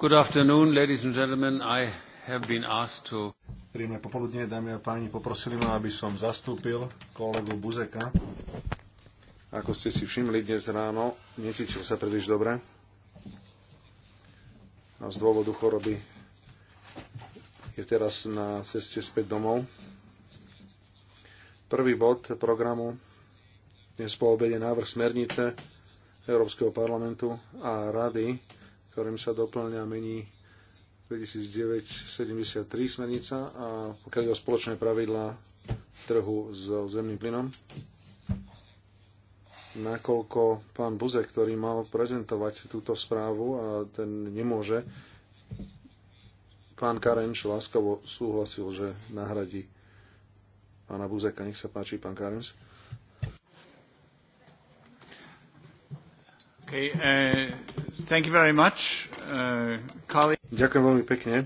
Good afternoon, ladies and gentlemen. I have been asked to... Príjemné popoludne, dámy a páni, poprosili ma, aby som zastúpil kolegu Buzeka. Ako ste si všimli dnes ráno, necítil sa príliš dobre. A z dôvodu choroby je teraz na ceste späť domov. Prvý bod programu dnes po obede návrh smernice Európskeho parlamentu a Rady ktorým sa doplňa mení 2009-73 smernica a pokiaľ je o spoločné pravidlá trhu s zemným plynom. Nakoľko pán Buzek, ktorý mal prezentovať túto správu a ten nemôže, pán Karenč láskavo súhlasil, že nahradí pána Buzeka. Nech sa páči, pán Karenč. Okay, uh, much, uh, Ďakujem veľmi pekne.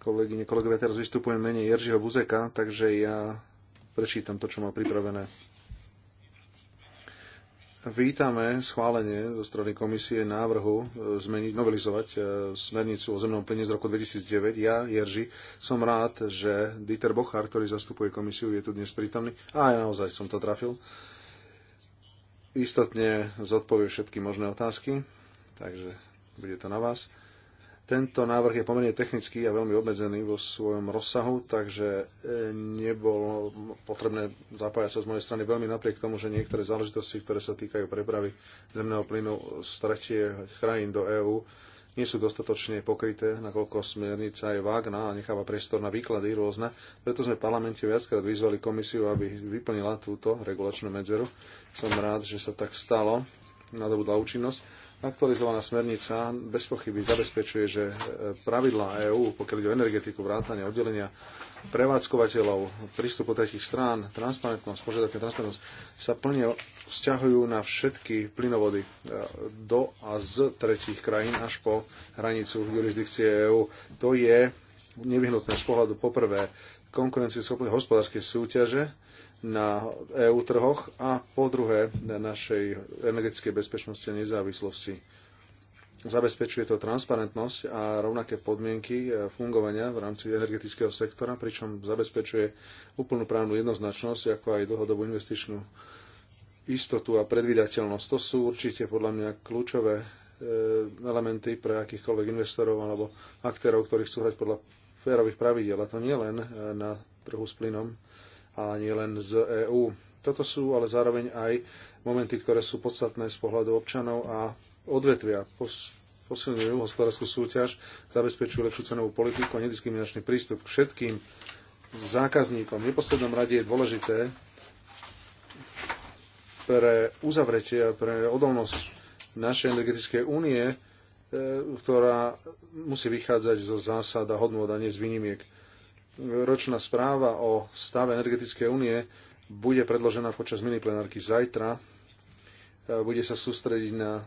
Kolegyne, kolegovia, teraz vystupujem menej Jeržiho Buzeka, takže ja prečítam to, čo má pripravené. Vítame schválenie zo strany komisie návrhu e, zmeniť, novelizovať e, smernicu o zemnom plyne z roku 2009. Ja, Jerži, som rád, že Dieter Bochar, ktorý zastupuje komisiu, je tu dnes prítomný. A ja naozaj som to trafil. Uh, istotne zodpovie všetky možné otázky, takže bude to na vás. Tento návrh je pomerne technický a veľmi obmedzený vo svojom rozsahu, takže e, nebolo potrebné zapájať sa z mojej strany veľmi napriek tomu, že niektoré záležitosti, ktoré sa týkajú prepravy zemného plynu z tretie krajín do EÚ, nie sú dostatočne pokryté, nakoľko smernica je vágna a necháva priestor na výklady rôzne. Preto sme v parlamente viackrát vyzvali komisiu, aby vyplnila túto regulačnú medzeru. Som rád, že sa tak stalo, nadobudla účinnosť. Aktualizovaná smernica bez pochyby zabezpečuje, že e, pravidlá EÚ, pokiaľ ide o energetiku, vrátanie oddelenia prevádzkovateľov, prístupu tretich strán, transparentnosť, požiadavky transparentnosť sa plne vzťahujú na všetky plynovody e, do a z tretich krajín až po hranicu jurisdikcie EÚ. To je nevyhnutné z pohľadu poprvé konkurencieschopnej hospodárskej súťaže na EÚ trhoch a po druhé na našej energetickej bezpečnosti a nezávislosti Zabezpečuje to transparentnosť a rovnaké podmienky e, fungovania v rámci energetického sektora, pričom zabezpečuje úplnú právnu jednoznačnosť, ako aj dlhodobú investičnú istotu a predvydateľnosť. To sú určite podľa mňa kľúčové e, elementy pre akýchkoľvek investorov alebo aktérov, ktorí chcú hrať podľa férových pravidel, A to nie len e, na trhu s plynom a nie len z EÚ. Toto sú ale zároveň aj momenty, ktoré sú podstatné z pohľadu občanov a odvetvia posilňujú hospodárskú súťaž, zabezpečujú lepšiu cenovú politiku a nediskriminačný prístup k všetkým zákazníkom. V neposlednom rade je dôležité pre uzavretie a pre odolnosť našej energetickej únie, e, ktorá musí vychádzať zo zásad a hodnot a nie z výnimiek. Ročná správa o stave energetickej únie bude predložená počas miniplenárky zajtra. E, bude sa sústrediť na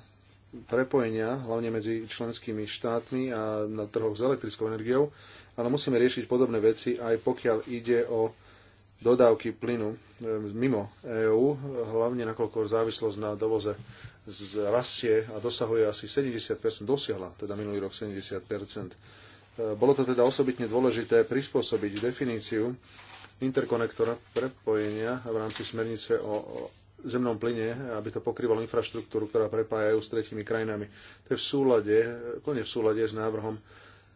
prepojenia, hlavne medzi členskými štátmi a na trhoch s elektrickou energiou, ale musíme riešiť podobné veci aj pokiaľ ide o dodávky plynu e, mimo EÚ, hlavne nakoľko závislosť na dovoze rastie a dosahuje asi 70%, dosiahla teda minulý rok 70%. E, bolo to teda osobitne dôležité prispôsobiť definíciu interkonektora prepojenia v rámci smernice o zemnom plyne, aby to pokrývalo infraštruktúru, ktorá prepája s tretími krajinami. To je v súlade, plne v súlade s návrhom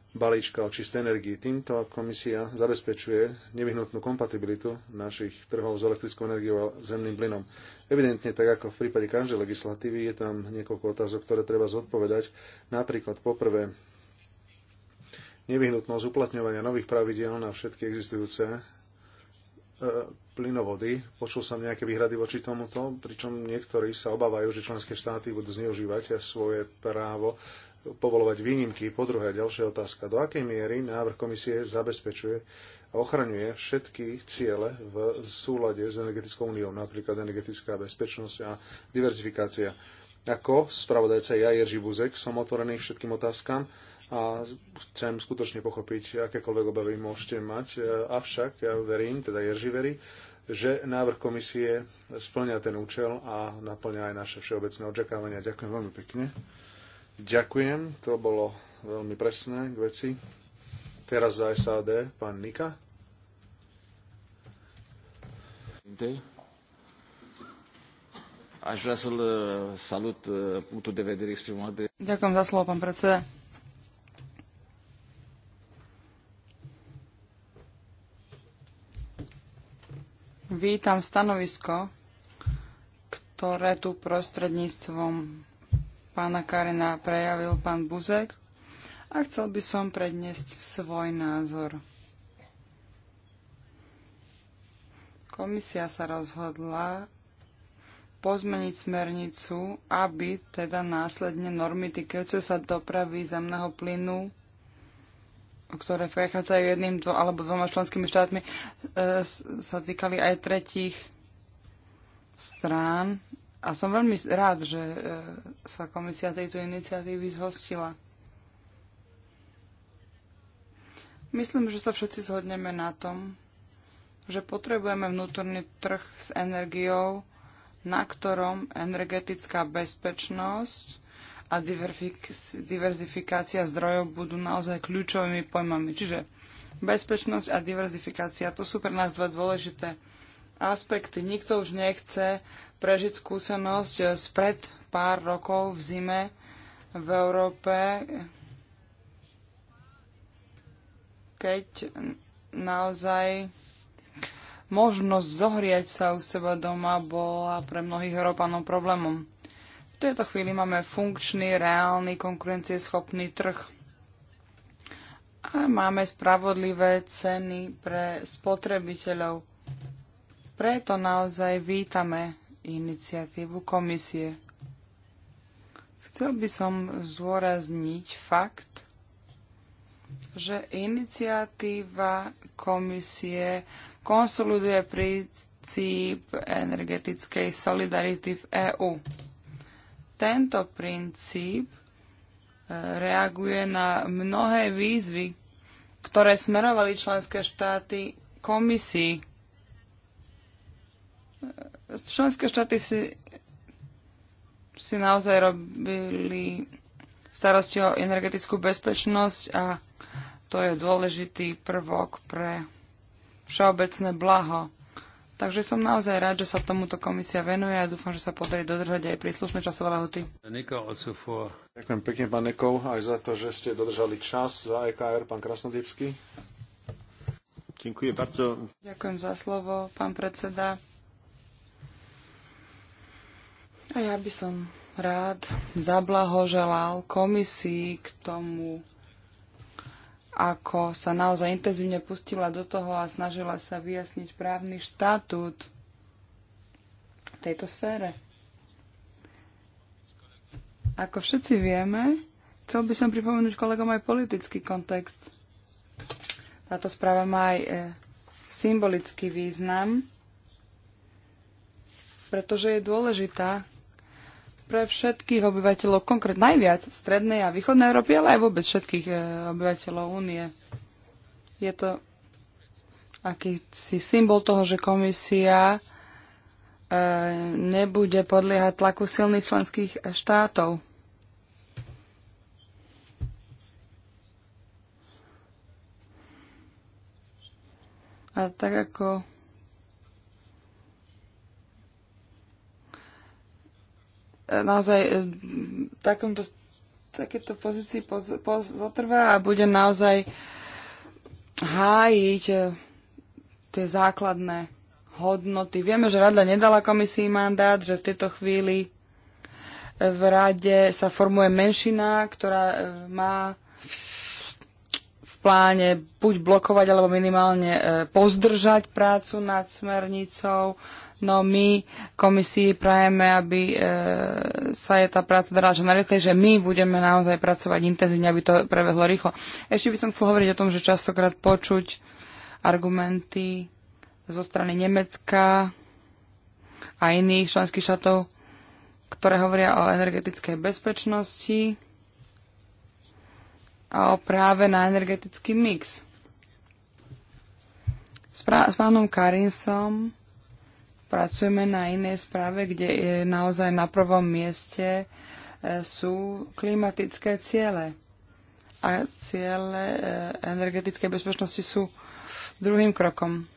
balíčka o čistej energii. Týmto komisia zabezpečuje nevyhnutnú kompatibilitu našich trhov s elektrickou energiou a zemným plynom. Evidentne, tak ako v prípade každej legislatívy, je tam niekoľko otázok, ktoré treba zodpovedať. Napríklad poprvé, nevyhnutnosť uplatňovania nových pravidel na všetky existujúce e, plynovody. Počul som nejaké výhrady voči tomuto, pričom niektorí sa obávajú, že členské štáty budú zneužívať svoje právo povolovať výnimky. Po druhé, ďalšia otázka. Do akej miery návrh komisie zabezpečuje a ochraňuje všetky ciele v súlade s energetickou úniou, napríklad energetická bezpečnosť a diverzifikácia. Ako spravodajca ja, Jerzy Buzek, som otvorený všetkým otázkam a chcem skutočne pochopiť, akékoľvek obavy môžete mať. Avšak ja verím, teda Jerži verí, že návrh komisie splňa ten účel a naplňa aj naše všeobecné očakávania. Ďakujem veľmi pekne. Ďakujem, to bolo veľmi presné k veci. Teraz za SAD pán Nika. Uh, Ďakujem za slovo, pán predseda. Vítam stanovisko, ktoré tu prostredníctvom pána Karina prejavil pán Buzek a chcel by som predniesť svoj názor. Komisia sa rozhodla pozmeniť smernicu, aby teda následne normy týkajúce sa dopravy zemného plynu ktoré prechádzajú jedným, dvo, alebo dvoma členskými štátmi, e, sa týkali aj tretích strán. A som veľmi rád, že e, sa komisia tejto iniciatívy zhostila. Myslím, že sa všetci zhodneme na tom, že potrebujeme vnútorný trh s energiou, na ktorom energetická bezpečnosť a diverzifikácia zdrojov budú naozaj kľúčovými pojmami. Čiže bezpečnosť a diverzifikácia, to sú pre nás dva dôležité aspekty. Nikto už nechce prežiť skúsenosť spred pár rokov v zime v Európe, keď naozaj možnosť zohriať sa u seba doma bola pre mnohých Európanov problémom. V tejto chvíli máme funkčný, reálny, konkurencieschopný trh. A máme spravodlivé ceny pre spotrebiteľov. Preto naozaj vítame iniciatívu komisie. Chcel by som zôrazniť fakt, že iniciatíva komisie konsoliduje princíp energetickej solidarity v EÚ. Tento princíp e, reaguje na mnohé výzvy, ktoré smerovali členské štáty komisii. E, členské štáty si, si naozaj robili starosti o energetickú bezpečnosť a to je dôležitý prvok pre všeobecné blaho. Takže som naozaj rád, že sa tomuto komisia venuje a dúfam, že sa podarí dodržať aj príslušné časové lehoty. Ďakujem pekne, pán Nekov, aj za to, že ste dodržali čas za EKR, pán Krasnodebský. Ďakujem bardzo. Ďakujem za slovo, pán predseda. A ja by som rád zablahoželal komisii k tomu ako sa naozaj intenzívne pustila do toho a snažila sa vyjasniť právny štatút v tejto sfére. Ako všetci vieme, chcel by som pripomenúť kolegom aj politický kontext. Táto správa má aj e, symbolický význam, pretože je dôležitá pre všetkých obyvateľov, konkrétne najviac strednej a východnej Európy, ale aj vôbec všetkých e, obyvateľov únie. Je to akýsi symbol toho, že komisia e, nebude podliehať tlaku silných členských štátov. A tak ako naozaj e, takomto, takéto pozícii poz, poz, zotrvá a bude naozaj hájiť e, tie základné hodnoty. Vieme, že rada nedala komisii mandát, že v tejto chvíli e, v rade sa formuje menšina, ktorá má v pláne buď blokovať, alebo minimálne pozdržať prácu nad smernicou. No my komisii prajeme, aby e, sa je tá práca dala čo najrychlejšie, že my budeme naozaj pracovať intenzívne, aby to prevezlo rýchlo. Ešte by som chcel hovoriť o tom, že častokrát počuť argumenty zo strany Nemecka a iných členských štátov, ktoré hovoria o energetickej bezpečnosti a o práve na energetický mix. S, s pánom Karinsom Pracujeme na inej správe, kde je naozaj na prvom mieste e, sú klimatické ciele. A ciele e, energetické bezpečnosti sú druhým krokom.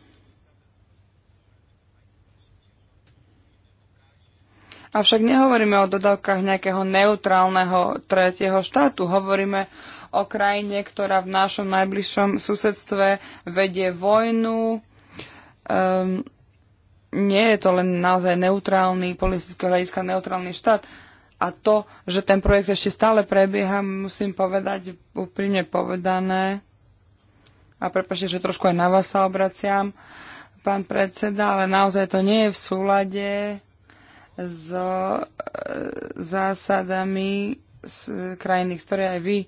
Avšak nehovoríme o dodávkach nejakého neutrálneho tretieho štátu. Hovoríme o krajine, ktorá v našom najbližšom susedstve vedie vojnu. Um, nie je to len naozaj neutrálny, politického hľadiska neutrálny štát. A to, že ten projekt ešte stále prebieha, musím povedať úprimne povedané. A prepačte, že trošku aj na vás sa obraciam, pán predseda, ale naozaj to nie je v súlade s e, zásadami z krajiny, ktoré aj vy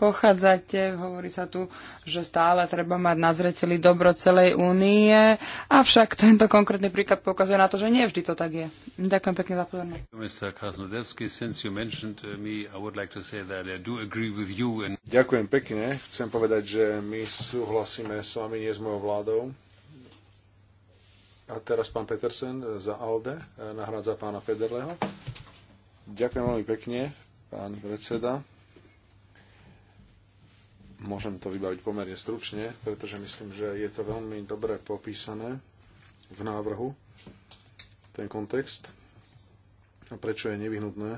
pochádzate. Hovorí sa tu, že stále treba mať na zreteli dobro celej únie, avšak tento konkrétny príklad pokazuje na to, že nie vždy to tak je. Ďakujem pekne za pozornosť. Uh, Ďakujem pekne. Chcem povedať, že my súhlasíme s vami, nie s mojou vládou. A teraz pán Petersen za ALDE eh, nahrádza pána Federleho. Ďakujem veľmi pekne, pán predseda. Môžem to vybaviť pomerne stručne, pretože myslím, že je to veľmi dobre popísané v návrhu, ten kontext a prečo je nevyhnutné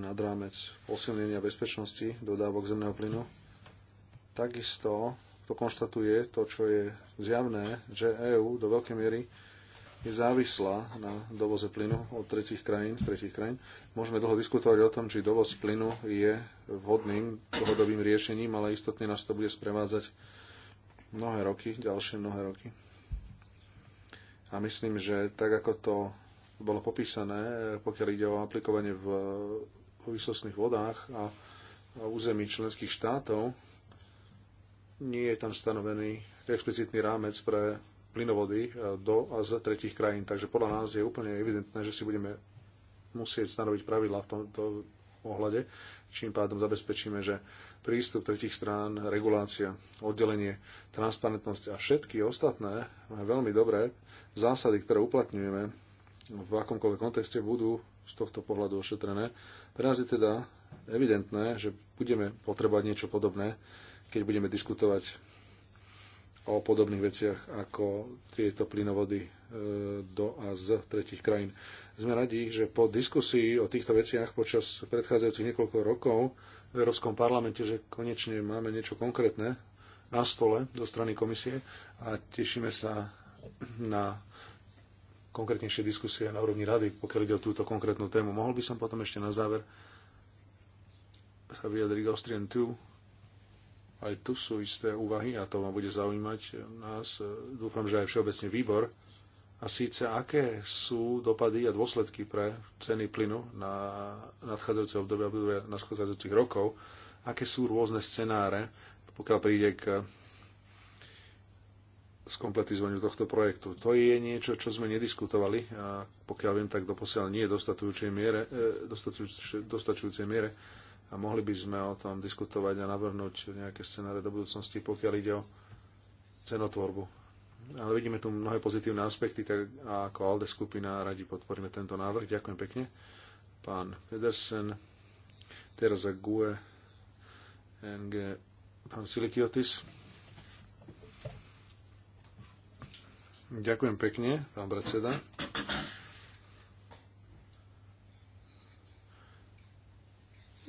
nad rámec posilnenia bezpečnosti dodávok zemného plynu. Takisto to konštatuje to, čo je zjavné, že EÚ do veľkej miery je závislá na dovoze plynu od tretich krajín, z tretich krajín. Môžeme dlho diskutovať o tom, či dovoz plynu je vhodným dlhodobým riešením, ale istotne nás to bude sprevádzať mnohé roky, ďalšie mnohé roky. A myslím, že tak ako to bolo popísané, pokiaľ ide o aplikovanie v výsostných vodách a území členských štátov, nie je tam stanovený explicitný rámec pre plynovody e, do a z tretích krajín. Takže podľa nás je úplne evidentné, že si budeme musieť stanoviť pravidla v tomto ohľade, čím pádom zabezpečíme, že prístup tretich strán, regulácia, oddelenie, transparentnosť a všetky ostatné veľmi dobré zásady, ktoré uplatňujeme v akomkoľvek kontexte, budú z tohto pohľadu ošetrené. Pre nás je teda evidentné, že budeme potrebovať niečo podobné, keď budeme diskutovať o podobných veciach ako tieto plynovody e, do a z tretich krajín. Sme radi, že po diskusii o týchto veciach počas predchádzajúcich niekoľko rokov v Európskom parlamente, že konečne máme niečo konkrétne na stole zo strany komisie a tešíme sa na konkrétnejšie diskusie na úrovni rady, pokiaľ ide o túto konkrétnu tému. Mohol by som potom ešte na záver sa vyjadriť Austrian 2 aj tu sú isté úvahy a to vám bude zaujímať nás, dúfam, že aj všeobecne výbor. A síce, aké sú dopady a dôsledky pre ceny plynu na nadchádzajúce obdobie, obdobie nadchádzajúcich rokov, aké sú rôzne scenáre, pokiaľ príde k skompletizovaniu tohto projektu. To je niečo, čo sme nediskutovali a pokiaľ viem, tak doposiaľ nie je dostačujúcej miere, e, dostačujúcej miere a mohli by sme o tom diskutovať a navrhnúť nejaké scenáre do budúcnosti, pokiaľ ide o cenotvorbu. Ale vidíme tu mnohé pozitívne aspekty, tak ako ALDE skupina radi podporíme tento návrh. Ďakujem pekne. Pán Pedersen, teraz GUE, NG, pán Silikiotis. Ďakujem pekne, pán predseda.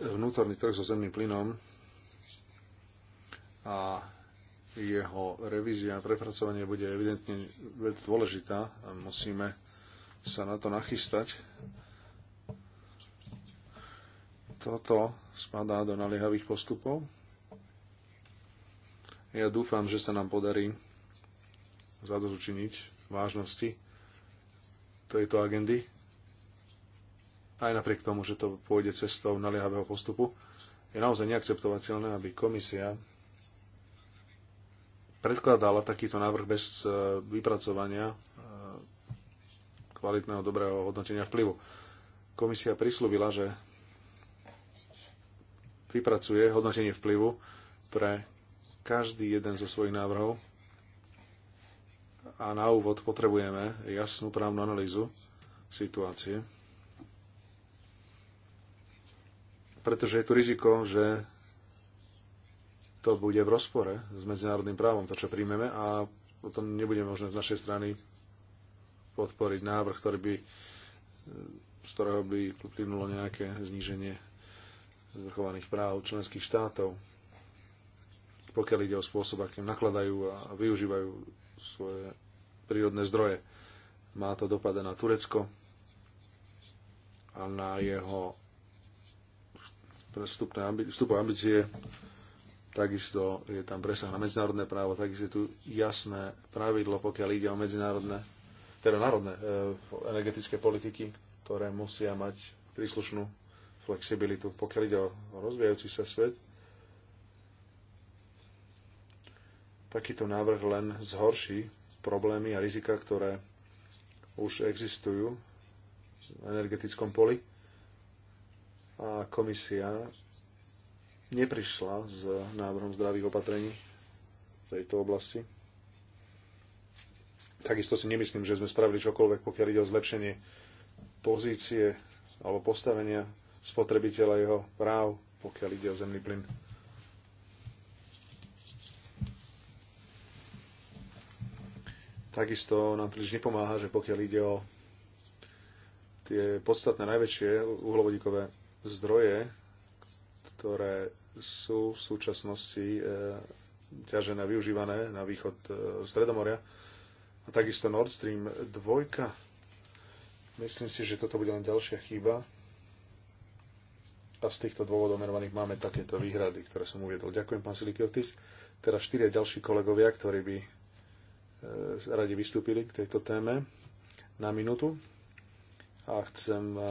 vnútorný trh so zemným plynom a jeho revízia a prepracovanie bude evidentne dôležitá a musíme sa na to nachystať. Toto spadá do naliehavých postupov. Ja dúfam, že sa nám podarí zadozučiniť vážnosti tejto agendy aj napriek tomu, že to pôjde cestou naliehavého postupu, je naozaj neakceptovateľné, aby komisia predkladala takýto návrh bez e, vypracovania e, kvalitného, dobrého hodnotenia vplyvu. Komisia prislúbila, že vypracuje hodnotenie vplyvu pre každý jeden zo svojich návrhov a na úvod potrebujeme jasnú právnu analýzu situácie. pretože je tu riziko, že to bude v rozpore s medzinárodným právom, to, čo príjmeme, a potom nebude možné z našej strany podporiť návrh, ktorý by, z ktorého by plynulo nejaké zníženie zvrchovaných práv členských štátov, pokiaľ ide o spôsob, akým nakladajú a využívajú svoje prírodné zdroje. Má to dopade na Turecko a na jeho pre vstupu ambície, takisto je tam presah na medzinárodné právo, takisto je tu jasné pravidlo, pokiaľ ide o medzinárodné, teda národné e, energetické politiky, ktoré musia mať príslušnú flexibilitu. Pokiaľ ide o rozvíjajúci sa svet, takýto návrh len zhorší problémy a rizika, ktoré už existujú v energetickom poli a komisia neprišla s návrhom zdravých opatrení v tejto oblasti. Takisto si nemyslím, že sme spravili čokoľvek, pokiaľ ide o zlepšenie pozície alebo postavenia spotrebiteľa jeho práv, pokiaľ ide o zemný plyn. Takisto nám príliš nepomáha, že pokiaľ ide o tie podstatné najväčšie uhlovodíkové zdroje, ktoré sú v súčasnosti e, ťažené a využívané na východ e, Stredomoria a takisto Nord Stream 2. Myslím si, že toto bude len ďalšia chyba a z týchto dôvodov menovaných máme takéto výhrady, ktoré som uviedol. Ďakujem, pán Silikiotis. Teraz štyria ďalší kolegovia, ktorí by e, radi vystúpili k tejto téme na minútu. A chcem e,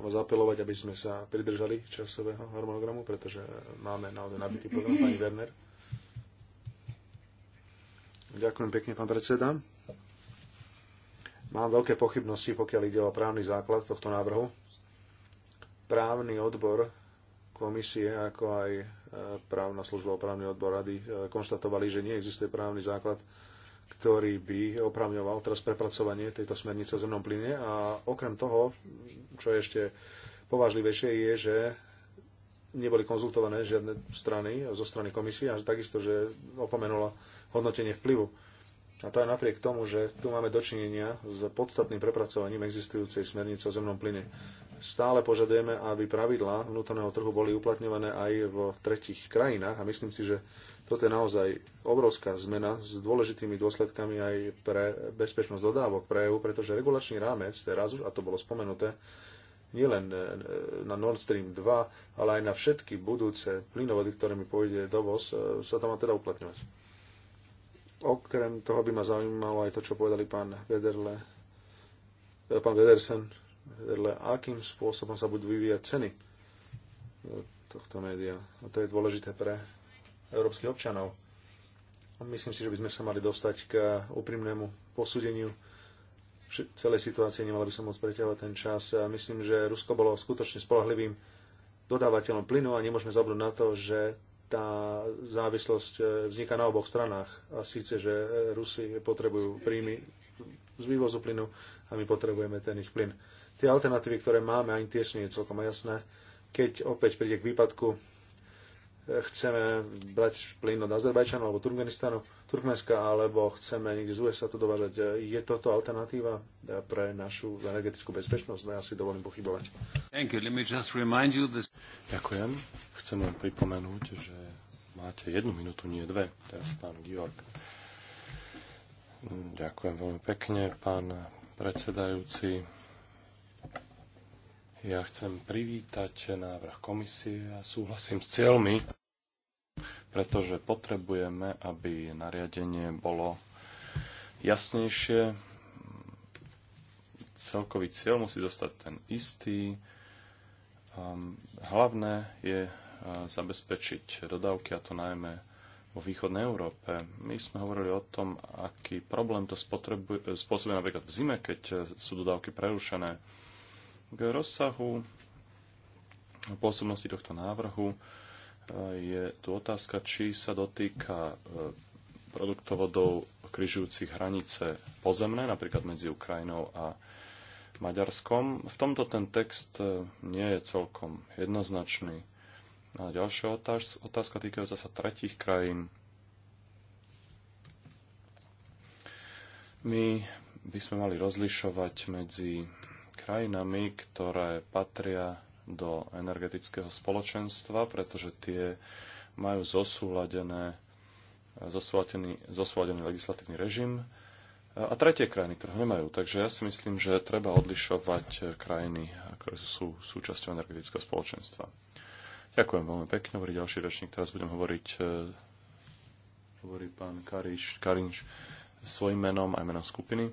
vás apelovať, aby sme sa pridržali časového harmonogramu, pretože máme naozaj nabitý program, pani Werner. Ďakujem pekne, pán predseda. Mám veľké pochybnosti, pokiaľ ide o právny základ tohto návrhu. Právny odbor komisie, ako aj e, právna služba, právny odbor rady e, konštatovali, že neexistuje právny základ ktorý by opravňoval teraz prepracovanie tejto smernice o zemnom plyne. A okrem toho, čo je ešte považlivejšie je, že neboli konzultované žiadne strany zo strany komisie a takisto, že opomenula hodnotenie vplyvu. A to aj napriek tomu, že tu máme dočinenia s podstatným prepracovaním existujúcej smernice o zemnom plyne. Stále požadujeme, aby pravidlá vnútorného trhu boli uplatňované aj v tretich krajinách a myslím si, že toto je naozaj obrovská zmena s dôležitými dôsledkami aj pre bezpečnosť dodávok pre EU, pretože regulačný rámec teraz už, a to bolo spomenuté, nielen e, na Nord Stream 2, ale aj na všetky budúce plynovody, ktorými pôjde dovoz, e, sa tam má teda uplatňovať. Okrem toho by ma zaujímalo aj to, čo povedali pán Vederle, e, pán Vedersen, Vederle, akým spôsobom sa budú vyvíjať ceny tohto média. A to je dôležité pre európskych občanov. Myslím si, že by sme sa mali dostať k úprimnému posúdeniu celej situácie, nemala by som moc preťahovať ten čas. Myslím, že Rusko bolo skutočne spolahlivým dodávateľom plynu a nemôžeme zabudnúť na to, že tá závislosť e, vzniká na oboch stranách. A síce, že e, Rusi potrebujú príjmy z vývozu plynu a my potrebujeme ten ich plyn. Tie alternatívy, ktoré máme, ani tie sú nie celkom jasné. Keď opäť príde k výpadku chceme brať plyn od Azerbajčanu alebo Turkmenistanu, Turkmenska, alebo chceme niekde z USA to dovážať. Je toto alternatíva pre našu energetickú bezpečnosť? No ja si dovolím pochybovať. Ďakujem. Chcem len pripomenúť, že máte jednu minútu, nie dve. Teraz pán Georg. Ďakujem veľmi pekne, pán predsedajúci. Ja chcem privítať návrh komisie a súhlasím s cieľmi, pretože potrebujeme, aby nariadenie bolo jasnejšie. Celkový cieľ musí zostať ten istý. Ehm, hlavné je eh, zabezpečiť dodávky, a to najmä vo východnej Európe. My sme hovorili o tom, aký problém to spôsobuje napríklad v zime, keď eh, sú dodávky prerušené k rozsahu pôsobnosti tohto návrhu e, je tu otázka, či sa dotýka e, produktovodov križujúcich hranice pozemné, napríklad medzi Ukrajinou a Maďarskom. V tomto ten text e, nie je celkom jednoznačný. A ďalšia otázka, otázka týkajúca sa tretich krajín. My by sme mali rozlišovať medzi krajinami, ktoré patria do energetického spoločenstva, pretože tie majú zosúladené, zosúladený, zosúladený legislatívny režim a tretie krajiny, ktoré nemajú. Takže ja si myslím, že treba odlišovať krajiny, ktoré sú súčasťou energetického spoločenstva. Ďakujem veľmi pekne, hovorí ďalší rečník. Teraz budem hovoriť, e, hovorí pán Kariš, Karinš svojim menom aj menom skupiny.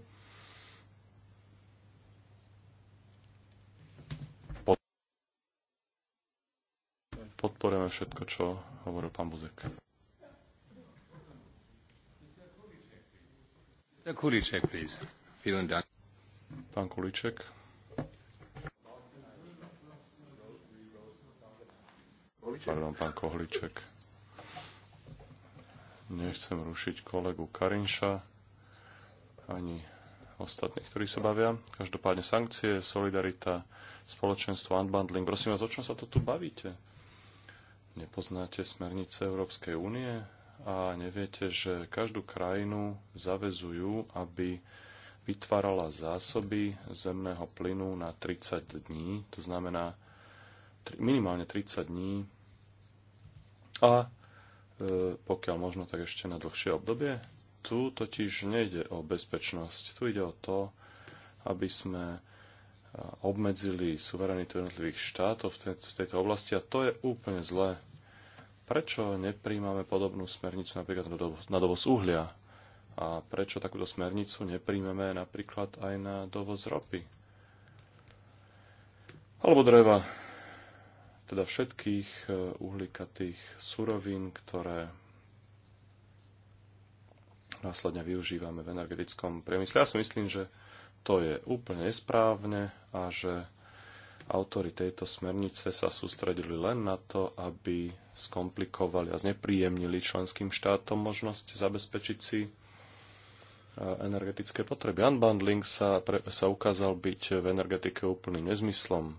podporujeme všetko, čo hovoril pán Buzek. Kuliček, Pán Kuliček. Pardon, pán Kohliček. Nechcem rušiť kolegu Karinša ani ostatných, ktorí sa bavia. Každopádne sankcie, solidarita, spoločenstvo, unbundling. Prosím vás, o čom sa to tu bavíte? nepoznáte smernice Európskej únie a neviete, že každú krajinu zavezujú, aby vytvárala zásoby zemného plynu na 30 dní, to znamená minimálne 30 dní a e, pokiaľ možno, tak ešte na dlhšie obdobie. Tu totiž nejde o bezpečnosť, tu ide o to, aby sme obmedzili suverenitu jednotlivých štátov v tejto oblasti a to je úplne zlé. Prečo nepríjmame podobnú smernicu napríklad na dovoz uhlia? A prečo takúto smernicu nepríjmeme napríklad aj na dovoz ropy? Alebo dreva, teda všetkých e, uhlikatých surovín, ktoré následne využívame v energetickom priemysle. Ja si myslím, že to je úplne nesprávne a že autory tejto smernice sa sústredili len na to, aby skomplikovali a znepríjemnili členským štátom možnosť zabezpečiť si e, energetické potreby. Unbundling sa, pre, sa ukázal byť v energetike úplným nezmyslom.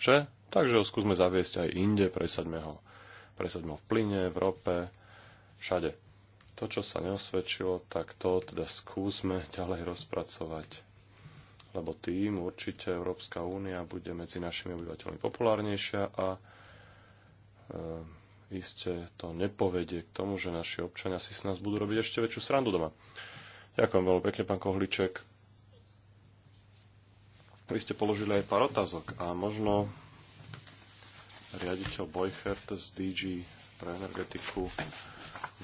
Že? Takže ho skúsme zaviesť aj inde, presaďme ho. Presaďme ho v plyne, v rope, všade to, čo sa neosvedčilo, tak to teda skúsme ďalej rozpracovať. Lebo tým určite Európska únia bude medzi našimi obyvateľmi populárnejšia a e, iste to nepovedie k tomu, že naši občania si s nás budú robiť ešte väčšiu srandu doma. Ďakujem veľmi pekne, pán Kohliček. Vy ste položili aj pár otázok a možno riaditeľ Bojchert z DG pre energetiku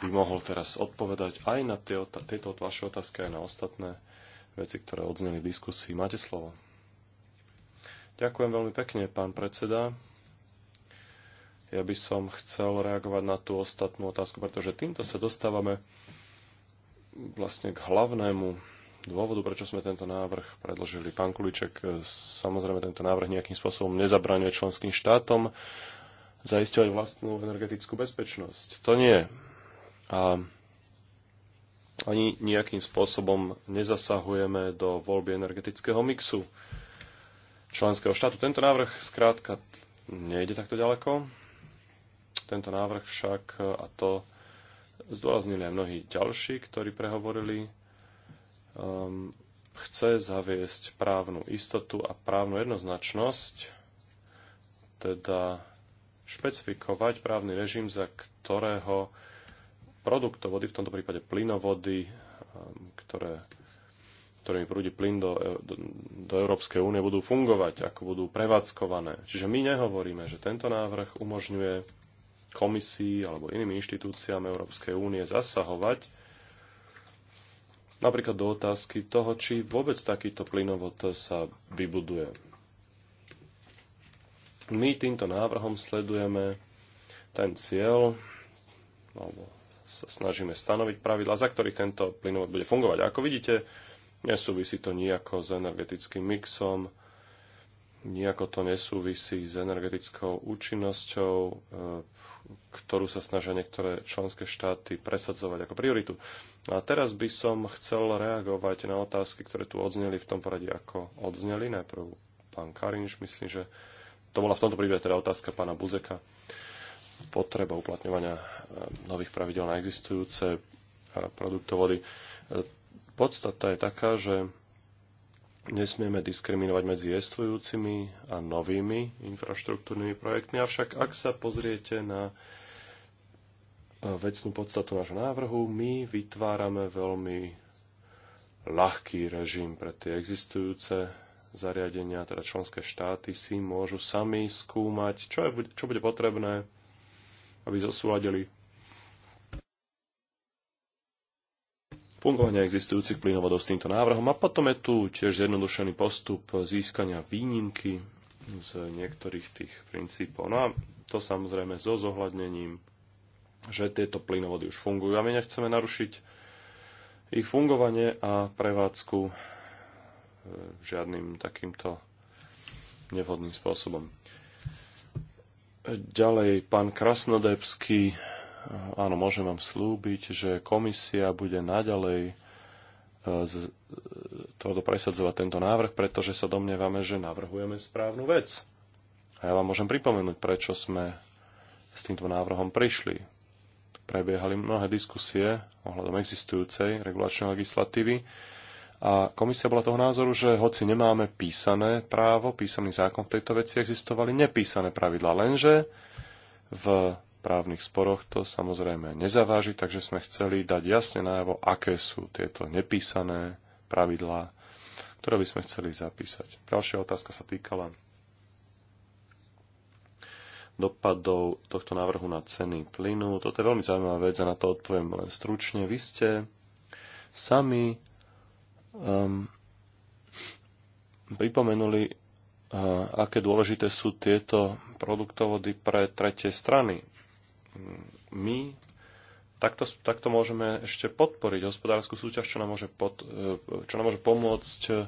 by mohol teraz odpovedať aj na tieto vaše otázky, aj na ostatné veci, ktoré odzneli v diskusii. Máte slovo. Ďakujem veľmi pekne, pán predseda. Ja by som chcel reagovať na tú ostatnú otázku, pretože týmto sa dostávame vlastne k hlavnému dôvodu, prečo sme tento návrh predložili. Pán Kuliček, e, samozrejme tento návrh nejakým spôsobom nezabraňuje členským štátom zaisťovať vlastnú energetickú bezpečnosť. To nie. A ani nejakým spôsobom nezasahujeme do voľby energetického mixu členského štátu. Tento návrh zkrátka nejde takto ďaleko. Tento návrh však, a to zdôraznili aj mnohí ďalší, ktorí prehovorili, um, chce zaviesť právnu istotu a právnu jednoznačnosť, teda špecifikovať právny režim, za ktorého produktovody, v tomto prípade plynovody, um, ktoré, ktorými prúdi plyn do, e, do, do Európskej únie, budú fungovať, ako budú prevádzkované. Čiže my nehovoríme, že tento návrh umožňuje komisii alebo iným inštitúciám Európskej únie zasahovať napríklad do otázky toho, či vôbec takýto plynovod sa vybuduje. My týmto návrhom sledujeme ten cieľ, alebo sa snažíme stanoviť pravidla, za ktorých tento plynovod bude fungovať. A ako vidíte, nesúvisí to nejako s energetickým mixom, nejako to nesúvisí s energetickou účinnosťou, e, ktorú sa snažia niektoré členské štáty presadzovať ako prioritu. No a teraz by som chcel reagovať na otázky, ktoré tu odzneli v tom poradí, ako odzneli. Najprv pán Karinš, myslím, že to bola v tomto prípade teda otázka pána Buzeka potreba uplatňovania e, nových pravidel na existujúce e, produktovody. E, podstata je taká, že nesmieme diskriminovať medzi existujúcimi a novými infraštruktúrnymi projektmi, avšak ak sa pozriete na vecnú podstatu nášho návrhu, my vytvárame veľmi ľahký režim pre tie existujúce zariadenia, teda členské štáty si môžu sami skúmať, čo, je, čo bude potrebné aby zosúladili fungovanie existujúcich plynovodov s týmto návrhom. A potom je tu tiež zjednodušený postup získania výnimky z niektorých tých princípov. No a to samozrejme so zohľadnením, že tieto plynovody už fungujú a my nechceme narušiť ich fungovanie a prevádzku e, žiadnym takýmto nevhodným spôsobom. Ďalej, pán Krasnodebský, áno, môžem vám slúbiť, že komisia bude naďalej e, z e, presadzovať tento návrh, pretože sa domnievame, že navrhujeme správnu vec. A ja vám môžem pripomenúť, prečo sme s týmto návrhom prišli. Prebiehali mnohé diskusie ohľadom existujúcej regulačnej legislatívy, a komisia bola toho názoru, že hoci nemáme písané právo, písaný zákon v tejto veci, existovali nepísané pravidlá, lenže v právnych sporoch to samozrejme nezaváži, takže sme chceli dať jasne najavo, aké sú tieto nepísané pravidlá, ktoré by sme chceli zapísať. Ďalšia otázka sa týkala dopadov tohto návrhu na ceny plynu. Toto je veľmi zaujímavá vec a na to odpoviem len stručne. Vy ste sami um, pripomenuli, uh, aké dôležité sú tieto produktovody pre tretie strany. My takto, takto môžeme ešte podporiť hospodárskú súťaž, čo nám môže, pod, uh, čo nám môže pomôcť uh,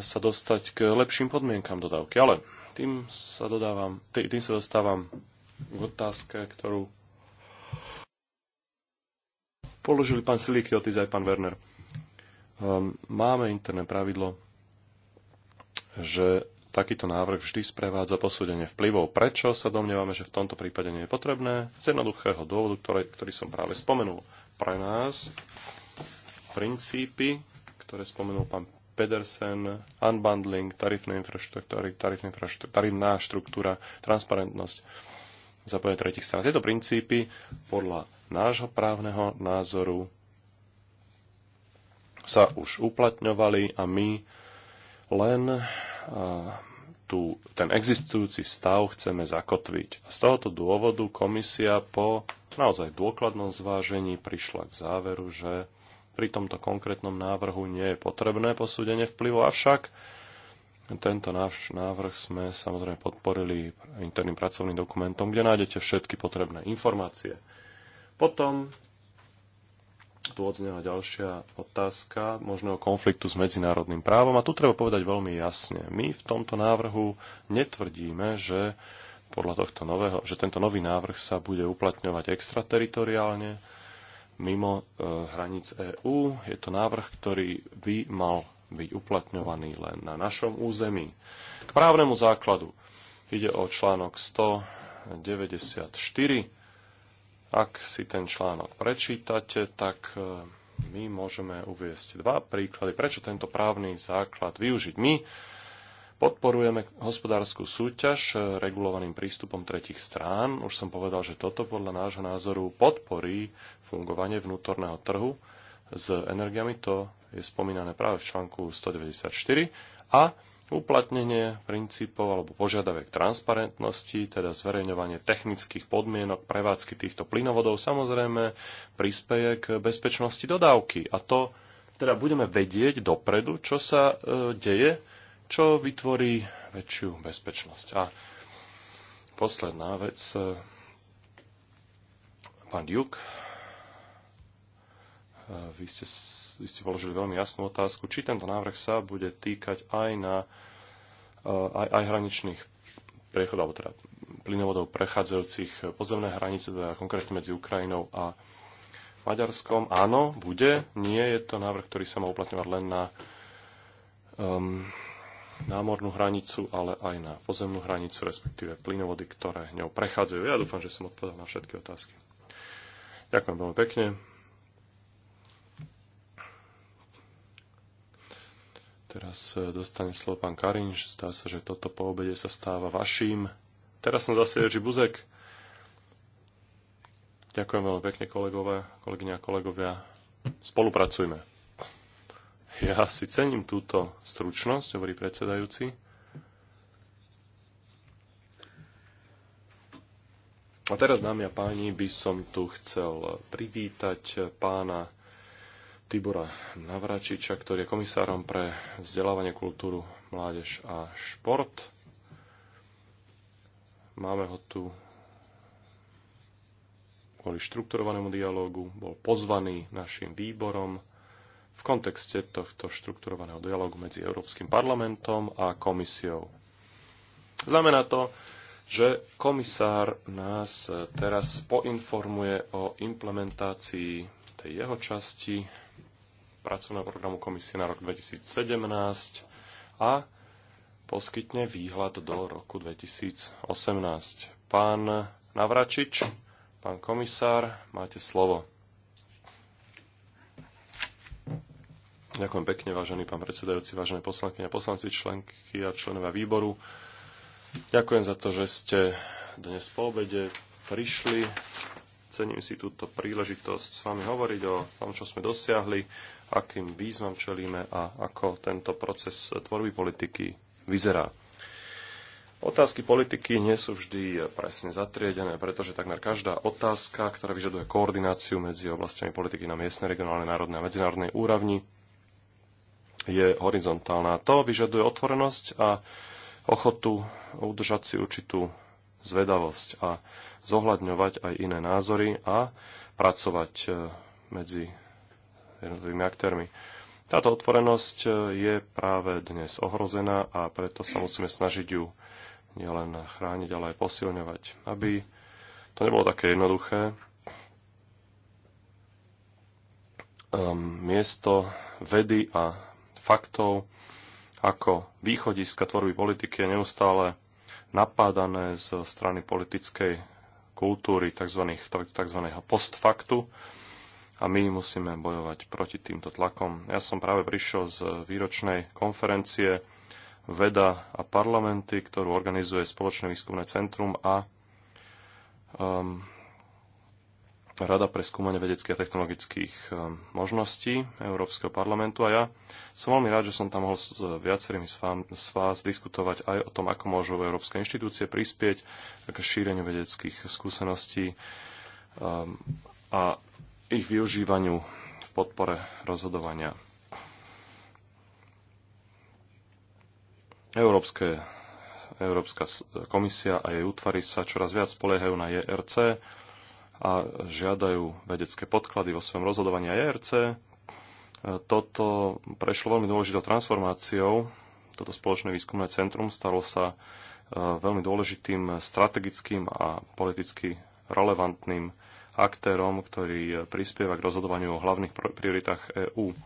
sa dostať k lepším podmienkam dodávky. Ale tým sa, dodávam, tý, tým sa dostávam k otázke, ktorú položili pán Silikiotis aj pán Werner. Ehm, máme interné pravidlo, že takýto návrh vždy sprevádza posúdenie vplyvov. Prečo sa domnievame, že v tomto prípade nie je potrebné? Z jednoduchého dôvodu, ktoré, ktorý som práve spomenul. Pre nás princípy, ktoré spomenul pán Pedersen, unbundling, tarifné infraštruktúry, tarifná, infraštruktúra, tarifná štruktúra, transparentnosť, zapojenie tretich strán. Tieto princípy podľa nášho právneho názoru sa už uplatňovali a my len tú, ten existujúci stav chceme zakotviť. A z tohoto dôvodu komisia po naozaj dôkladnom zvážení prišla k záveru, že pri tomto konkrétnom návrhu nie je potrebné posúdenie vplyvu, avšak tento náš návrh sme samozrejme podporili interným pracovným dokumentom, kde nájdete všetky potrebné informácie. Potom odznela ďalšia otázka možného konfliktu s medzinárodným právom. A tu treba povedať veľmi jasne. My v tomto návrhu netvrdíme, že podľa tohto nového, že tento nový návrh sa bude uplatňovať extrateritoriálne mimo e, hraníc EÚ. Je to návrh, ktorý by mal byť uplatňovaný len na našom území. K právnemu základu ide o článok 194 ak si ten článok prečítate, tak e, my môžeme uviesť dva príklady, prečo tento právny základ využiť. My podporujeme hospodárskú súťaž e, regulovaným prístupom tretich strán. Už som povedal, že toto podľa nášho názoru podporí fungovanie vnútorného trhu s energiami. To je spomínané práve v článku 194. A uplatnenie princípov alebo požiadavek transparentnosti, teda zverejňovanie technických podmienok prevádzky týchto plynovodov samozrejme prispieje k bezpečnosti dodávky. A to teda budeme vedieť dopredu, čo sa e, deje, čo vytvorí väčšiu bezpečnosť. A posledná vec, e, pán Juk, e, vy ste vy ste položili veľmi jasnú otázku, či tento návrh sa bude týkať aj na eh, aj, aj hraničných priechodov, alebo teda plynovodov prechádzajúcich pozemné hranice, teda konkrétne medzi Ukrajinou a Maďarskom. Áno, bude. Nie je to návrh, ktorý sa má uplatňovať len na um, námornú hranicu, ale aj na pozemnú hranicu, respektíve plynovody, ktoré ňou prechádzajú. Ja dúfam, že som odpovedal na všetky otázky. Ďakujem veľmi pekne. Teraz e, dostane slovo pán Karinš. Zdá sa, že toto po obede sa stáva vaším. Teraz som zase Jerzy Buzek. Ďakujem veľmi pekne, kolegové, kolegyňa a kolegovia. Spolupracujme. Ja si cením túto stručnosť, hovorí predsedajúci. A teraz, dámy a páni, by som tu chcel privítať pána Tibora Navračiča, ktorý je komisárom pre vzdelávanie, kultúru, mládež a šport. Máme ho tu kvôli štrukturovanému dialogu, bol pozvaný našim výborom v kontexte tohto štrukturovaného dialogu medzi Európskym parlamentom a komisiou. Znamená to, že komisár nás teraz poinformuje o implementácii tej jeho časti pracovného programu komisie na rok 2017 a poskytne výhľad do roku 2018. Pán Navračič, pán komisár, máte slovo. Ďakujem pekne, vážený pán predsedajúci, vážené poslanky a poslanci, členky a členovia výboru. Ďakujem za to, že ste dnes po obede prišli. Cením si túto príležitosť s vami hovoriť o tom, čo sme dosiahli akým výzvam čelíme a ako tento proces tvorby politiky vyzerá. Otázky politiky nie sú vždy presne zatriedené, pretože takmer každá otázka, ktorá vyžaduje koordináciu medzi oblastiami politiky na miestnej, regionálnej, národnej a medzinárodnej úrovni, je horizontálna. To vyžaduje otvorenosť a ochotu udržať si určitú zvedavosť a zohľadňovať aj iné názory a pracovať eh, medzi jednotlivými aktérmi. Táto otvorenosť e, je práve dnes ohrozená a preto sa musíme snažiť ju nielen chrániť, ale aj posilňovať, aby to nebolo také jednoduché. Um, miesto vedy a faktov ako východiska tvorby politiky je neustále napádané zo strany politickej kultúry tzv. tzv. postfaktu a my musíme bojovať proti týmto tlakom. Ja som práve prišiel z výročnej konferencie Veda a parlamenty, ktorú organizuje Spoločné výskumné centrum a um, Rada pre skúmanie vedeckých a technologických um, možností Európskeho parlamentu. A ja som veľmi rád, že som tam mohol s viacerými z, vám, z vás diskutovať aj o tom, ako môžu európske inštitúcie prispieť k šíreniu vedeckých skúseností um, a ich využívaniu v podpore rozhodovania. Európske, Európska komisia a jej útvary sa čoraz viac spoliehajú na JRC e a žiadajú vedecké podklady vo svojom rozhodovaní a JRC. E e, toto prešlo veľmi dôležitou transformáciou. Toto spoločné výskumné centrum stalo sa veľmi dôležitým strategickým a politicky relevantným aktérom, ktorý e, prispieva k rozhodovaniu o hlavných prioritách EÚ. E,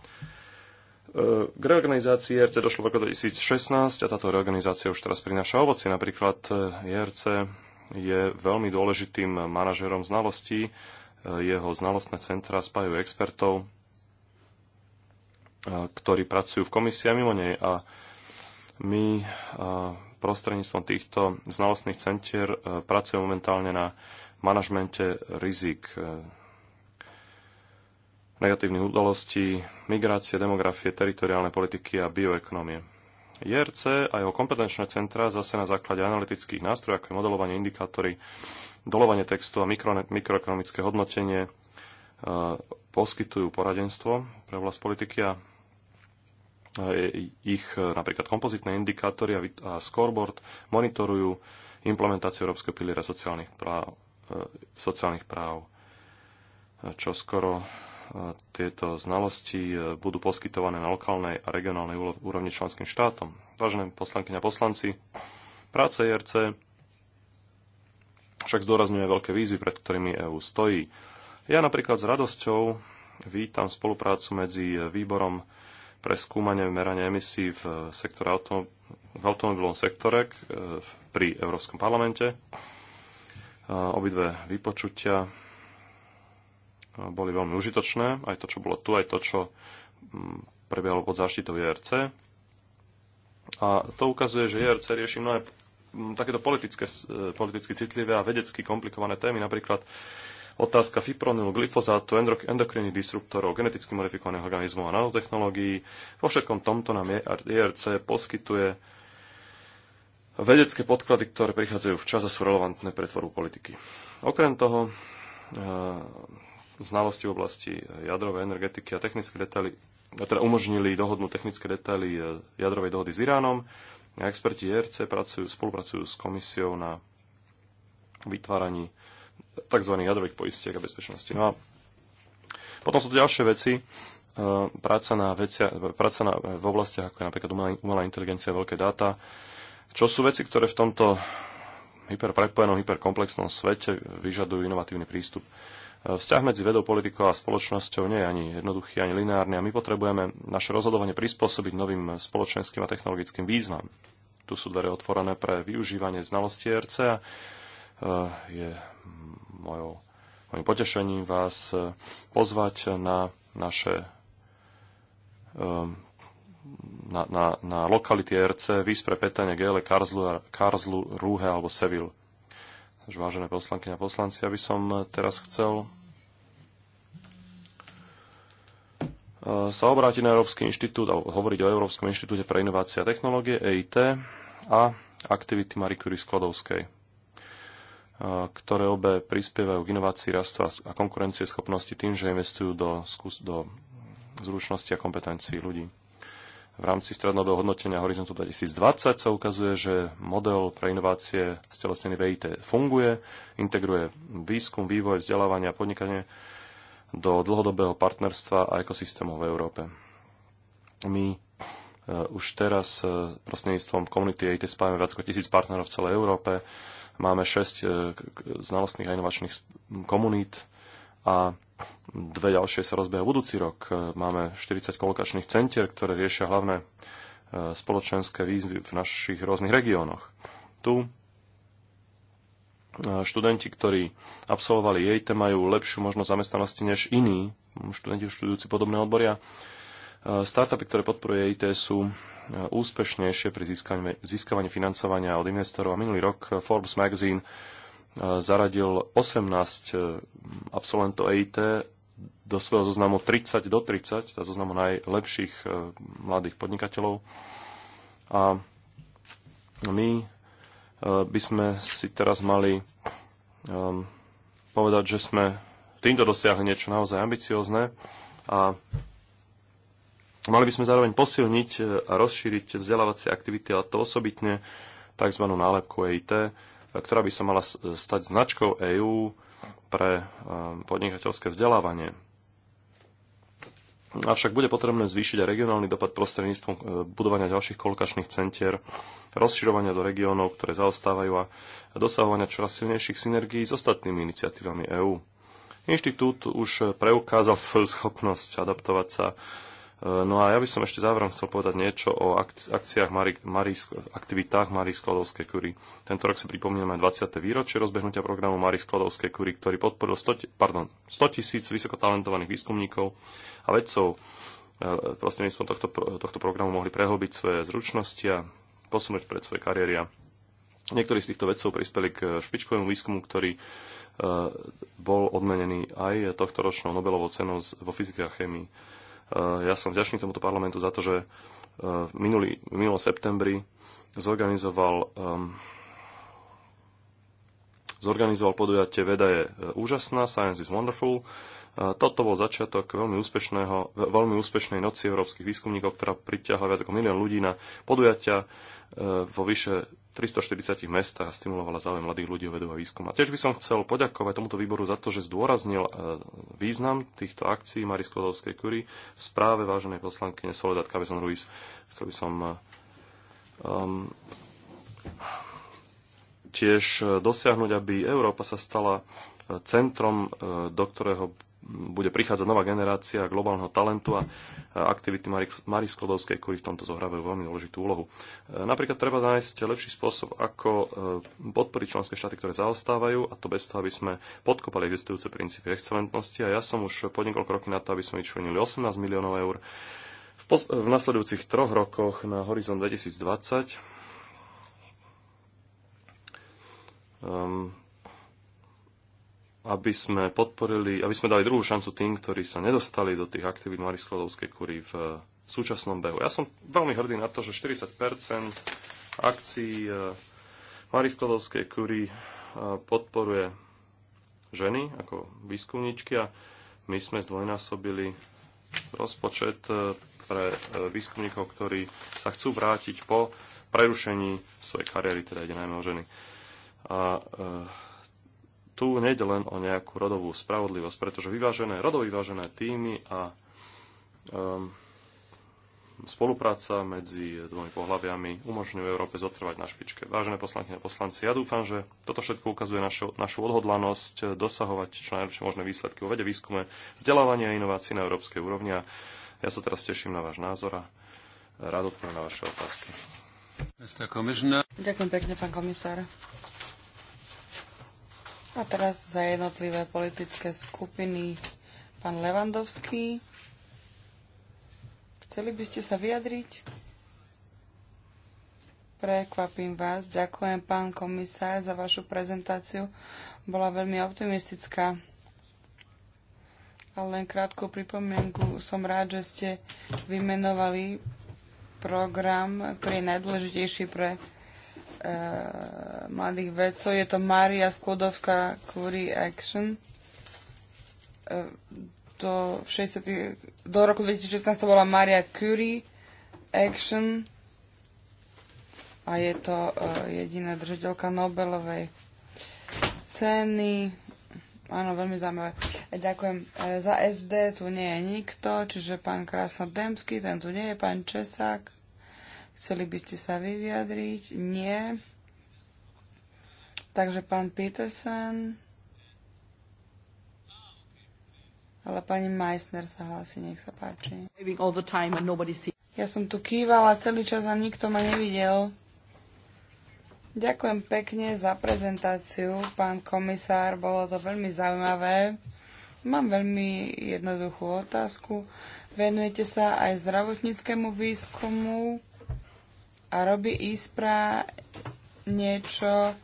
k reorganizácii ERC došlo v roku 2016 a táto reorganizácia už teraz prináša ovoci. Napríklad ERC e je veľmi dôležitým manažerom znalostí. Jeho znalostné centra spájajú expertov, ktorí pracujú v komisii a mimo nej. A my prostredníctvom týchto znalostných centier pracujeme momentálne na manažmente rizik e, negatívnych udalostí, migrácie, demografie, teritoriálne politiky a bioekonómie. IRC a jeho kompetenčné centra zase na základe analytických nástrojov, ako je modelovanie indikátory, dolovanie textu a mikro, mikroekonomické hodnotenie, e, poskytujú poradenstvo pre vlast politiky a e, ich napríklad kompozitné indikátory a, a scoreboard monitorujú implementáciu Európskeho piliera sociálnych práv E, sociálnych práv. E, Čo skoro e, tieto znalosti budú poskytované na lokálnej a regionálnej úrovni členským štátom. Vážené poslankyňa poslanci, práca IRC však zdôrazňuje veľké výzvy, pred ktorými EÚ stojí. Ja napríklad s radosťou vítam spoluprácu medzi výborom pre skúmanie merania emisí v, sektore auto, v automobilovom sektore pri Európskom parlamente Obidve vypočutia boli veľmi užitočné, aj to, čo bolo tu, aj to, čo prebiehalo pod záštitou JRC. A to ukazuje, že JRC rieši mnohé takéto politické, e, politicky citlivé a vedecky komplikované témy, napríklad otázka fipronilu, glyfozátu, endokrinných disruptorov, geneticky modifikovaných organizmov a nanotechnológií. Vo všetkom tomto nám JRC poskytuje vedecké podklady, ktoré prichádzajú včas a sú relevantné pre tvorbu politiky. Okrem toho, e, znalosti v oblasti jadrovej energetiky a technické detaily, teda umožnili dohodnúť technické detaily e, jadrovej dohody s Iránom. A experti ERC pracujú, spolupracujú s komisiou na vytváraní tzv. jadrových poistiek a bezpečnosti. No a potom sú tu ďalšie veci, e, práca, na vecia, práca na, v oblastiach ako je napríklad umelá, umelá inteligencia, veľké dáta, čo sú veci, ktoré v tomto hyperprepojenom, hyperkomplexnom svete vyžadujú inovatívny prístup? E, vzťah medzi vedou, politikou a spoločnosťou nie je ani jednoduchý, ani lineárny a my potrebujeme naše rozhodovanie prispôsobiť novým spoločenským a technologickým význam. Tu sú dvere otvorené pre využívanie znalostí e RC a e, je mojou, mojim potešením vás pozvať na naše na, na, na lokality RC Vyspre, Petane, Gele, Karzlu, Karzlu, Rúhe alebo Sevil. Takže vážené poslanky a poslanci, aby som teraz chcel eh, sa obrátiť na Európsky inštitút, alebo hovoriť o Európskom inštitúte pre inovácie a technológie EIT a aktivity Marie Curie Sklodovskej, eh, ktoré obe prispievajú k inovácii rastu a konkurencie schopnosti tým, že investujú do, do zručnosti a kompetencií ľudí v rámci strednodobého hodnotenia Horizontu 2020 sa ukazuje, že model pre inovácie stelesnený VIT funguje, integruje výskum, vývoj, vzdelávanie a podnikanie do dlhodobého partnerstva a ekosystémov v Európe. My e, už teraz e, prostredníctvom komunity IT spájame viac ako tisíc partnerov v celej Európe. Máme 6 e, znalostných a inovačných komunít a dve ďalšie sa rozbehajú budúci rok. E, Máme 40 kolokačných centier, ktoré riešia hlavné e, spoločenské výzvy v našich rôznych regiónoch. Tu e, študenti, ktorí absolvovali jej, majú lepšiu možnosť zamestnanosti než iní mm, študenti študujúci podobné odboria. Startupy, ktoré podporuje IT, sú úspešnejšie pri získavaní financovania od investorov. A minulý rok Forbes Magazine zaradil 18 e, absolventov EIT do svojho zoznamu 30 do 30, tá teda zoznamu najlepších e, mladých podnikateľov. A my e, by sme si teraz mali povedať, že sme týmto dosiahli niečo naozaj ambiciozne a mali by sme zároveň posilniť a rozšíriť vzdelávacie aktivity, a to osobitne tzv. nálepku EIT, ktorá by sa mala stať značkou EÚ pre um, podnikateľské vzdelávanie. Avšak bude potrebné zvýšiť aj regionálny dopad prostredníctvom e, budovania ďalších kolkačných centier, rozširovania do regiónov, ktoré zaostávajú a dosahovania čoraz silnejších synergií s ostatnými iniciatívami EÚ. Inštitút už preukázal svoju schopnosť adaptovať sa Eh, no a ja by som ešte záverom chcel povedať niečo o akciách Marie, Marie, aktivitách Marie Skladovskej kury. Tento rok si pripomíname 20. výročie rozbehnutia programu Marie Skladovskej kury, ktorý podporil 100, pardon, 100 tisíc vysokotalentovaných výskumníkov a vedcov. Eh, prostredníctvom tohto, tohto programu mohli prehlbiť svoje zručnosti a posunúť pred svoje kariéry. Niektorí z týchto vedcov prispeli k špičkovému výskumu, ktorý eh, bol odmenený aj tohto ročnou Nobelovou cenou vo fyzike a chémii. Eh, ja som vďačný tomuto parlamentu za to, že eh, v minulý, v minulom septembri zorganizoval um, zorganizoval podujatie Veda je eh, úžasná, Science is wonderful. Toto bol začiatok veľmi, úspešného, veľmi úspešnej noci európskych výskumníkov, ktorá pritiahla viac ako milión ľudí na podujatia vo vyše 340 mestách stimulovala záujem mladých ľudí o vedu a výskum. A tiež by som chcel poďakovať tomuto výboru za to, že zdôraznil e, význam týchto akcií Marie Sklodovskej kury v správe váženej poslankyne Soledad Cabezon Ruiz. Chcel by som um, tiež e, dosiahnuť, aby Európa sa stala centrom, do ktorého bude prichádzať nová generácia globálneho talentu a aktivity Mary Sklodovskej, ktorí v tomto zohrávajú veľmi dôležitú úlohu. E, napríklad treba nájsť lepší spôsob, ako e, podporiť členské štáty, ktoré zaostávajú, a to bez toho, aby sme podkopali existujúce princípy excelentnosti. A ja som už podnikol kroky na to, aby sme vyčlenili 18 miliónov eur v, v nasledujúcich troch rokoch na horizont 2020. Um, ehm, aby sme podporili, aby sme dali druhú šancu tým, ktorí sa nedostali do tých aktivít Mary Sklodovskej v eh, súčasnom behu. Ja som veľmi hrdý na to, že 40 akcií eh, Mary Sklodovskej eh, podporuje ženy ako výskumníčky a my sme zdvojnásobili rozpočet pre výskumníkov, ktorí sa chcú vrátiť po prerušení svojej kariéry, teda ide najmä o ženy. A tu nejde len o nejakú rodovú spravodlivosť, pretože vyvážené, rodovo vyvážené týmy a um, spolupráca medzi dvomi pohľaviami umožňuje Európe zotrvať na špičke. Vážené poslanky a poslanci, ja dúfam, že toto všetko ukazuje našu, našu odhodlanosť dosahovať čo najlepšie možné výsledky vo vede, výskume, vzdelávania a inovácií na európskej úrovni. A ja sa teraz teším na váš názor a rád odpoviem na vaše otázky. Ďakujem pekne, pán komisár. A teraz za jednotlivé politické skupiny pán Levandovský. Chceli by ste sa vyjadriť? Prekvapím vás. Ďakujem, pán komisár, za vašu prezentáciu. Bola veľmi optimistická. Ale len krátku pripomienku. Som rád, že ste vymenovali program, ktorý je najdôležitejší pre Eh, mladých vedcov. Je to Maria Sklodovská Curie Action. E, do, 60, do roku 2016 to bola Maria Curie Action a je to e, jediná držiteľka Nobelovej ceny. Áno, veľmi zaujímavé. E, ďakujem. E, za SD tu nie je nikto, čiže pán Krasnodemský, ten tu nie je, pán Česák. Chceli by ste sa vyjadriť? Nie. Takže pán Peterson. Ale pani Meissner sa hlási, nech sa páči. Ja som tu kývala celý čas a nikto ma nevidel. Ďakujem pekne za prezentáciu, pán komisár, bolo to veľmi zaujímavé. Mám veľmi jednoduchú otázku. Venujete sa aj zdravotníckému výskumu a robí ISPRA niečo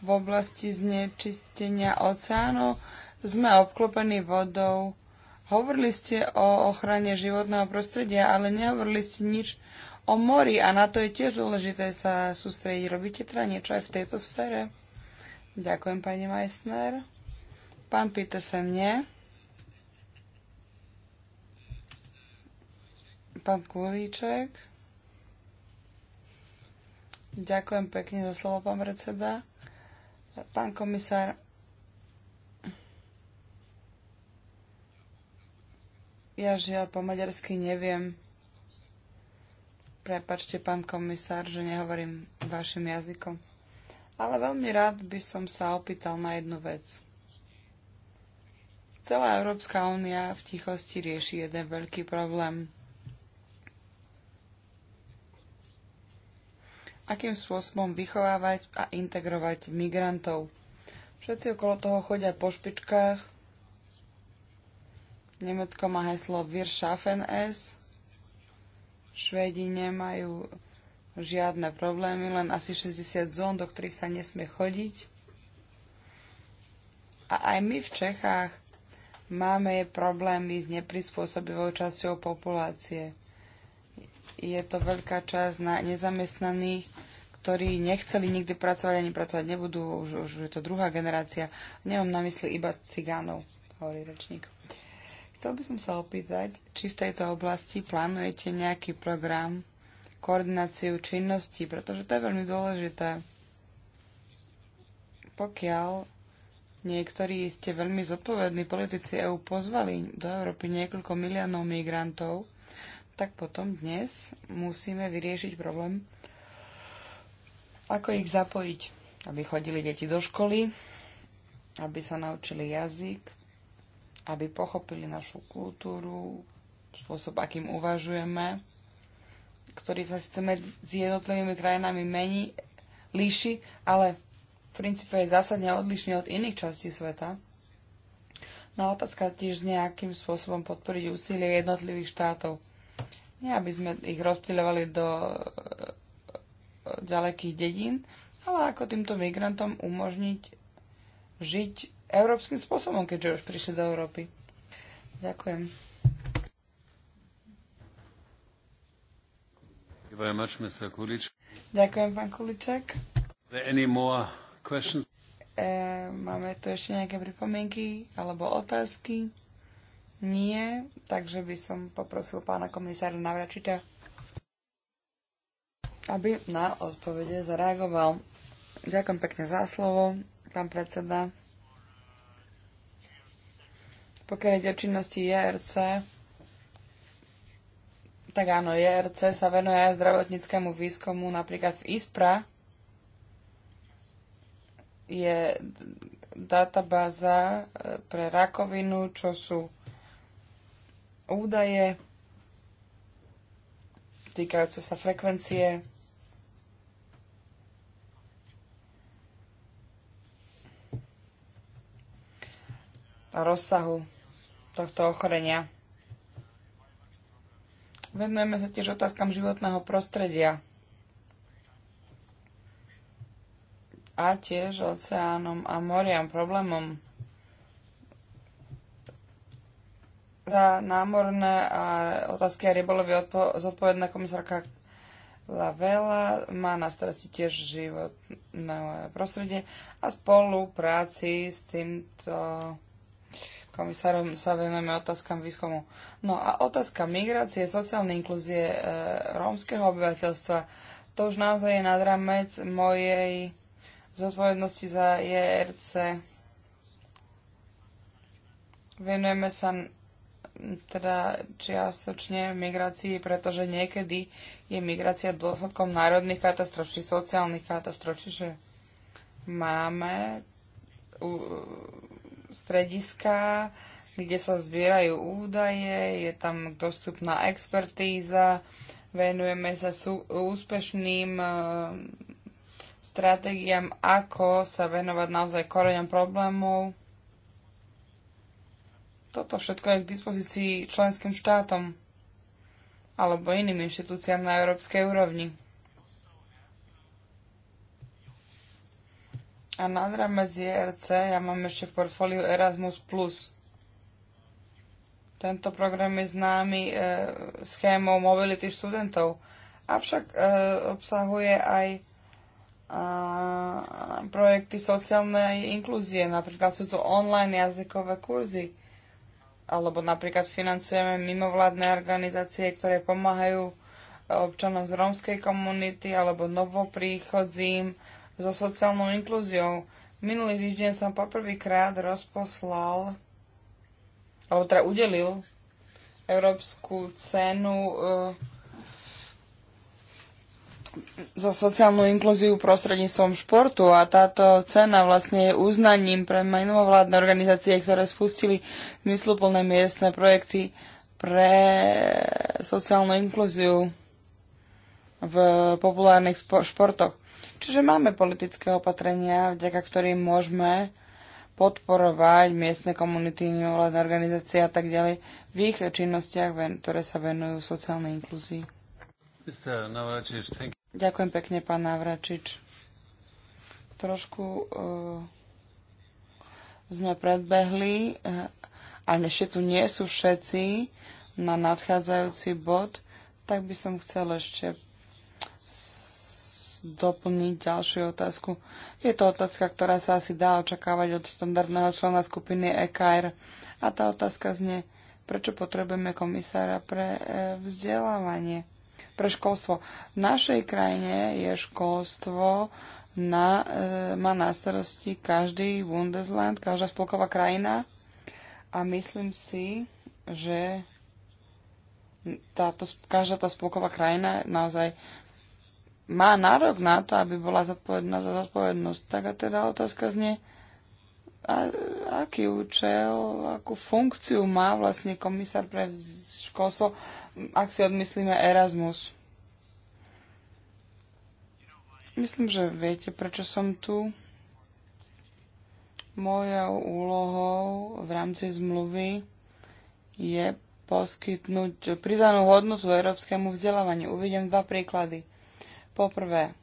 v oblasti znečistenia oceánov. Sme obklopení vodou. Hovorili ste o ochrane životného prostredia, ale nehovorili ste nič o mori a na to je tiež dôležité sa sústrediť. Robíte teda niečo aj v tejto sfére? Ďakujem, pani Meissner. Pán Petersen nie. Pán Kulíček. Ďakujem pekne za slovo, pán predseda. Pán komisár, ja žiaľ po maďarsky neviem. Prepačte, pán komisár, že nehovorím vašim jazykom. Ale veľmi rád by som sa opýtal na jednu vec. Celá Európska únia v tichosti rieši jeden veľký problém – akým spôsobom vychovávať a integrovať migrantov. Všetci okolo toho chodia po špičkách. Nemecko má heslo Wir schaffen es. Švédi nemajú žiadne problémy, len asi 60 zón, do ktorých sa nesmie chodiť. A aj my v Čechách máme problémy s neprispôsobivou časťou populácie je to veľká časť na nezamestnaných, ktorí nechceli nikdy pracovať ani pracovať nebudú, už, už je to druhá generácia. Nemám na mysli iba cigánov, hovorí rečník. Chcel by som sa opýtať, či v tejto oblasti plánujete nejaký program, koordináciu činností, pretože to je veľmi dôležité. Pokiaľ niektorí ste veľmi zodpovední politici EÚ pozvali do Európy niekoľko miliónov migrantov, tak potom dnes musíme vyriešiť problém, ako ich zapojiť, aby chodili deti do školy, aby sa naučili jazyk, aby pochopili našu kultúru, spôsob, akým uvažujeme, ktorý sa síce medzi jednotlivými krajinami mení, líši, ale v princípe je zásadne odlišný od iných častí sveta. No otázka tiež nejakým spôsobom podporiť úsilie jednotlivých štátov nie aby sme ich rozptýľovali do e, ďalekých dedín, ale ako týmto migrantom umožniť žiť európskym spôsobom, keďže už prišli do Európy. Ďakujem. Ďakujem, pán Kuliček. E, máme tu ešte nejaké pripomienky alebo otázky? Nie, takže by som poprosil pána komisára Navračiča, aby na odpovede zareagoval. Ďakujem pekne za slovo, pán predseda. Pokiaľ ide o činnosti JRC, tak áno, JRC sa venuje aj zdravotníckému výskumu, napríklad v ISPRA je databáza e, pre rakovinu, čo sú údaje týkajúce sa frekvencie. a rozsahu tohto ochorenia. Venujeme sa tiež otázkam životného prostredia a tiež oceánom a moriam, problémom za námorné a otázky a rybolovy odpo- zodpovedná komisárka Lavela má na starosti tiež životné prostredie a spolupráci s týmto komisárom sa venujeme otázkam výskumu. No a otázka migrácie, sociálnej inklúzie e, rómskeho obyvateľstva, to už naozaj je nad ramec mojej zodpovednosti za JRC. E venujeme sa teda čiastočne migrácii, pretože niekedy je migrácia dôsledkom národných katastrof či sociálnych katastrof, čiže máme strediska, kde sa zbierajú údaje, je tam dostupná expertíza, venujeme sa sú, úspešným e, stratégiám, ako sa venovať naozaj koreňom problémov toto všetko je k dispozícii členským štátom alebo iným inštitúciám na európskej úrovni. A nad rámec IRC e ja mám ešte v portfóliu Erasmus+. Tento program je známy e, schémou mobility študentov, avšak e, obsahuje aj a, projekty sociálnej inklúzie. Napríklad sú to online jazykové kurzy, alebo napríklad financujeme mimovládne organizácie, ktoré pomáhajú e, občanom z rómskej komunity alebo novopríchodzím so sociálnou inklúziou. Minulý týždeň som poprvýkrát rozposlal, alebo teda udelil Európsku cenu e, za sociálnu inkluziu prostredníctvom športu a táto cena vlastne je uznaním pre mimovládne organizácie, ktoré spustili zmysluplné miestne projekty pre sociálnu inkluziu v populárnych športoch. Čiže máme politické opatrenia, vďaka ktorým môžeme podporovať miestne komunity, mimovládne organizácie a tak ďalej v ich činnostiach, ktoré sa venujú sociálnej inklúzii. Ďakujem pekne, pán Navračič. Trošku uh, sme predbehli, e, ale ešte tu nie sú všetci na nadchádzajúci bod, tak by som chcel ešte doplniť ďalšiu otázku. Je to otázka, ktorá sa asi dá očakávať od standardného člena skupiny EKR. A tá otázka znie, prečo potrebujeme komisára pre e, vzdelávanie? pre školstvo. V našej krajine je školstvo na, e, má na starosti každý Bundesland, každá spolková krajina a myslím si, že táto, každá tá spolková krajina naozaj má nárok na to, aby bola zodpovedná za zodpovednosť. Tak a teda otázka znie, a aký účel, akú funkciu má vlastne komisár pre školstvo, ak si odmyslíme Erasmus? Myslím, že viete, prečo som tu. Mojou úlohou v rámci zmluvy je poskytnúť pridanú hodnotu európskemu vzdelávaniu. Uvidím dva príklady. Poprvé,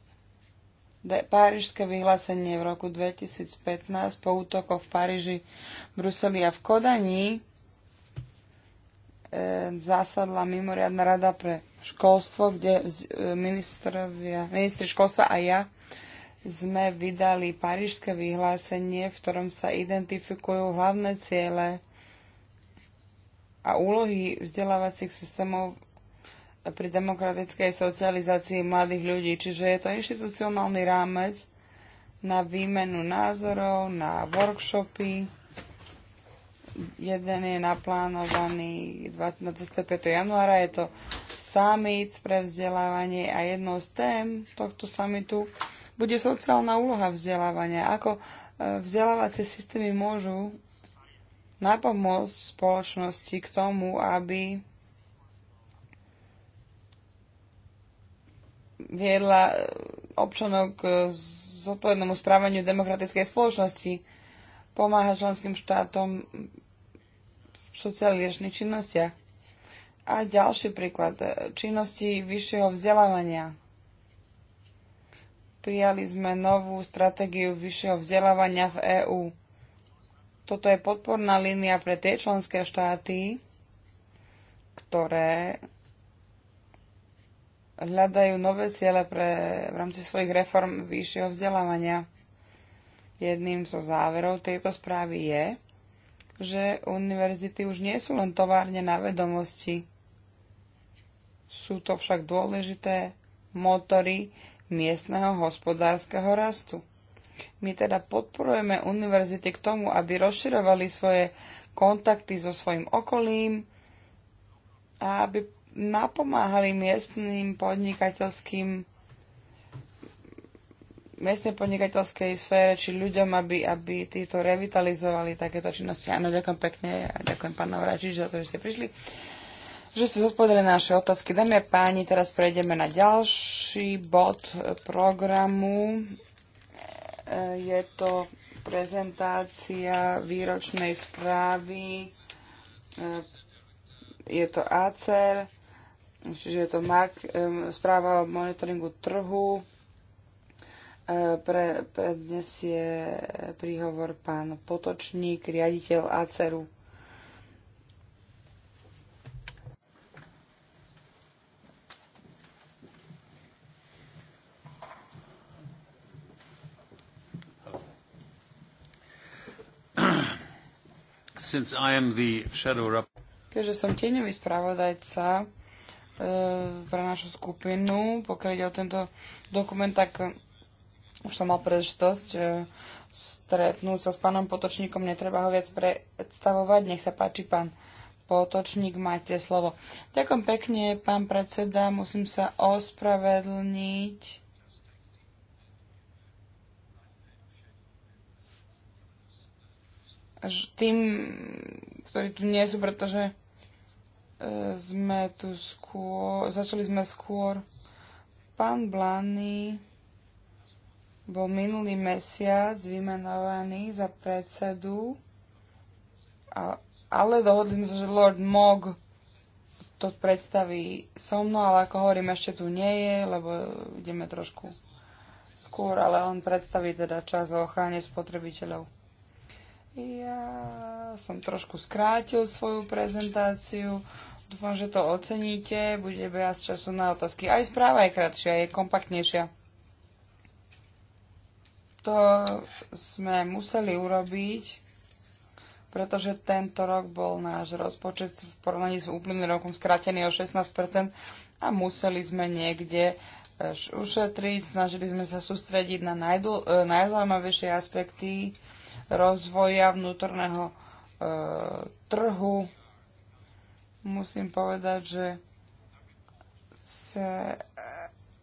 Párižské vyhlásenie v roku 2015 po útokoch v Paríži, Bruseli a v Kodani e, zásadla mimoriadna rada pre školstvo, kde e, ministri školstva a ja sme vydali Parížske vyhlásenie, v ktorom sa identifikujú hlavné ciele a úlohy vzdelávacích systémov pri demokratickej socializácii mladých ľudí. Čiže je to inštitucionálny rámec na výmenu názorov, na workshopy. Jeden je naplánovaný na 25. januára, je to summit pre vzdelávanie a jednou z tém tohto summitu bude sociálna úloha vzdelávania. Ako e, vzdelávacie systémy môžu napomôcť spoločnosti k tomu, aby viedla e, občanov k e, zodpovednému správaniu demokratickej spoločnosti, pomáha členským štátom v socializačných činnostiach. A ďalší príklad, e, činnosti vyššieho vzdelávania. Prijali sme novú stratégiu vyššieho vzdelávania v EÚ. Toto je podporná línia pre tie členské štáty, ktoré hľadajú nové ciele pre, v rámci svojich reform vyššieho vzdelávania. Jedným zo záverov tejto správy je, že univerzity už nie sú len továrne na vedomosti. Sú to však dôležité motory miestneho hospodárskeho rastu. My teda podporujeme univerzity k tomu, aby rozširovali svoje kontakty so svojim okolím a aby napomáhali miestným podnikateľským miestnej podnikateľskej sfére, či ľuďom, aby, aby títo revitalizovali takéto činnosti. Áno, ďakujem pekne a ďakujem pán Navračič za to, že ste prišli, že ste zodpovedali na naše otázky. Dámy a páni, teraz prejdeme na ďalší bod programu. Je to prezentácia výročnej správy. Je to ACER Čiže je to mark, um, správa o monitoringu trhu. E, Pre, pre dnes je príhovor pán Potočník, riaditeľ ACERu. Since I Keďže som tieňový spravodajca, E, pre našu skupinu. Pokiaľ ide o tento dokument, tak už som mal príležitosť e, stretnúť sa s pánom Potočníkom, netreba ho viac predstavovať. Nech sa páči, pán Potočník, máte slovo. Ďakujem pekne, pán predseda, musím sa ospravedlniť. Tým, ktorí tu nie sú, pretože sme tu skôr, začali sme skôr. Pán Blany bol minulý mesiac vymenovaný za predsedu, a, ale dohodli sme sa, že Lord Mog to predstaví so mnou, ale ako hovorím, ešte tu nie je, lebo ideme trošku skôr, ale on predstaví teda čas o ochrane spotrebiteľov. Ja som trošku skrátil svoju prezentáciu. Dúfam, že to oceníte. Bude viac času na otázky. Aj správa je kratšia, je kompaktnejšia. To sme museli urobiť, pretože tento rok bol náš rozpočet v porovnaní s úplným rokom skrátený o 16% a museli sme niekde eh, ušetriť, snažili sme sa sústrediť na eh, najzaujímavejšie aspekty rozvoja vnútorného e, trhu. Musím povedať, že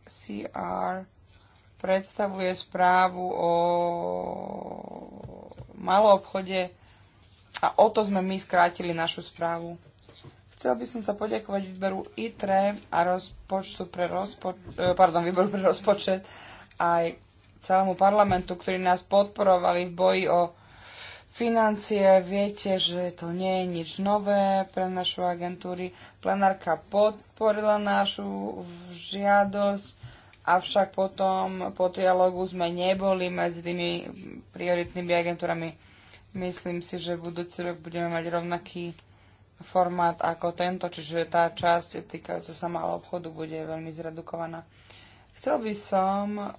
CR predstavuje správu o malom obchode a o to sme my skrátili našu správu. Chcel by som sa poďakovať výberu ITRE a rozpočtu pre rozpo, e, pardon, výboru pre rozpočet aj celému parlamentu, ktorí nás podporovali v boji o financie. Viete, že to nie je nič nové pre našu agentúry. Plenárka podporila našu žiadosť, avšak potom po trialógu sme neboli medzi tými prioritnými agentúrami. Myslím si, že budúci rok budeme mať rovnaký formát ako tento, čiže tá časť týkajúca sa malého obchodu bude veľmi zredukovaná. Chcel by som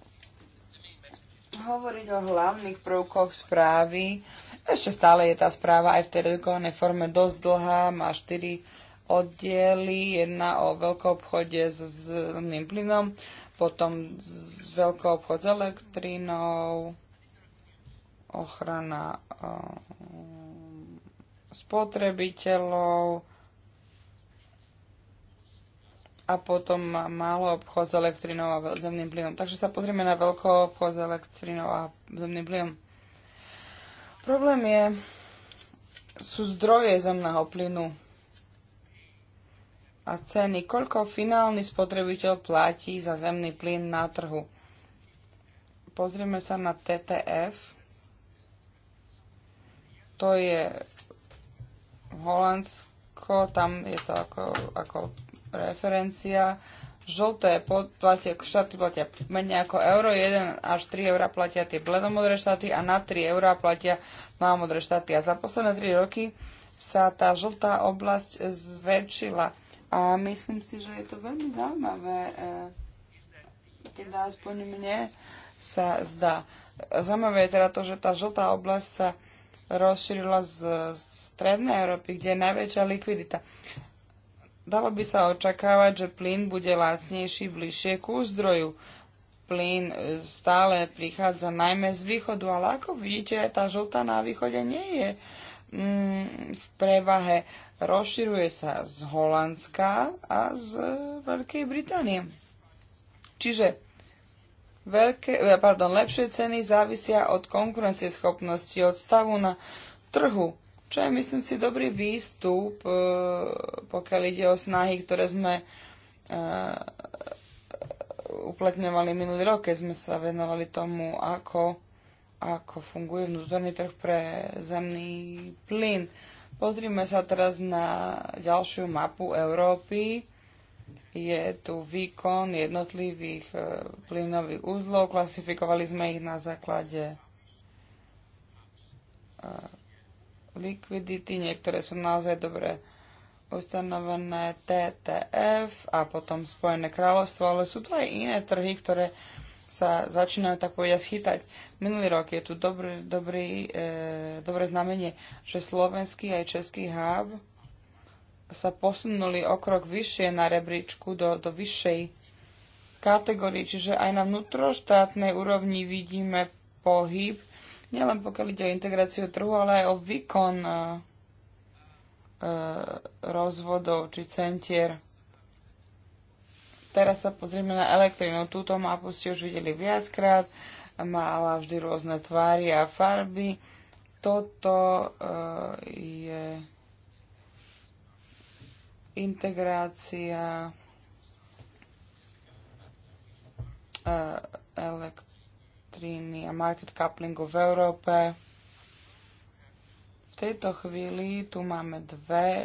hovoriť o hlavných prvkoch správy. Ešte stále je tá správa aj v tej redukovanej forme dosť dlhá, má štyri oddiely, jedna o veľkom obchode s zemným plynom, potom veľký obchod s elektrínou, ochrana eh, spotrebiteľov, a potom málo obchod s elektrinou a zemným plynom. Takže sa pozrieme na veľký obchod s elektrinou a zemným plynom. Problém je, sú zdroje zemného plynu a ceny, koľko finálny spotrebiteľ platí za zemný plyn na trhu. Pozrieme sa na TTF. To je Holandsko, tam je to ako, ako referencia. Žlté platia, štáty platia menej ako euro, 1 až 3 eurá platia tie bledomodré štáty a na 3 eurá platia mámodré štáty. A za posledné 3 roky sa tá žltá oblasť zväčšila. A myslím si, že je to veľmi zaujímavé, e, teda aspoň mne sa zdá. Zaujímavé je teda to, že tá žltá oblasť sa rozšírila z strednej Európy, kde je najväčšia likvidita. Dalo by sa očakávať, že plyn bude lacnejší bližšie k úzdroju. Plyn e, stále prichádza najmä z východu, ale ako vidíte, tá žltá na východe nie je mm, v prevahe. Rozširuje sa z Holandska a z Veľkej Británie. Čiže veľké, e, pardon, lepšie ceny závisia od konkurencieschopnosti, od stavu na trhu čo je, myslím si, dobrý výstup, e, pokiaľ ide o snahy, ktoré sme e, uplatňovali minulý rok, keď sme sa venovali tomu, ako, ako funguje vnútorný trh pre zemný plyn. Pozrime sa teraz na ďalšiu mapu Európy. Je tu výkon jednotlivých e, plynových úzlov. Klasifikovali sme ich na základe likvidity, niektoré sú naozaj dobre ustanovené TTF a potom Spojené kráľovstvo, ale sú tu aj iné trhy, ktoré sa začínajú tak povedať schytať. Minulý rok je tu dobrý, dobrý, e, dobré znamenie, že slovenský aj český hub sa posunuli o krok vyššie na rebríčku do, do vyššej kategórii, čiže aj na vnútroštátnej úrovni vidíme pohyb nielen pokiaľ ide o integráciu trhu, ale aj o výkon e, e, rozvodov či centier. Teraz sa pozrieme na elektrinu. Túto mapu ste už videli viackrát. Mala vždy rôzne tvary a farby. Toto e, je integrácia e, elektriny a market couplingu v Európe. V tejto chvíli tu máme dve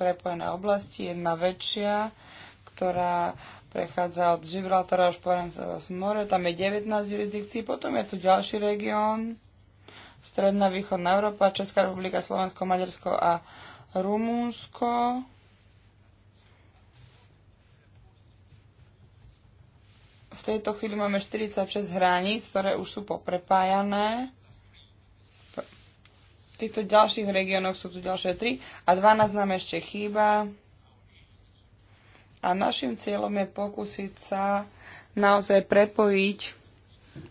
prepojené oblasti. Jedna väčšia, ktorá prechádza od Gibraltara až po more, tam je 19 jurisdikcií, potom je tu ďalší región, Stredná východná Európa, Česká republika, Slovensko, Maďarsko a Rumúnsko. tejto chvíli máme 46 hraníc, ktoré už sú poprepájané. V týchto ďalších regiónoch sú tu ďalšie 3 a 12 nám ešte chýba. A našim cieľom je pokúsiť sa naozaj prepojiť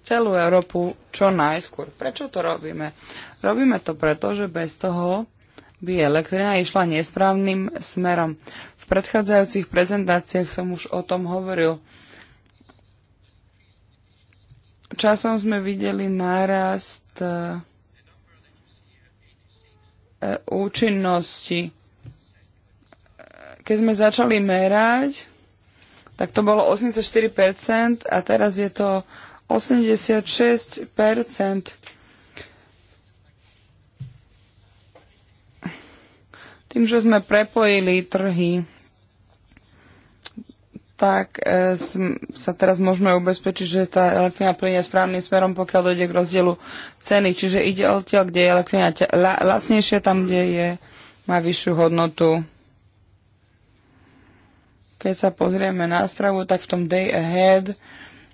celú Európu čo najskôr. Prečo to robíme? Robíme to preto, že bez toho by elektrina išla nesprávnym smerom. V predchádzajúcich prezentáciách som už o tom hovoril časom sme videli nárast e, e, účinnosti. E, keď sme začali merať, tak to bolo 84% a teraz je to 86%. Tým, že sme prepojili trhy, tak e, sa teraz môžeme ubezpečiť, že tá elektrina plynie správnym smerom, pokiaľ dojde k rozdielu ceny. Čiže ide odtiaľ, kde je elektrina la, lacnejšia, tam, kde je, má vyššiu hodnotu. Keď sa pozrieme na správu, tak v tom day ahead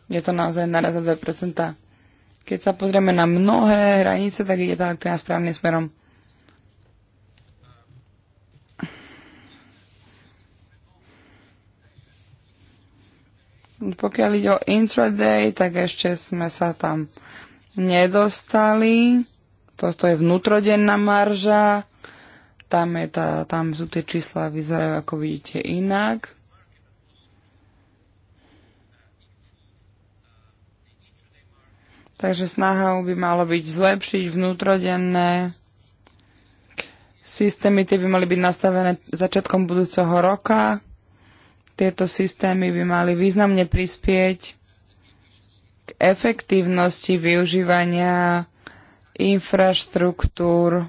je to naozaj naraz za 2%. Keď sa pozrieme na mnohé hranice, tak ide tá elektrina správnym smerom. Pokiaľ ide o intraday, tak ešte sme sa tam nedostali. Toto je vnútrodenná marža. Tam, je tá, tam sú tie čísla, vyzerajú ako vidíte inak. Takže snahou by malo byť zlepšiť vnútrodenné systémy, tie by mali byť nastavené začiatkom budúceho roka. Tieto systémy by mali významne prispieť k efektívnosti využívania infraštruktúr.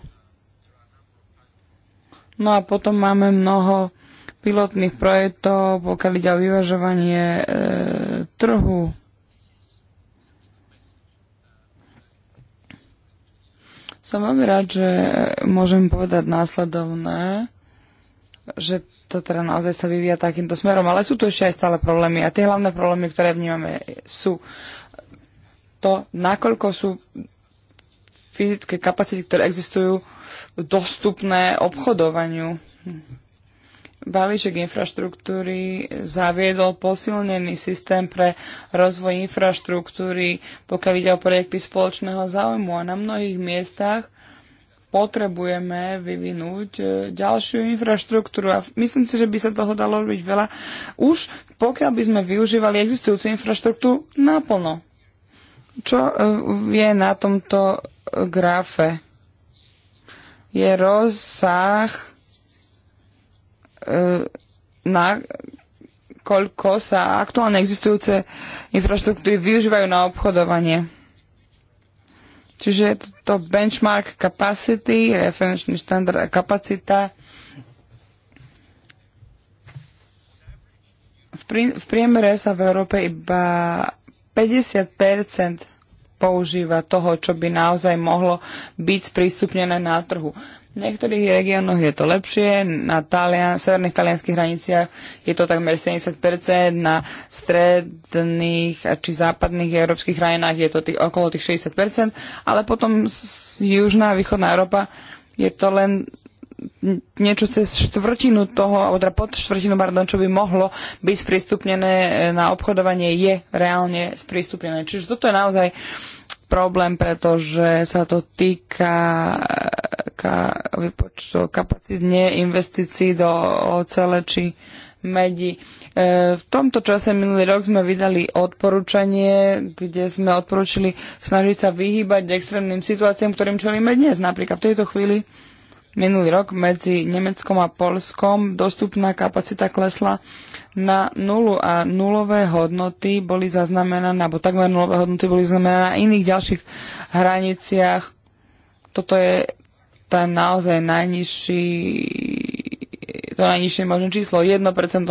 No a potom máme mnoho pilotných projektov, pokiaľ ide o vyvažovanie e, trhu. Som veľmi rád, že môžem povedať následovné, že to teda naozaj sa vyvíja takýmto smerom, ale sú tu ešte aj stále problémy a tie hlavné problémy, ktoré vnímame, sú to, nakoľko sú fyzické kapacity, ktoré existujú, dostupné obchodovaniu. Balíček infraštruktúry zaviedol posilnený systém pre rozvoj infraštruktúry, pokiaľ ide o projekty spoločného záujmu a na mnohých miestach potrebujeme vyvinúť e, ďalšiu infraštruktúru a myslím si, že by sa toho dalo robiť veľa už pokiaľ by sme využívali existujúcu infraštruktúru naplno. Čo e, je na tomto grafe? Je rozsah e, na koľko sa aktuálne existujúce infraštruktúry využívajú na obchodovanie. Čiže to benchmark capacity, referenčný štandard a kapacita v, prí, v priemere sa v Európe iba 50 používa toho, čo by naozaj mohlo byť sprístupnené na trhu. V niektorých regiónoch je to lepšie, na Talian, severných talianských hraniciach je to takmer 70%, na stredných či západných európskych krajinách je to tých, okolo tých 60%, ale potom južná a východná Európa je to len niečo cez štvrtinu toho, alebo teda pod štvrtinu, pardon, čo by mohlo byť sprístupnené e, na obchodovanie, je reálne sprístupnené. Čiže toto je naozaj problém, pretože sa to týka ka, kapacít investícií do ocele či medi. E, v tomto čase minulý rok sme vydali odporúčanie, kde sme odporúčili snažiť sa vyhýbať extrémnym situáciám, ktorým čelíme dnes. Napríklad v tejto chvíli minulý rok medzi Nemeckom a Polskom dostupná kapacita klesla na nulu a nulové hodnoty boli zaznamenané, alebo takmer nulové hodnoty boli zaznamenané na iných ďalších hraniciach. Toto je ten naozaj najnižší to najnižšie možné číslo 1%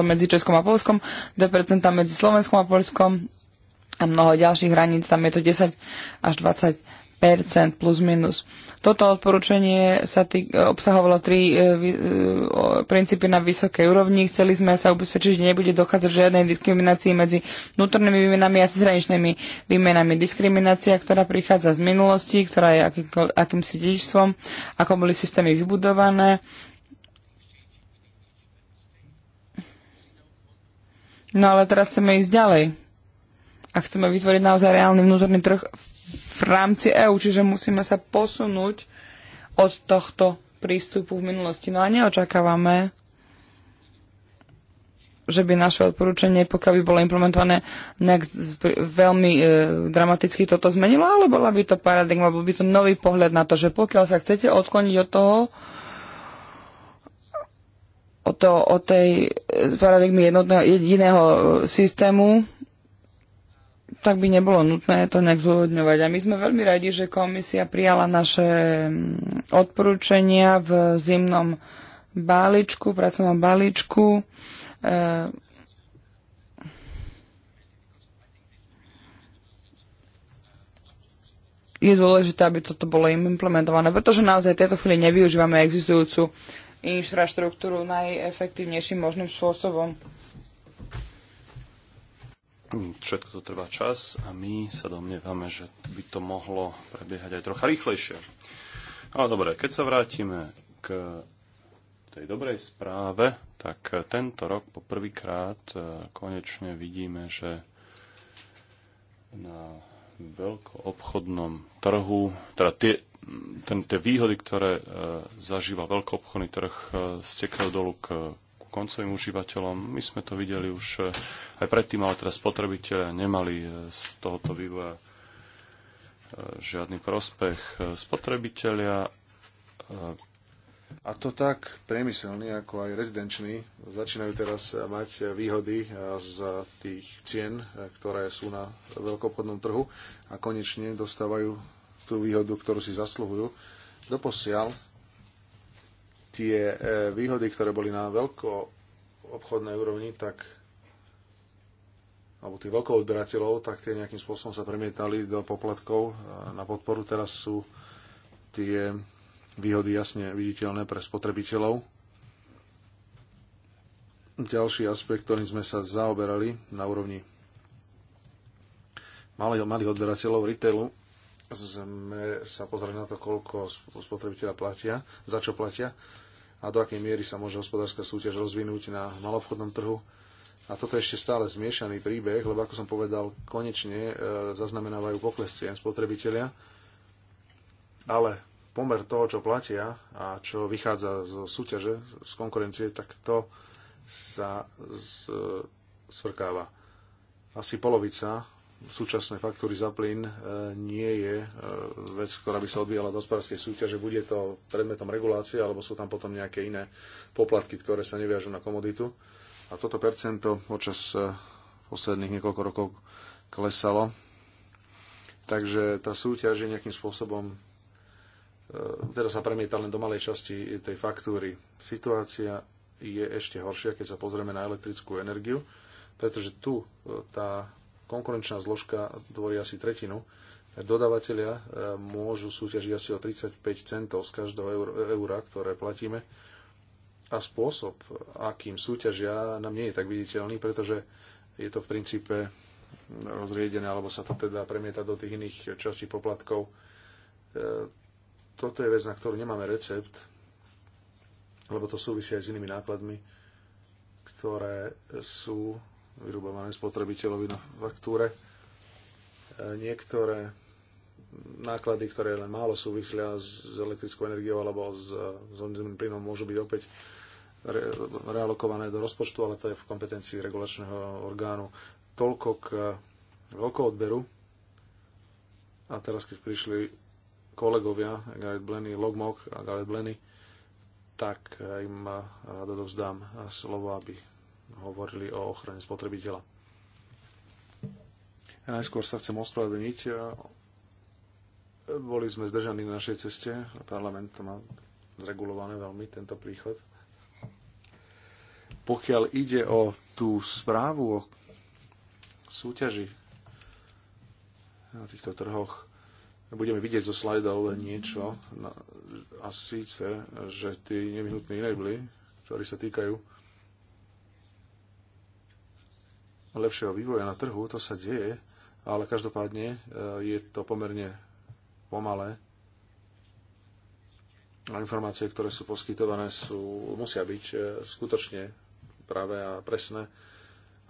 medzi Českom a Polskom, 2% medzi Slovenskom a Polskom a mnoho ďalších hraníc, tam je to 10 až 20 plus minus. Toto odporúčanie sa tý, obsahovalo tri e, e, princípy na vysokej úrovni. Chceli sme sa ubezpečiť, že nebude dochádzať žiadnej diskriminácii medzi vnútornými výmenami a cezhraničnými výmenami. Diskriminácia, ktorá prichádza z minulosti, ktorá je akým, akýmsi dedičstvom, ako boli systémy vybudované, No ale teraz chceme ísť ďalej. A chceme vytvoriť naozaj reálny vnútorný trh v v rámci EÚ, čiže musíme sa posunúť od tohto prístupu v minulosti. No a neočakávame, že by naše odporúčanie, pokiaľ by bolo implementované nejak veľmi e, dramaticky toto zmenilo, ale bola by to paradigma, bol by to nový pohľad na to, že pokiaľ sa chcete odkloniť od toho, od, to, od tej e, paradigmy jednotného, jediného e, systému, tak by nebolo nutné to nejak zúhodňovať. A my sme veľmi radi, že komisia prijala naše mm, odporúčania v zimnom balíčku, pracovnom balíčku. E, je dôležité, aby toto bolo implementované, pretože naozaj v tejto chvíli nevyužívame existujúcu infraštruktúru najefektívnejším možným spôsobom. Všetko to trvá čas a my sa domnievame, že by to mohlo prebiehať aj trocha rýchlejšie. Ale dobre, keď sa vrátime k tej dobrej správe, tak tento rok po prvýkrát e, konečne vidíme, že na veľkoobchodnom trhu, teda tie, ten, tie výhody, ktoré e, zažíva veľkoobchodný trh, e, stekajú dolu k koncovým užívateľom. My sme to videli už eh, aj predtým, ale teraz spotrebitelia nemali eh, z tohoto vývoja eh, žiadny prospech. Spotrebitelia a to tak priemyselný, ako aj rezidenční, začínajú teraz mať výhody z tých cien, ktoré sú na veľkopodnom trhu a konečne dostávajú tú výhodu, ktorú si zasluhujú. Doposiaľ tie e, výhody, ktoré boli na veľko obchodnej úrovni, tak alebo tých odberateľov, tak tie nejakým spôsobom sa premietali do poplatkov e, na podporu. Teraz sú tie výhody jasne viditeľné pre spotrebiteľov. Ďalší aspekt, ktorým sme sa zaoberali na úrovni malých, malých odberateľov retailu, sme sa pozreli na to, koľko spotrebiteľa platia, za čo platia a do akej miery sa môže hospodárska súťaž rozvinúť na malobchodnom trhu. A toto je ešte stále zmiešaný príbeh, lebo ako som povedal, konečne e, zaznamenávajú pokles cien spotrebitelia, ale pomer toho, čo platia a čo vychádza zo súťaže, z konkurencie, tak to sa z, svrkáva. Asi polovica súčasné faktory za plyn e, nie je e, vec, ktorá by sa odvíjala do hospodárskej súťaže. Bude to predmetom regulácie, alebo sú tam potom nejaké iné poplatky, ktoré sa neviažú na komoditu. A toto percento počas e, posledných niekoľko rokov klesalo. Takže tá súťaž je nejakým spôsobom teda sa premieta len do malej časti tej faktúry. Situácia je ešte horšia, keď sa pozrieme na elektrickú energiu, pretože tu tá konkurenčná zložka tvorí asi tretinu. Dodávateľia e, môžu súťažiť asi o 35 centov z každého e, eura, ktoré platíme. A spôsob, akým súťažia, nám nie je tak viditeľný, pretože je to v princípe rozriedené, alebo sa to teda premieta do tých iných častí poplatkov. E, toto je vec, na ktorú nemáme recept, lebo to súvisí aj s inými nákladmi, ktoré sú vyrúbované spotrebiteľovi na faktúre. E, niektoré náklady, ktoré len málo súvisia s elektrickou energiou alebo s, zemným plynom, môžu byť opäť re, realokované do rozpočtu, ale to je v kompetencii regulačného orgánu. Toľko k veľkoodberu. A teraz, keď prišli kolegovia Gareth Blenny, Logmok a Gareth Blenny, tak im rado slovo, aby hovorili o ochrane spotrebiteľa. Ja najskôr sa chcem ospravedlniť. Boli sme zdržaní na našej ceste. Parlament má zregulované veľmi tento príchod. Pokiaľ ide o tú správu o súťaži na týchto trhoch, budeme vidieť zo slajdov niečo, a síce, že tí nevyhnutní enably, ktorí sa týkajú lepšieho vývoja na trhu, to sa deje, ale každopádne e, je to pomerne pomalé. A informácie, ktoré sú poskytované, sú, musia byť e, skutočne práve a presné.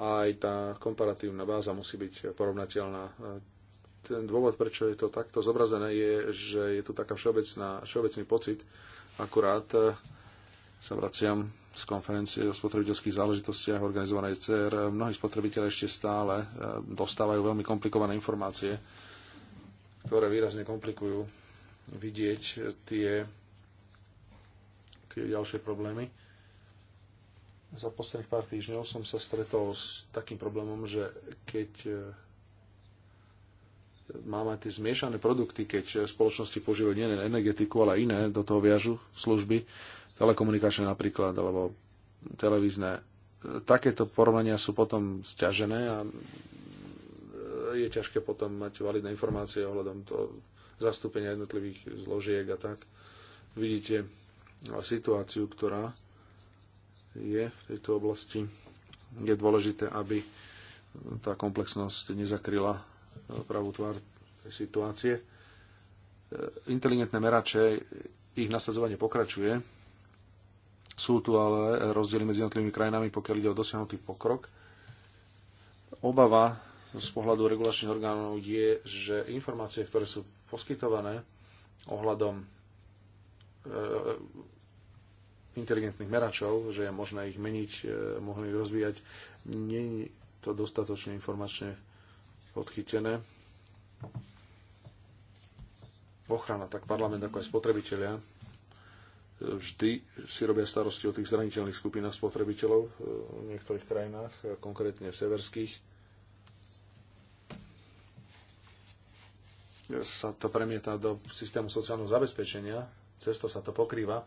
A aj tá komparatívna báza musí byť porovnateľná. E, ten dôvod, prečo je to takto zobrazené, je, že je tu taká všeobecná, všeobecný pocit. Akurát sa vraciam z konferencie o spotrebiteľských záležitostiach organizovanej CR. Mnohí spotrebiteľe ešte stále e, dostávajú veľmi komplikované informácie, ktoré výrazne komplikujú vidieť tie, tie ďalšie problémy. Za posledných pár týždňov som sa stretol s takým problémom, že keď e, máme tie zmiešané produkty, keď e, spoločnosti používajú nielen energetiku, ale iné, do toho viažu služby, telekomunikačné napríklad, alebo televízne. Takéto porovnania sú potom zťažené a e, je ťažké potom mať validné informácie ohľadom to zastúpenia jednotlivých zložiek a tak. Vidíte situáciu, ktorá je v tejto oblasti. Je dôležité, aby tá komplexnosť nezakryla e, pravú tvár tej situácie. E, inteligentné merače, ich nasadzovanie pokračuje sú tu ale rozdiely medzi jednotlivými krajinami, pokiaľ ide o dosiahnutý pokrok. Obava z pohľadu regulačných orgánov je, že informácie, ktoré sú poskytované ohľadom e, inteligentných meračov, že je možné ich meniť, e, mohli ich rozvíjať, nie je to dostatočne informačne podchytené. Ochrana, tak parlament ako aj spotrebitelia vždy si robia starosti o tých zraniteľných skupinách spotrebiteľov e, v niektorých krajinách, e, konkrétne v severských. Sa to premieta do systému sociálneho zabezpečenia, Cesto sa to pokrýva,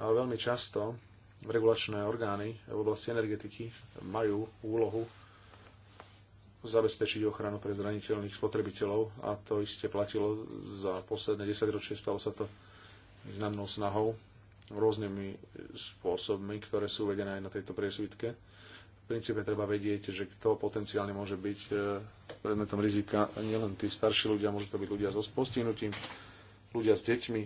ale veľmi často regulačné orgány v oblasti energetiky majú úlohu zabezpečiť ochranu pre zraniteľných spotrebiteľov a to iste platilo za posledné 10 ročie, stalo sa to významnou snahou rôznymi spôsobmi, ktoré sú uvedené aj na tejto priesvitke. V princípe treba vedieť, že kto potenciálne môže byť e, predmetom rizika, nielen tí starší ľudia, môžu to byť ľudia so postihnutím, ľudia s deťmi.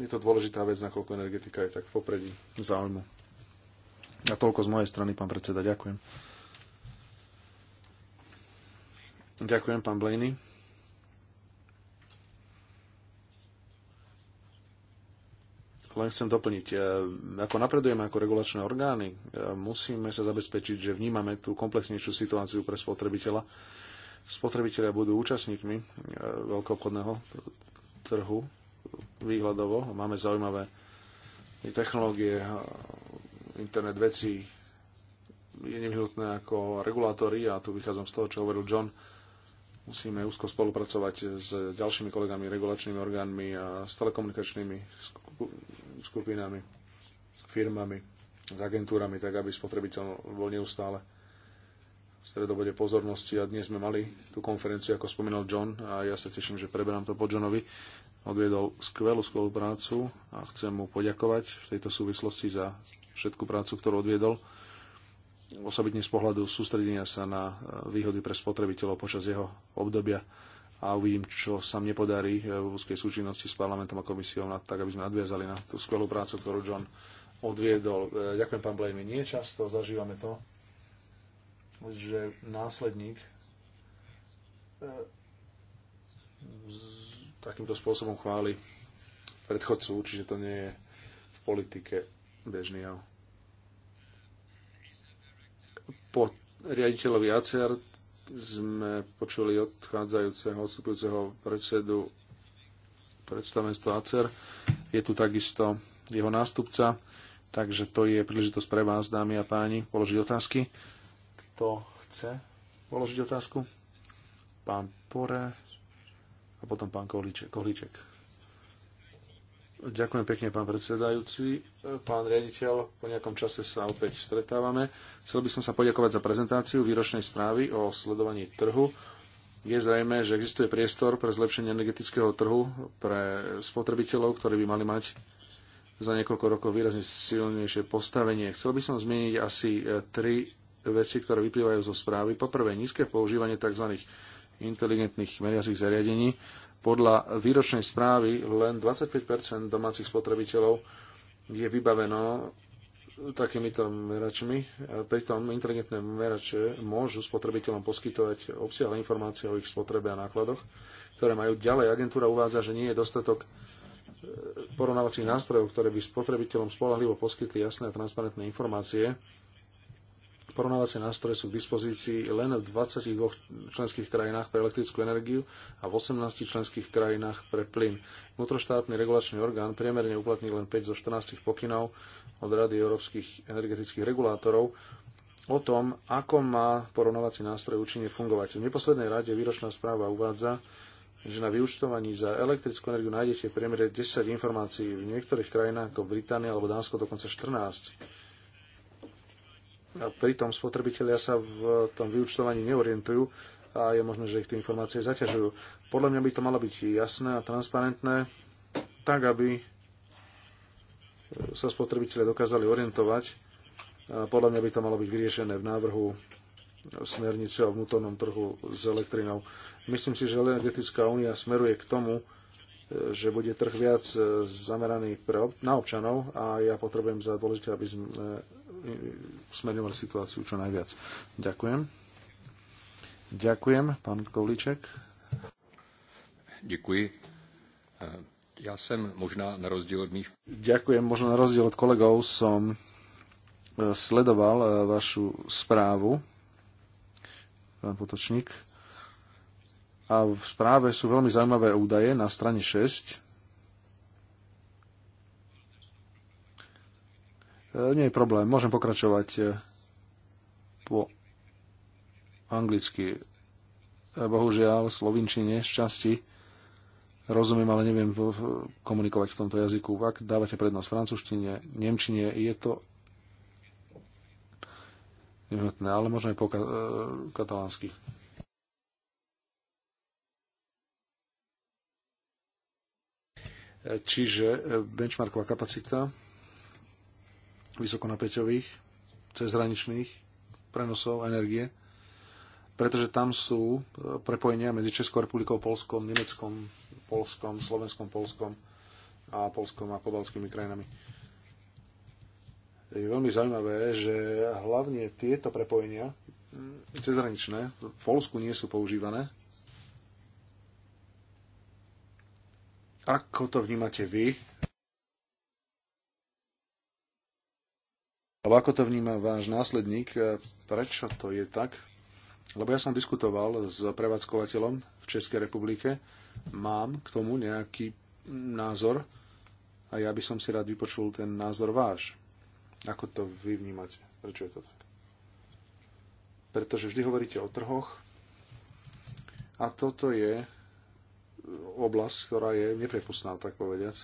Je to dôležitá vec, nakoľko energetika je tak v popredí záujmu. A toľko z mojej strany, pán predseda, ďakujem. Ďakujem, pán Blaney. Len chcem doplniť, e, ako napredujeme ako regulačné orgány, e, musíme sa zabezpečiť, že vnímame tú komplexnejšiu situáciu pre spotrebiteľa. Spotrebitelia budú účastníkmi e, veľkoobchodného trhu výhľadovo. Máme zaujímavé technológie, internet vecí, je nevyhnutné ako regulátory a tu vychádzam z toho, čo hovoril John, musíme úzko spolupracovať s ďalšími kolegami, regulačnými orgánmi a s telekomunikačnými skupinami, firmami, s agentúrami, tak aby spotrebiteľ bol neustále v stredobode pozornosti a dnes sme mali tú konferenciu, ako spomínal John a ja sa teším, že preberám to po Johnovi. Odviedol skvelú spoluprácu a chcem mu poďakovať v tejto súvislosti za všetku prácu, ktorú odviedol. Osobitne z pohľadu sústredenia sa na výhody pre spotrebiteľov počas jeho obdobia a uvidím, čo sa mne podarí eh, v úzkej súčinnosti s parlamentom a komisiou, tak aby sme nadviazali na tú skvelú prácu, ktorú John odviedol. Eh, ďakujem, pán Blejmy. Nie často zažívame to, že následník eh, takýmto spôsobom chváli predchodcu, čiže to nie je v politike bežný jav. Po riaditeľovi ACR sme počuli odchádzajúceho, odstupujúceho predsedu predstavenstva ACER. Je tu takisto jeho nástupca, takže to je príležitosť pre vás, dámy a páni, položiť otázky. Kto chce položiť otázku? Pán Pore a potom pán Kohlíček. Kohlíček. Ďakujem pekne, pán predsedajúci. Pán riaditeľ, po nejakom čase sa opäť stretávame. Chcel by som sa poďakovať za prezentáciu výročnej správy o sledovaní trhu. Je zrejme, že existuje priestor pre zlepšenie energetického trhu pre spotrebiteľov, ktorí by mali mať za niekoľko rokov výrazne silnejšie postavenie. Chcel by som zmieniť asi e, tri veci, ktoré vyplývajú zo správy. Poprvé, nízke používanie tzv. inteligentných meriacich zariadení podľa výročnej správy len 25 domácich spotrebiteľov je vybaveno takýmito meračmi. Pritom inteligentné merače môžu spotrebiteľom poskytovať obsiahle informácie o ich spotrebe a nákladoch, ktoré majú ďalej. Agentúra uvádza, že nie je dostatok e, porovnávacích nástrojov, ktoré by spotrebiteľom spolahlivo poskytli jasné a transparentné informácie Porovnávacie nástroje sú k dispozícii len v 22 členských krajinách pre elektrickú energiu a v 18 členských krajinách pre plyn. Vnútroštátny regulačný orgán priemerne uplatní len 5 zo 14 pokynov od Rady európskych energetických regulátorov o tom, ako má porovnávací nástroj účinne fungovať. V neposlednej rade výročná správa uvádza, že na vyučtovaní za elektrickú energiu nájdete v priemere 10 informácií, v niektorých krajinách ako Británia alebo Dánsko dokonca 14 a pritom spotrebitelia sa v tom vyučtovaní neorientujú a je možné, že ich tie informácie zaťažujú. Podľa mňa by to malo byť jasné a transparentné, tak aby sa spotrebitelia dokázali orientovať. A podľa mňa by to malo byť vyriešené v návrhu smernice o vnútornom trhu s elektrinou. Myslím si, že energetická únia smeruje k tomu, že bude trh viac zameraný pre, na občanov a ja potrebujem za dôležité, aby sme E, smerovali situáciu čo najviac. Ďakujem. Ďakujem, pán Kovliček. Ďakujem. Ja som možná na rozdiel od mých... Ďakujem, možno na rozdiel od kolegov som e, sledoval e, vašu správu, pán Potočník. A v správe sú veľmi zaujímavé údaje na strane 6 E, nie je problém, môžem pokračovať e, po anglicky. E, bohužiaľ, slovinčine, šťastí. Rozumiem, ale neviem komunikovať v tomto jazyku. Ak dávate prednosť francúzštine, nemčine, je to nevyhnutné, ale možno aj po katalánsky. Čiže benchmarková kapacita vysokonapäťových, cezhraničných prenosov energie, pretože tam sú e, prepojenia medzi Českou republikou, Polskom, Nemeckom, Polskom, Slovenskom, Polskom a Polskom a pobalskými krajinami. Je veľmi zaujímavé, že hlavne tieto prepojenia mm, cezhraničné v Polsku nie sú používané. Ako to vnímate vy? Ale ako to vníma váš následník, e, prečo to je tak? Lebo ja som diskutoval s prevádzkovateľom v Českej republike, mám k tomu nejaký názor a ja by som si rád vypočul ten názor váš. Ako to vy vnímate? Prečo je to tak? Pretože vždy hovoríte o trhoch a toto je oblasť, ktorá je neprepustná, tak povediať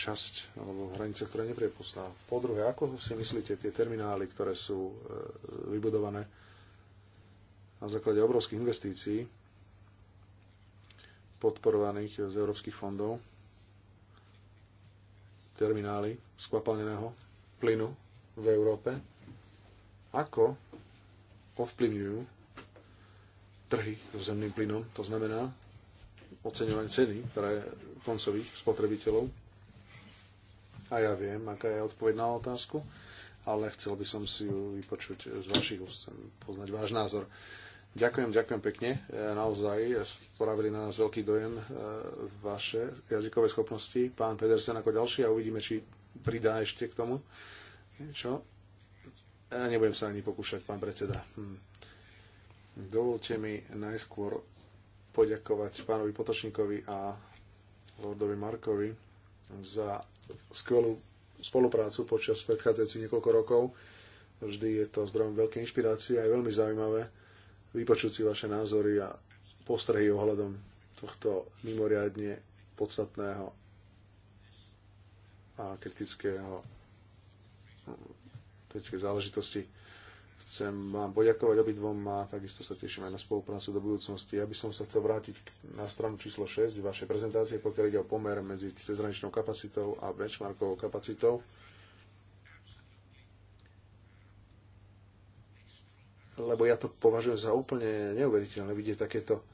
časť alebo hranice, ktorá je nepriepustná. Po druhé, ako si myslíte tie terminály, ktoré sú e, vybudované na základe obrovských investícií podporovaných z európskych fondov, terminály skvapalneného plynu v Európe, ako ovplyvňujú trhy so zemným plynom, to znamená oceňovanie ceny pre koncových spotrebiteľov a ja viem, aká je odpoveď na otázku, ale chcel by som si ju vypočuť z vašich úst, poznať váš názor. Ďakujem, ďakujem pekne. E, naozaj e, spravili na nás veľký dojem e, vaše jazykové schopnosti. Pán Pedersen ako ďalší a uvidíme, či pridá ešte k tomu. Čo? Ja nebudem sa ani pokúšať, pán predseda. Hm. Dovolte mi najskôr poďakovať pánovi Potočníkovi a Lordovi Markovi za skvelú spoluprácu počas predchádzajúcich niekoľko rokov. Vždy je to zdrojom veľké inšpirácie a je veľmi zaujímavé vypočuť si vaše názory a postrehy ohľadom tohto mimoriadne podstatného a kritického kritické záležitosti. Chcem vám poďakovať obidvom a takisto sa teším aj na spoluprácu do budúcnosti. Ja by som sa chcel vrátiť na stranu číslo 6 vašej prezentácie, pokiaľ ide o pomer medzi cezraničnou kapacitou a benchmarkovou kapacitou. Lebo ja to považujem za úplne neuveriteľné vidieť takéto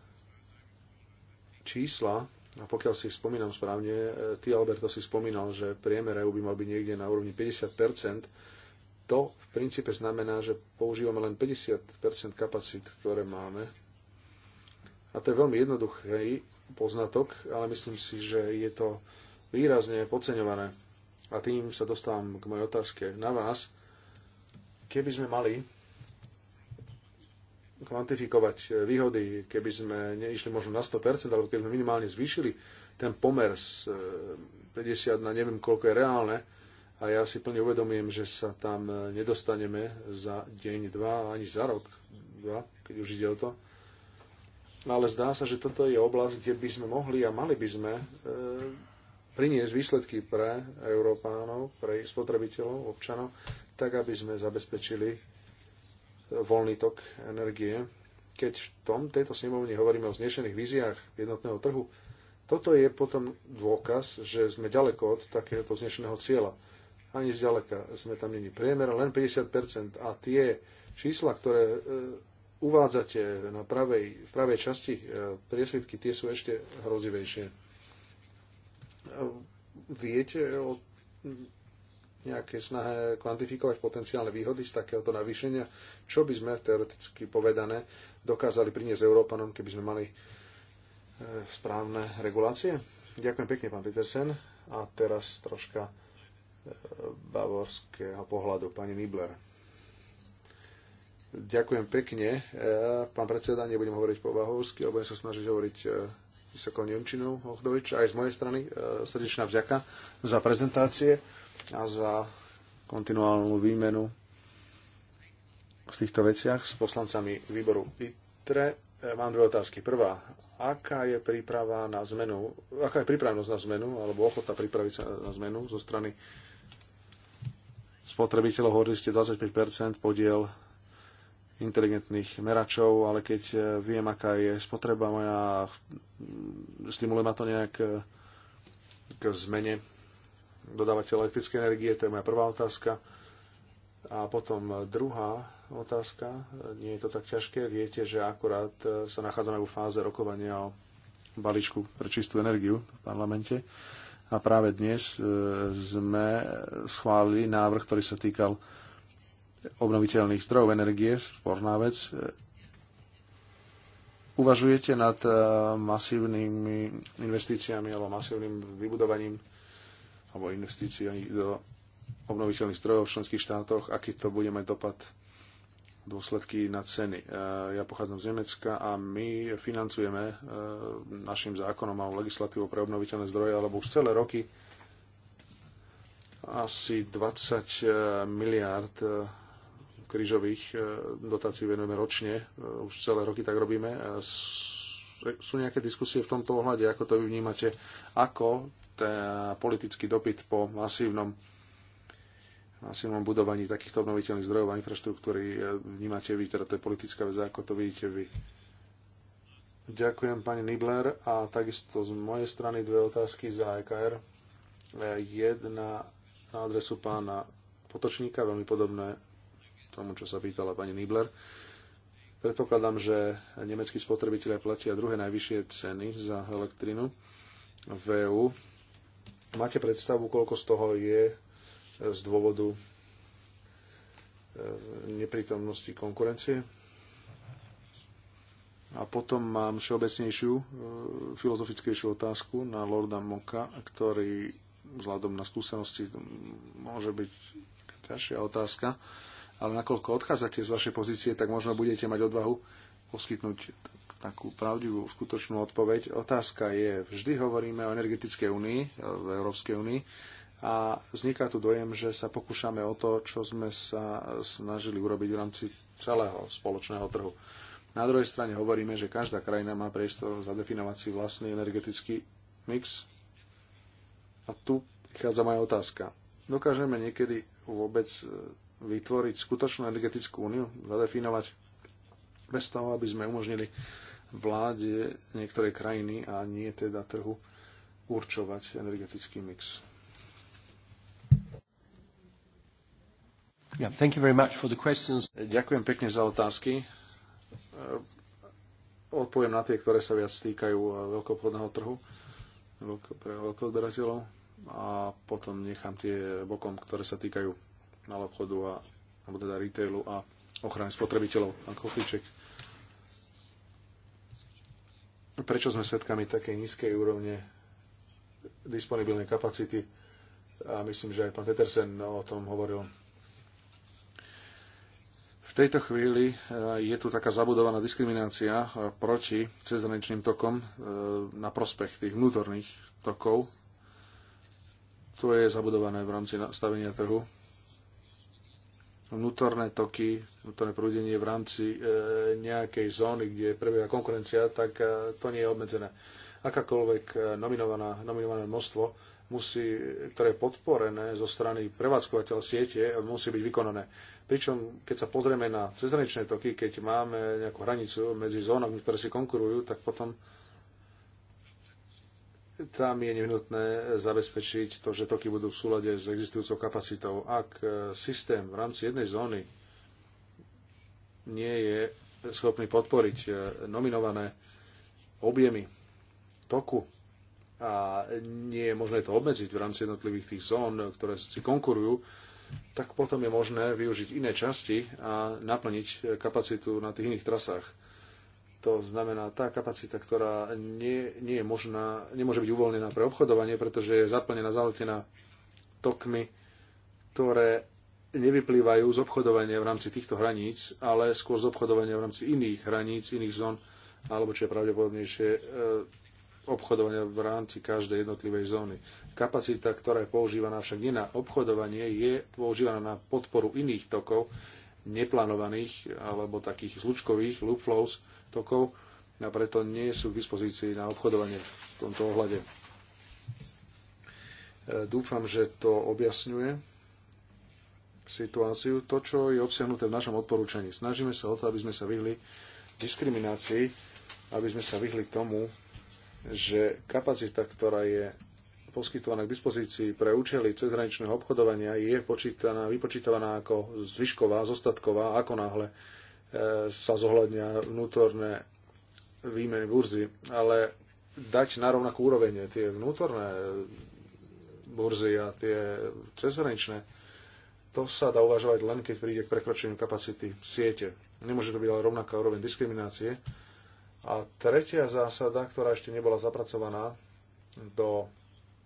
čísla, a pokiaľ si spomínam správne, e, ty, Alberto, si spomínal, že priemer EU by mal byť niekde na úrovni 50 to v princípe znamená, že používame len 50 kapacít, ktoré máme. A to je veľmi jednoduchý poznatok, ale myslím si, že je to výrazne podceňované. A tým sa dostávam k mojej otázke na vás. Keby sme mali kvantifikovať výhody, keby sme neišli možno na 100%, alebo keby sme minimálne zvýšili ten pomer z 50 eh, na neviem koľko je reálne, a ja si plne uvedomujem, že sa tam nedostaneme za deň, dva, ani za rok, dva, keď už ide o to. No ale zdá sa, že toto je oblasť, kde by sme mohli a mali by sme e, priniesť výsledky pre Európánov, pre ich spotrebiteľov, občanov, tak aby sme zabezpečili voľný tok energie. Keď v tom, tejto snemovni hovoríme o znešených víziách jednotného trhu, toto je potom dôkaz, že sme ďaleko od takéhoto znešeného cieľa. Ani zďaleka sme tam není priemer, len 50%. A tie čísla, ktoré e, uvádzate na pravej, v pravej časti e, priesvitky, tie sú ešte hrozivejšie. E, viete o nejaké snahe kvantifikovať potenciálne výhody z takéhoto navýšenia, čo by sme teoreticky povedané dokázali priniesť Európanom, keby sme mali správne regulácie. Ďakujem pekne, pán Petersen. A teraz troška bavorského pohľadu. Pani Nibler. Ďakujem pekne. E, pán predseda, nebudem hovoriť po bavorsky, ale budem sa snažiť hovoriť e, vysokou nemčinou Hochdovič. Aj z mojej strany e, srdečná vďaka za prezentácie a za kontinuálnu výmenu v týchto veciach s poslancami výboru ITRE. Mám dve otázky. Prvá, aká je príprava na zmenu, aká je pripravenosť na zmenu, alebo ochota pripraviť sa na zmenu zo strany spotrebiteľov, hovorili ste 25% podiel inteligentných meračov, ale keď e, viem, aká je spotreba moja, stimuluje ma to nejak e, k zmene dodávateľa elektrickej energie, to je moja prvá otázka. A potom e, druhá otázka, nie je to tak ťažké, viete, že akorát sa nachádzame vo fáze rokovania o balíčku pre čistú energiu v parlamente a práve dnes e, sme schválili návrh, ktorý sa týkal obnoviteľných zdrojov energie, sporná vec. E, uvažujete nad e, masívnymi investíciami alebo masívnym vybudovaním alebo investíciami do obnoviteľných zdrojov v členských štátoch, aký to bude mať dopad dôsledky na ceny. E, ja pochádzam z Nemecka a my financujeme e, našim zákonom a legislatívou pre obnoviteľné zdroje, alebo už celé roky asi 20 e, miliard krížových dotácií venujeme ročne. Už celé roky tak robíme. Sú nejaké diskusie v tomto ohľade, ako to vy vnímate, ako ten politický dopyt po masívnom na silnom budovaní takýchto obnoviteľných zdrojov a infraštruktúry. Vnímate vy, teda to je politická vec, ako to vidíte vy. Ďakujem pani Nibler a takisto z mojej strany dve otázky za EKR. Jedna na adresu pána Potočníka, veľmi podobné tomu, čo sa pýtala pani Nibler. Predpokladám, že nemeckí spotrebitelia platia druhé najvyššie ceny za elektrinu v EU. Máte predstavu, koľko z toho je z dôvodu e, neprítomnosti konkurencie. A potom mám všeobecnejšiu, e, filozofickejšiu otázku na Lorda Moka, ktorý vzhľadom na skúsenosti môže byť ťažšia otázka, ale nakoľko odchádzate z vašej pozície, tak možno budete mať odvahu poskytnúť takú pravdivú, skutočnú odpoveď. Otázka je, vždy hovoríme o energetickej únii, v Európskej únii, a vzniká tu dojem, že sa pokúšame o to, čo sme sa snažili urobiť v rámci celého spoločného trhu. Na druhej strane hovoríme, že každá krajina má priestor zadefinovať si vlastný energetický mix. A tu prichádza moja otázka. Dokážeme niekedy vôbec e, vytvoriť skutočnú energetickú úniu, zadefinovať bez toho, aby sme umožnili vláde niektorej krajiny a nie teda trhu určovať energetický mix. Yeah, thank you very much for the questions. Ďakujem pekne za otázky. E, odpoviem na tie, ktoré sa viac týkajú e, veľkoobchodného trhu pre veľkoodberateľov a potom nechám tie bokom, ktoré sa týkajú malobchodu a alebo teda retailu a ochrany spotrebiteľov ako kofliček. Prečo sme svedkami takej nízkej úrovne disponibilnej kapacity? A myslím, že aj pán Petersen o tom hovoril tejto chvíli e, je tu taká zabudovaná diskriminácia e, proti cezhraničným tokom e, na prospech tých vnútorných tokov. To je zabudované v rámci nastavenia trhu. Vnútorné toky, vnútorné prúdenie v rámci nejakej zóny, kde prebieha konkurencia, tak to nie je obmedzené. Akákoľvek nominované množstvo musí, ktoré je podporené zo strany prevádzkovateľa siete, musí byť vykonané. Pričom, keď sa pozrieme na cezhraničné toky, keď máme nejakú hranicu medzi zónami, ktoré si konkurujú, tak potom tam je nevnutné zabezpečiť to, že toky budú v súlade s existujúcou kapacitou. Ak e, systém v rámci jednej zóny nie je schopný podporiť e, nominované objemy toku, a nie je možné to obmedziť v rámci jednotlivých tých zón, ktoré si konkurujú, tak potom je možné využiť iné časti a naplniť kapacitu na tých iných trasách. To znamená tá kapacita, ktorá nie, nie je možná, nemôže byť uvoľnená pre obchodovanie, pretože je zaplnená, zaletená tokmi, ktoré nevyplývajú z obchodovania v rámci týchto hraníc, ale skôr z obchodovania v rámci iných hraníc, iných zón, alebo čo je pravdepodobnejšie, e, obchodovania v rámci každej jednotlivej zóny. Kapacita, ktorá je používaná však nie na obchodovanie, je používaná na podporu iných tokov, neplánovaných alebo takých zlučkových loop flows tokov a preto nie sú k dispozícii na obchodovanie v tomto ohľade. E, dúfam, že to objasňuje situáciu, to, čo je obsiahnuté v našom odporúčaní. Snažíme sa o to, aby sme sa vyhli diskriminácii, aby sme sa vyhli tomu, že kapacita, ktorá je poskytovaná k dispozícii pre účely cezhraničného obchodovania je počítaná, vypočítavaná ako zvyšková, zostatková, ako náhle e, sa zohľadňa vnútorné výmeny burzy, ale dať na rovnakú úroveň tie vnútorné burzy a tie cezhraničné, to sa dá uvažovať len, keď príde k prekročeniu kapacity siete. Nemôže to byť ale rovnaká úroveň diskriminácie, a tretia zásada, ktorá ešte nebola zapracovaná do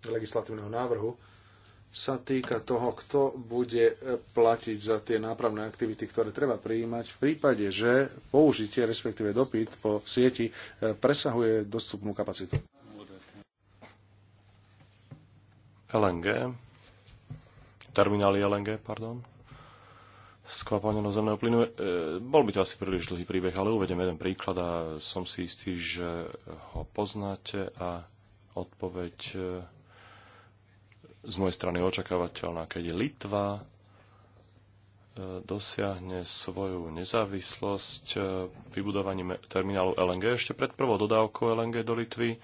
legislatívneho návrhu, sa týka toho, kto bude platiť za tie nápravné aktivity, ktoré treba prijímať v prípade, že použitie, respektíve dopyt po sieti e, presahuje dostupnú kapacitu. LNG, terminály LNG, pardon skvapania zemného plynu. E, bol by to asi príliš dlhý príbeh, ale uvedem jeden príklad a som si istý, že ho poznáte a odpoveď e, z mojej strany očakávateľná, keď Litva e, dosiahne svoju nezávislosť vybudovaním terminálu LNG. Ešte pred prvou dodávkou LNG do Litvy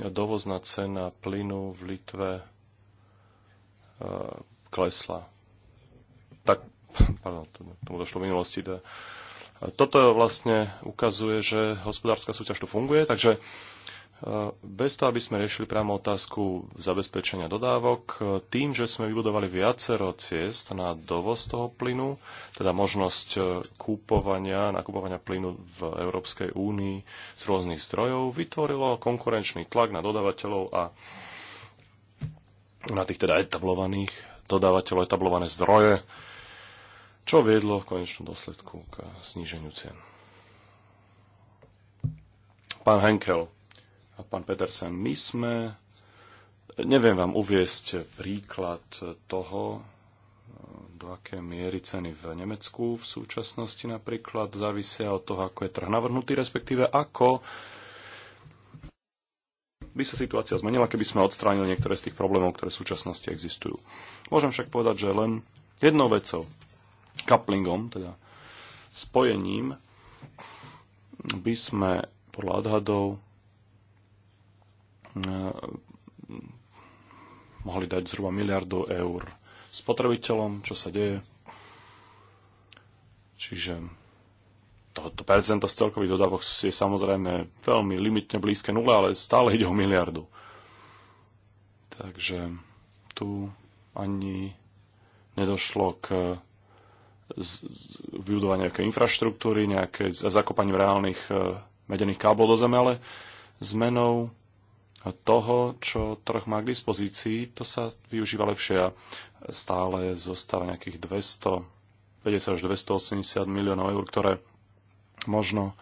dovozná cena plynu v Litve klesla. Tak pardon, tomu došlo v minulosti. Teda. Toto vlastne ukazuje, že hospodárska súťaž tu funguje, takže e, bez toho, aby sme riešili priamo otázku zabezpečenia dodávok, e, tým, že sme vybudovali viacero ciest na dovoz toho plynu, teda možnosť e, kúpovania, nakupovania plynu v Európskej únii z rôznych zdrojov, vytvorilo konkurenčný tlak na dodávateľov a na tých teda etablovaných dodávateľov, etablované zdroje čo viedlo v konečnom dôsledku k sníženiu cien. Pán Henkel a pán Petersen, my sme, neviem vám uviesť príklad toho, do aké miery ceny v Nemecku v súčasnosti napríklad závisia od toho, ako je trh navrhnutý, respektíve ako by sa situácia zmenila, keby sme odstránili niektoré z tých problémov, ktoré v súčasnosti existujú. Môžem však povedať, že len jednou vecou kaplingom, teda spojením, by sme podľa odhadov eh, mohli dať zhruba miliardu eur spotrebiteľom, čo sa deje. Čiže toto percento z celkových dodávok je samozrejme veľmi limitne blízke nule, ale stále ide o miliardu. Takže tu ani nedošlo k vybudovanie nejakej infraštruktúry, nejaké zakopaním reálnych e, medených káblov do zeme, ale zmenou toho, čo trh má k dispozícii, to sa využíva lepšie a stále zostáva nejakých 250 až 280 miliónov eur, ktoré možno e,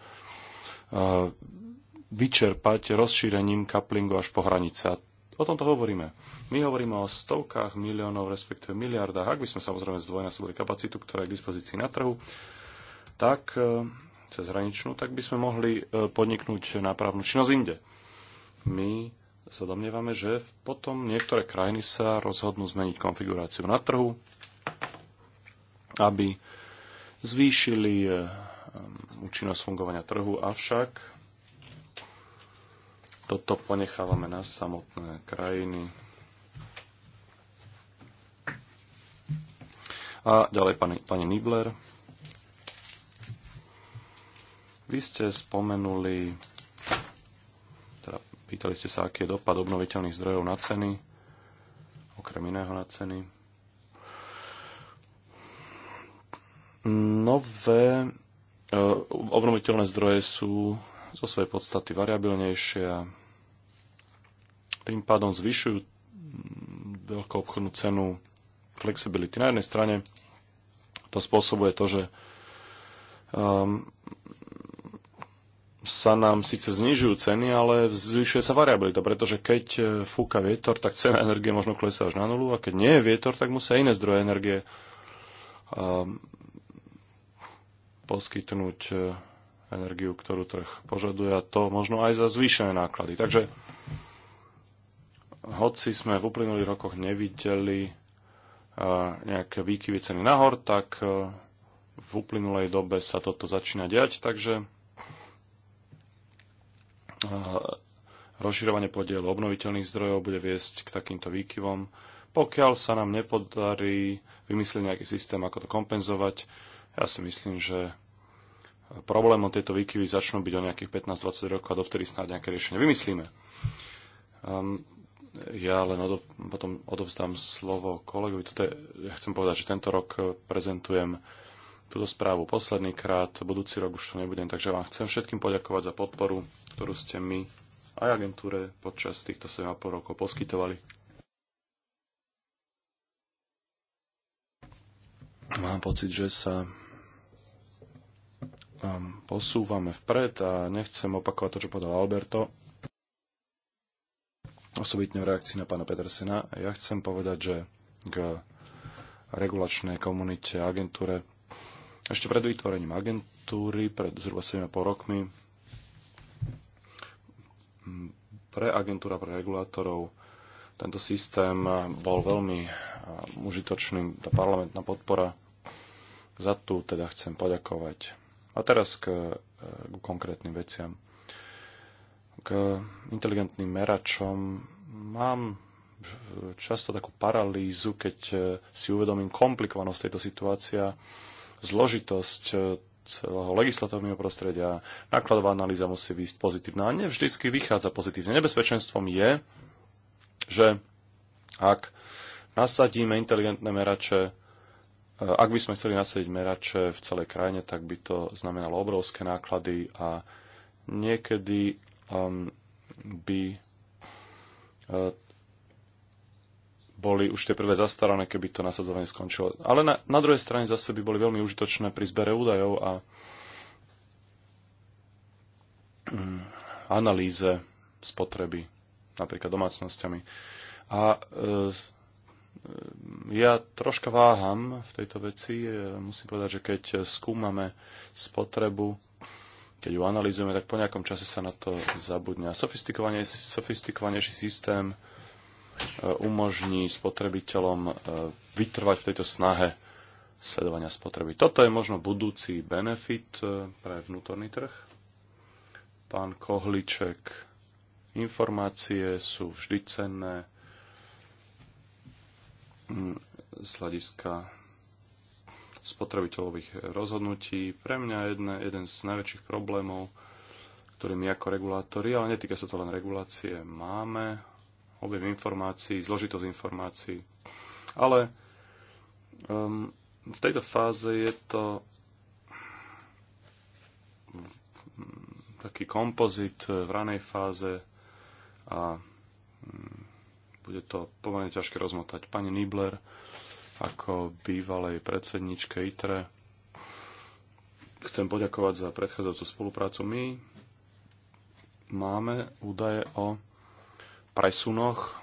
vyčerpať rozšírením kaplingu až po hranice. A O tomto hovoríme. My hovoríme o stovkách miliónov, respektíve miliardách. Ak by sme samozrejme zdvojnásobili kapacitu, ktorá je k dispozícii na trhu, tak e, cez hraničnú, tak by sme mohli e, podniknúť nápravnú činnosť inde. My sa domnievame, že potom niektoré krajiny sa rozhodnú zmeniť konfiguráciu na trhu, aby zvýšili e, účinnosť fungovania trhu, avšak toto ponechávame na samotné krajiny. A ďalej pani, pani Nibler. Vy ste spomenuli, teda pýtali ste sa, aký je dopad obnoviteľných zdrojov na ceny, okrem iného na ceny. Nové e, obnoviteľné zdroje sú zo svojej podstaty variabilnejšie a tým pádom zvyšujú veľkú obchodnú cenu flexibility. Na jednej strane to spôsobuje to, že um, sa nám síce znižujú ceny, ale zvyšuje sa variabilita, pretože keď e, fúka vietor, tak cena energie možno klesá až na nulu a keď nie je vietor, tak musia iné zdroje energie um, poskytnúť e, energiu, ktorú trh požaduje a to možno aj za zvýšené náklady. Takže hoci sme v uplynulých rokoch nevideli eh, nejaké výkyvy ceny nahor, tak eh, v uplynulej dobe sa toto začína diať, takže eh, rozširovanie podielu obnoviteľných zdrojov bude viesť k takýmto výkyvom. Pokiaľ sa nám nepodarí vymyslieť nejaký systém, ako to kompenzovať, ja si myslím, že problémom tejto výkyvy začnú byť o nejakých 15-20 rokov a dovtedy snáď nejaké riešenie vymyslíme. Um, ja len odo, potom odovzdám slovo kolegovi. Toto je, ja chcem povedať, že tento rok eh, prezentujem túto správu posledný krát, budúci rok už to nebudem, takže vám chcem všetkým poďakovať za podporu, ktorú ste my aj agentúre počas týchto 7,5 rokov poskytovali. Mám pocit, že sa posúvame vpred a nechcem opakovať to, čo povedal Alberto, osobitne v reakcii na pána Petersena. Ja chcem povedať, že k regulačnej komunite, agentúre, ešte pred vytvorením agentúry, pred zhruba 7,5 rokmi, pre agentúra, pre regulátorov, tento systém bol veľmi užitočný, tá parlamentná podpora. Za tú teda chcem poďakovať a teraz k, k konkrétnym veciam. K inteligentným meračom mám často takú paralýzu, keď eh, si uvedomím komplikovanosť tejto situácia, zložitosť eh, celého legislatívneho prostredia, nákladová analýza musí výjsť pozitívna a nevždycky vychádza pozitívne. Nebezpečenstvom je, že ak nasadíme inteligentné merače Eh, ak by sme chceli nasadiť merače v celej krajine, tak by to znamenalo obrovské náklady a niekedy um, by uh, boli už tie prvé zastarané, keby to nasadzovanie skončilo. Ale na, na druhej strane zase by boli veľmi užitočné pri zbere údajov a um, analýze spotreby napríklad domácnosťami. A uh, ja troška váham v tejto veci. E, musím povedať, že keď skúmame spotrebu, keď ju analýzujeme, tak po nejakom čase sa na to zabudne. sofistikovanejší systém e, umožní spotrebiteľom e, vytrvať v tejto snahe sledovania spotreby. Toto je možno budúci benefit pre vnútorný trh. Pán Kohliček, informácie sú vždy cenné Mm, z hľadiska spotrebiteľových rozhodnutí. Pre mňa jedne, jeden z najväčších problémov, ktorý my ako regulátori, ale netýka sa to len regulácie, máme objem informácií, zložitosť informácií. Ale um, v tejto fáze je to taký kompozit v ranej fáze a um, bude to pomerne ťažké rozmotať. Pani Nibler, ako bývalej predsedničke ITRE, chcem poďakovať za predchádzajúcu spoluprácu. My máme údaje o presunoch,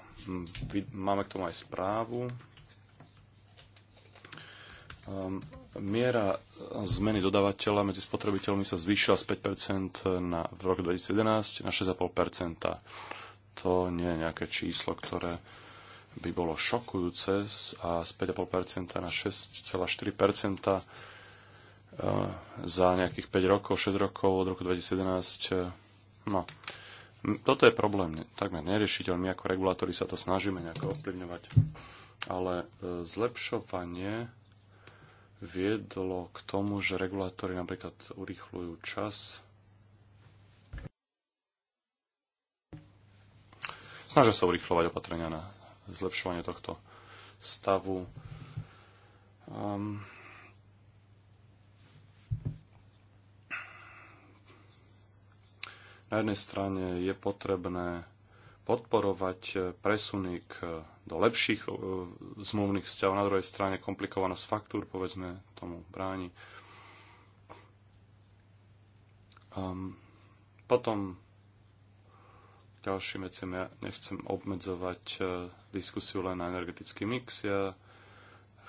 máme k tomu aj správu. Ehm, miera e, zmeny dodávateľa medzi spotrebiteľmi sa zvýšila z 5% na, v roku 2011 na 6,5% to nie je nejaké číslo, ktoré by bolo šokujúce a z 5,5% na 6,4% eh, za nejakých 5 rokov, 6 rokov od roku 2011. Eh, no, toto je problém, takmer neriešiteľ. My ako regulátori sa to snažíme nejako ovplyvňovať. Ale eh, zlepšovanie viedlo k tomu, že regulátori napríklad urýchľujú čas snažia sa urychľovať opatrenia na zlepšovanie tohto stavu. Um, na jednej strane je potrebné podporovať presuny k, do lepších e, zmluvných vzťahov, na druhej strane komplikovanosť faktúr, povedzme, tomu bráni. Um, potom ďalším veciam. Ja nechcem obmedzovať e, diskusiu len na energetický mix. Ja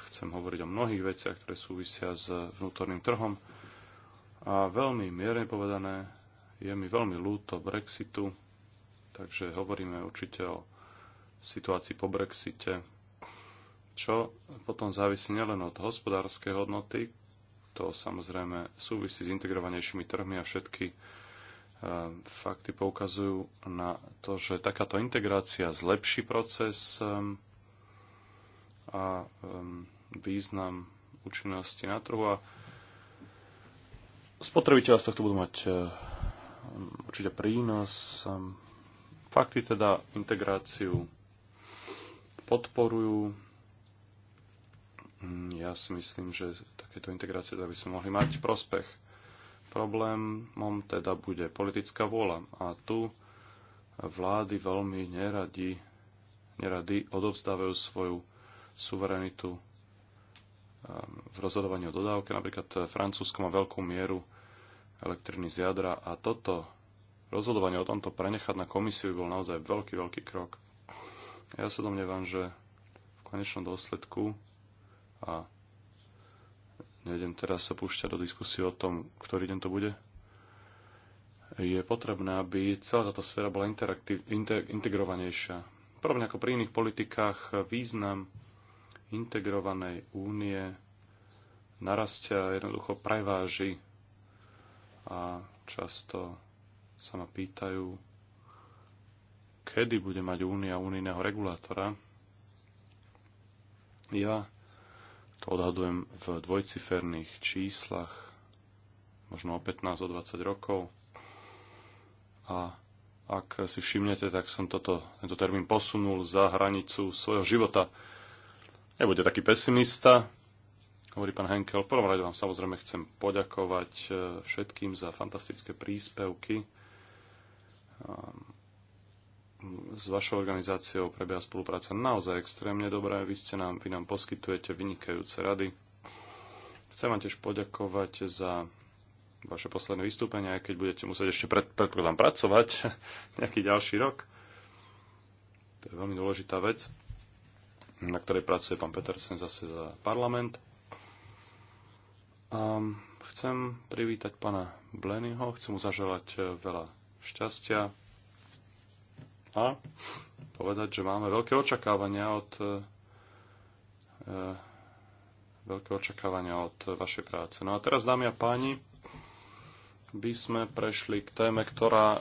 chcem hovoriť o mnohých veciach, ktoré súvisia s vnútorným trhom. A veľmi mierne povedané, je mi veľmi ľúto Brexitu, takže hovoríme určite o situácii po Brexite, čo potom závisí nielen od hospodárskej hodnoty, to samozrejme súvisí s integrovanejšími trhmi a všetky Ehm, fakty poukazujú na to, že takáto integrácia zlepší proces ehm, a ehm, význam účinnosti na trhu a spotrebiteľa z tohto budú mať určite prínos. Fakty teda integráciu podporujú. Mm, ja si myslím, že takéto integrácie teda by sme mohli mať prospech problémom teda bude politická vôľa. A tu vlády veľmi neradi, neradi odovzdávajú svoju suverenitu um, v rozhodovaní o dodávke. Napríklad Francúzsko má veľkú mieru elektriny z jadra a toto rozhodovanie o tomto prenechať na komisiu by bol naozaj veľký, veľký krok. Ja sa domnievam, že v konečnom dôsledku a Nejdem teraz sa púšťať do diskusie o tom, ktorý deň to bude. Je potrebné, aby celá táto sféra bola integrovanejšia. Podobne ako pri iných politikách, význam integrovanej únie narastia, jednoducho preváži a často sa ma pýtajú, kedy bude mať únia únijného regulátora. Ja to odhadujem v dvojciferných číslach, možno o 15, o 20 rokov. A ak si všimnete, tak som toto, tento termín posunul za hranicu svojho života. Nebude taký pesimista, hovorí pán Henkel. V prvom rade vám samozrejme chcem poďakovať eh, všetkým za fantastické príspevky ehm, s vašou organizáciou prebieha spolupráca naozaj extrémne dobrá. Vy, ste nám, vy nám poskytujete vynikajúce rady. Chcem vám tiež poďakovať za vaše posledné vystúpenie, aj keď budete musieť ešte pred, predpokladám pracovať nejaký ďalší rok. To je veľmi dôležitá vec, na ktorej pracuje pán Petersen zase za parlament. A chcem privítať pána Blenyho, chcem mu zaželať veľa šťastia, a povedať, že máme veľké očakávania od e, e, veľké očakávania od vašej práce. No a teraz, dámy a páni, by sme prešli k téme, ktorá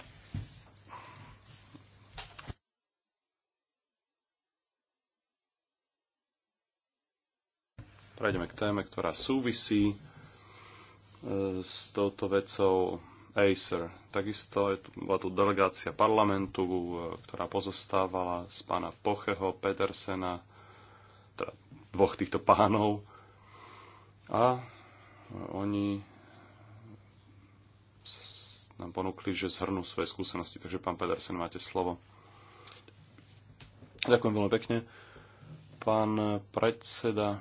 prejdeme k téme, ktorá súvisí e, s touto vecou Acer. Takisto je tu, bola tu delegácia parlamentu, e, ktorá pozostávala z pána Pocheho, Petersena, teda dvoch týchto pánov. A e, oni nám ponúkli, že zhrnú svoje skúsenosti. Takže, pán Pedersen, máte slovo. Ďakujem veľmi pekne. Pán predseda,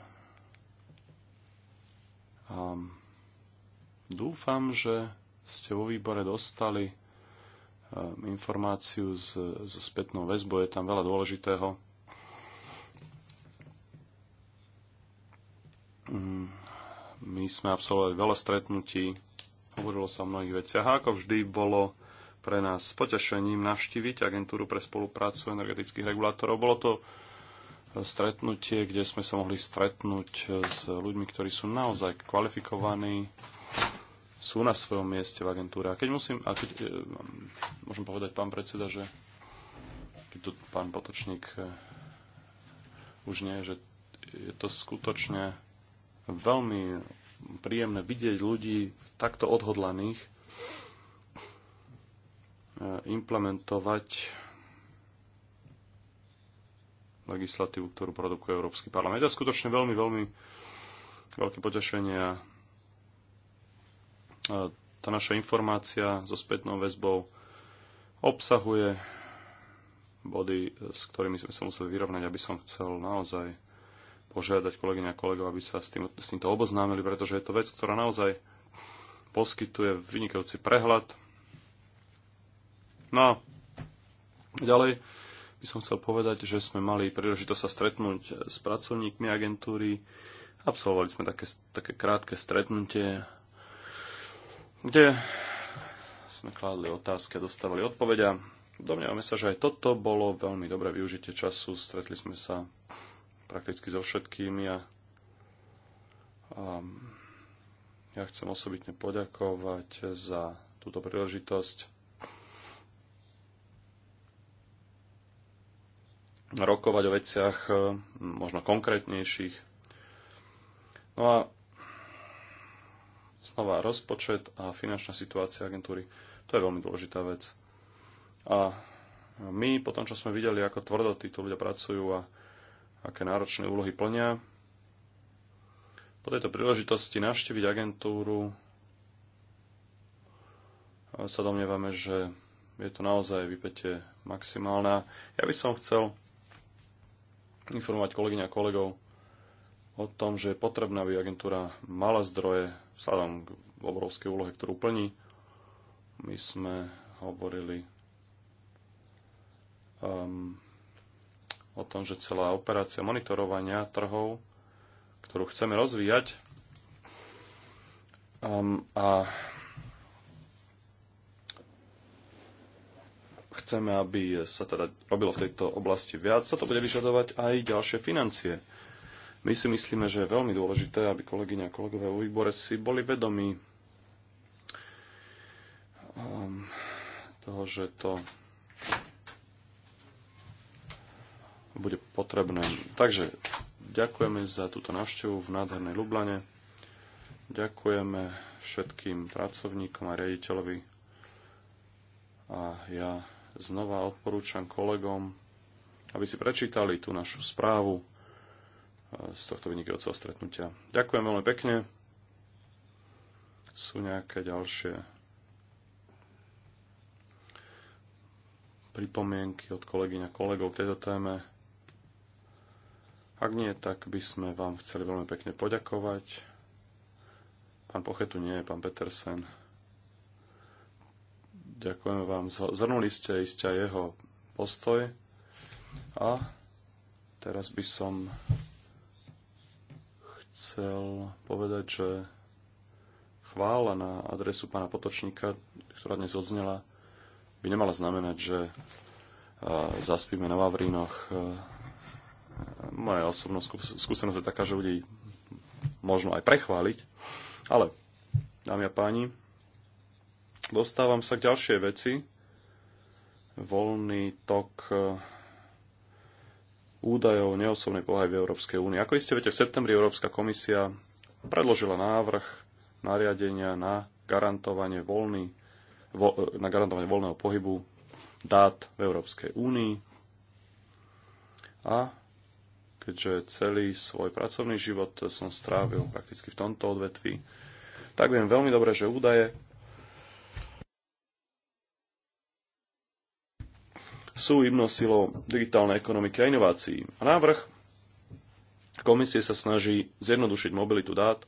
um, dúfam, že ste vo výbore dostali um, informáciu zo spätnou väzbou, je tam veľa dôležitého. Mm, my sme absolvovali veľa stretnutí, hovorilo sa o mnohých veciach. ako vždy bolo pre nás potešením navštíviť agentúru pre spoluprácu energetických regulátorov. Bolo to stretnutie, kde sme sa mohli stretnúť s ľuďmi, ktorí sú naozaj kvalifikovaní sú na svojom mieste v agentúre. A keď musím, a keď, e, môžem povedať pán predseda, že keď to pán Potočník e, už nie, že je to skutočne veľmi príjemné vidieť ľudí takto odhodlaných e, implementovať legislatívu, ktorú produkuje Európsky parlament. Je to skutočne veľmi, veľmi veľké potešenie a tá naša informácia so spätnou väzbou obsahuje body, s ktorými sme sa museli vyrovnať, aby som chcel naozaj požiadať kolegyňa a kolegov, aby sa s, tým, s týmto oboznámili, pretože je to vec, ktorá naozaj poskytuje vynikajúci prehľad. No a ďalej by som chcel povedať, že sme mali príležitosť sa stretnúť s pracovníkmi agentúry. Absolvovali sme také, také krátke stretnutie kde sme kládli otázky a dostávali odpovedia. Domnievame sa, že aj toto bolo veľmi dobré využitie času. Stretli sme sa prakticky so všetkými a, a ja chcem osobitne poďakovať za túto príležitosť. rokovať o veciach možno konkrétnejších. No a slova rozpočet a finančná situácia agentúry. To je veľmi dôležitá vec. A my, po tom, čo sme videli, ako tvrdo títo ľudia pracujú a aké náročné úlohy plnia, po tejto príležitosti navštíviť agentúru sa domnievame, že je to naozaj vypätie maximálna. Ja by som chcel informovať kolegyňa a kolegov o tom, že je potrebná, aby agentúra mala zdroje vzhľadom k obrovskej úlohe, ktorú plní. My sme hovorili um, o tom, že celá operácia monitorovania trhov, ktorú chceme rozvíjať, um, a chceme, aby sa teda robilo v tejto oblasti viac, toto bude vyžadovať aj ďalšie financie my si myslíme, že je veľmi dôležité, aby kolegyňa a kolegové vo výbore si boli vedomí ehm, toho, že to bude potrebné. Takže ďakujeme za túto návštevu v nádhernej Lublane. Ďakujeme všetkým pracovníkom a riaditeľovi. A ja znova odporúčam kolegom, aby si prečítali tú našu správu z tohto vynikajúceho stretnutia. Ďakujem veľmi pekne. Sú nejaké ďalšie pripomienky od kolegyň a kolegov k tejto téme? Ak nie, tak by sme vám chceli veľmi pekne poďakovať. Pán Pochetu nie, pán Petersen. Ďakujem vám. Zhrnuli ste istia jeho postoj. A teraz by som chcel povedať, že chvála na adresu pána Potočníka, ktorá dnes odznela, by nemala znamenať, že e, zaspíme na Vavrinoch. E, moja osobná skúsenosť je taká, že ľudí možno aj prechváliť, ale, dámy a páni, dostávam sa k ďalšej veci. Voľný tok e, údajov o neosobnej povahy v Európskej únii. Ako iste viete, v septembri Európska komisia predložila návrh nariadenia na garantovanie, voľný, vo, na garantovanie voľného pohybu dát v Európskej únii. A keďže celý svoj pracovný život som strávil prakticky v tomto odvetvi, tak viem veľmi dobre, že údaje sú imnou silou digitálnej ekonomiky a inovácií. A návrh komisie sa snaží zjednodušiť mobilitu dát,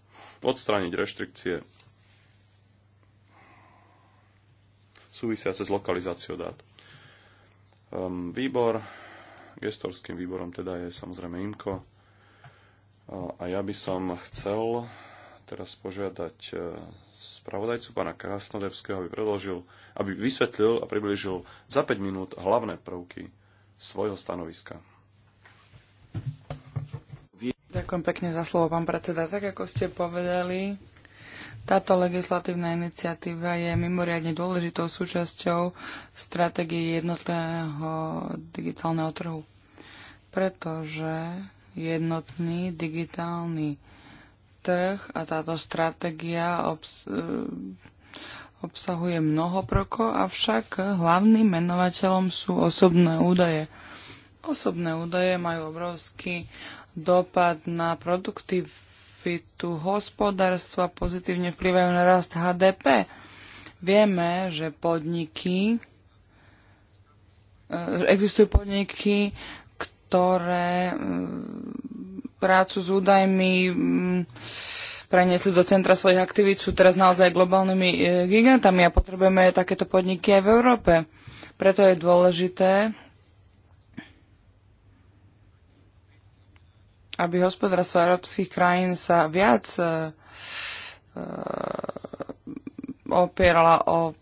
odstrániť reštrikcie súvisiace s lokalizáciou dát. Um, výbor, gestorským výborom teda je samozrejme IMKO, a ja by som chcel teraz požiadať e, spravodajcu pána Krasnodevského, aby predložil, aby vysvetlil a približil za 5 minút hlavné prvky svojho stanoviska. Ďakujem pekne za slovo, pán predseda. Tak ako ste povedali, táto legislatívna iniciatíva je mimoriadne dôležitou súčasťou stratégie jednotného digitálneho trhu, pretože jednotný digitálny trh a táto stratégia obs- eh, obsahuje mnoho proko, avšak hlavným menovateľom sú osobné údaje. Osobné údaje majú obrovský dopad na produktivitu hospodárstva, pozitívne vplyvajú na rast HDP. Vieme, že podniky eh, existujú podniky, ktoré eh, prácu s údajmi mm, preniesli do centra svojich aktivít, sú teraz naozaj globálnymi e, gigantami a potrebujeme takéto podniky aj v Európe. Preto je dôležité, aby hospodárstvo európskych krajín sa viac e, e, opierala o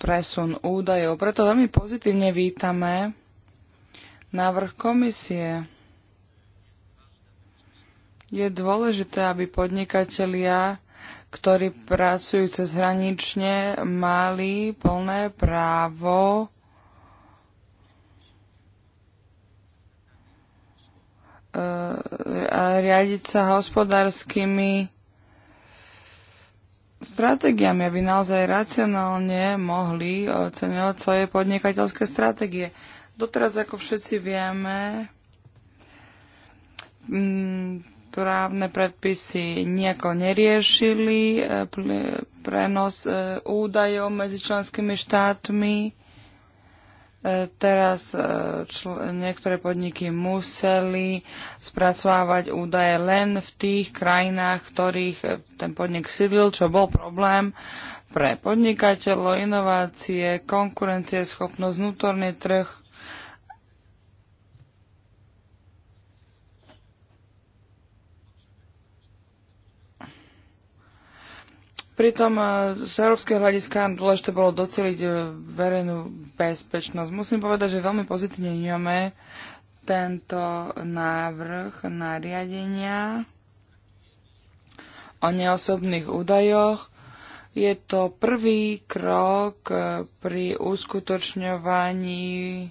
presun údajov. Preto veľmi pozitívne vítame návrh komisie je dôležité, aby podnikatelia, ktorí pracujú cezhranične, mali plné právo a e, riadiť sa hospodárskymi stratégiami, aby naozaj racionálne mohli oceňovať svoje podnikateľské stratégie. Doteraz, ako všetci vieme, právne predpisy nejako neriešili e, prenos e, údajov medzi členskými štátmi. E, teraz niektoré podniky museli spracovávať údaje len v tých krajinách, ktorých ten podnik sídlil, čo bol problém pre podnikateľov, inovácie, konkurencieschopnosť, vnútorný trh Pritom e, z európskeho hľadiska dôležité bolo doceliť e, verejnú bezpečnosť. Musím povedať, že veľmi pozitívne vnímame tento návrh nariadenia o neosobných údajoch. Je to prvý krok e, pri uskutočňovaní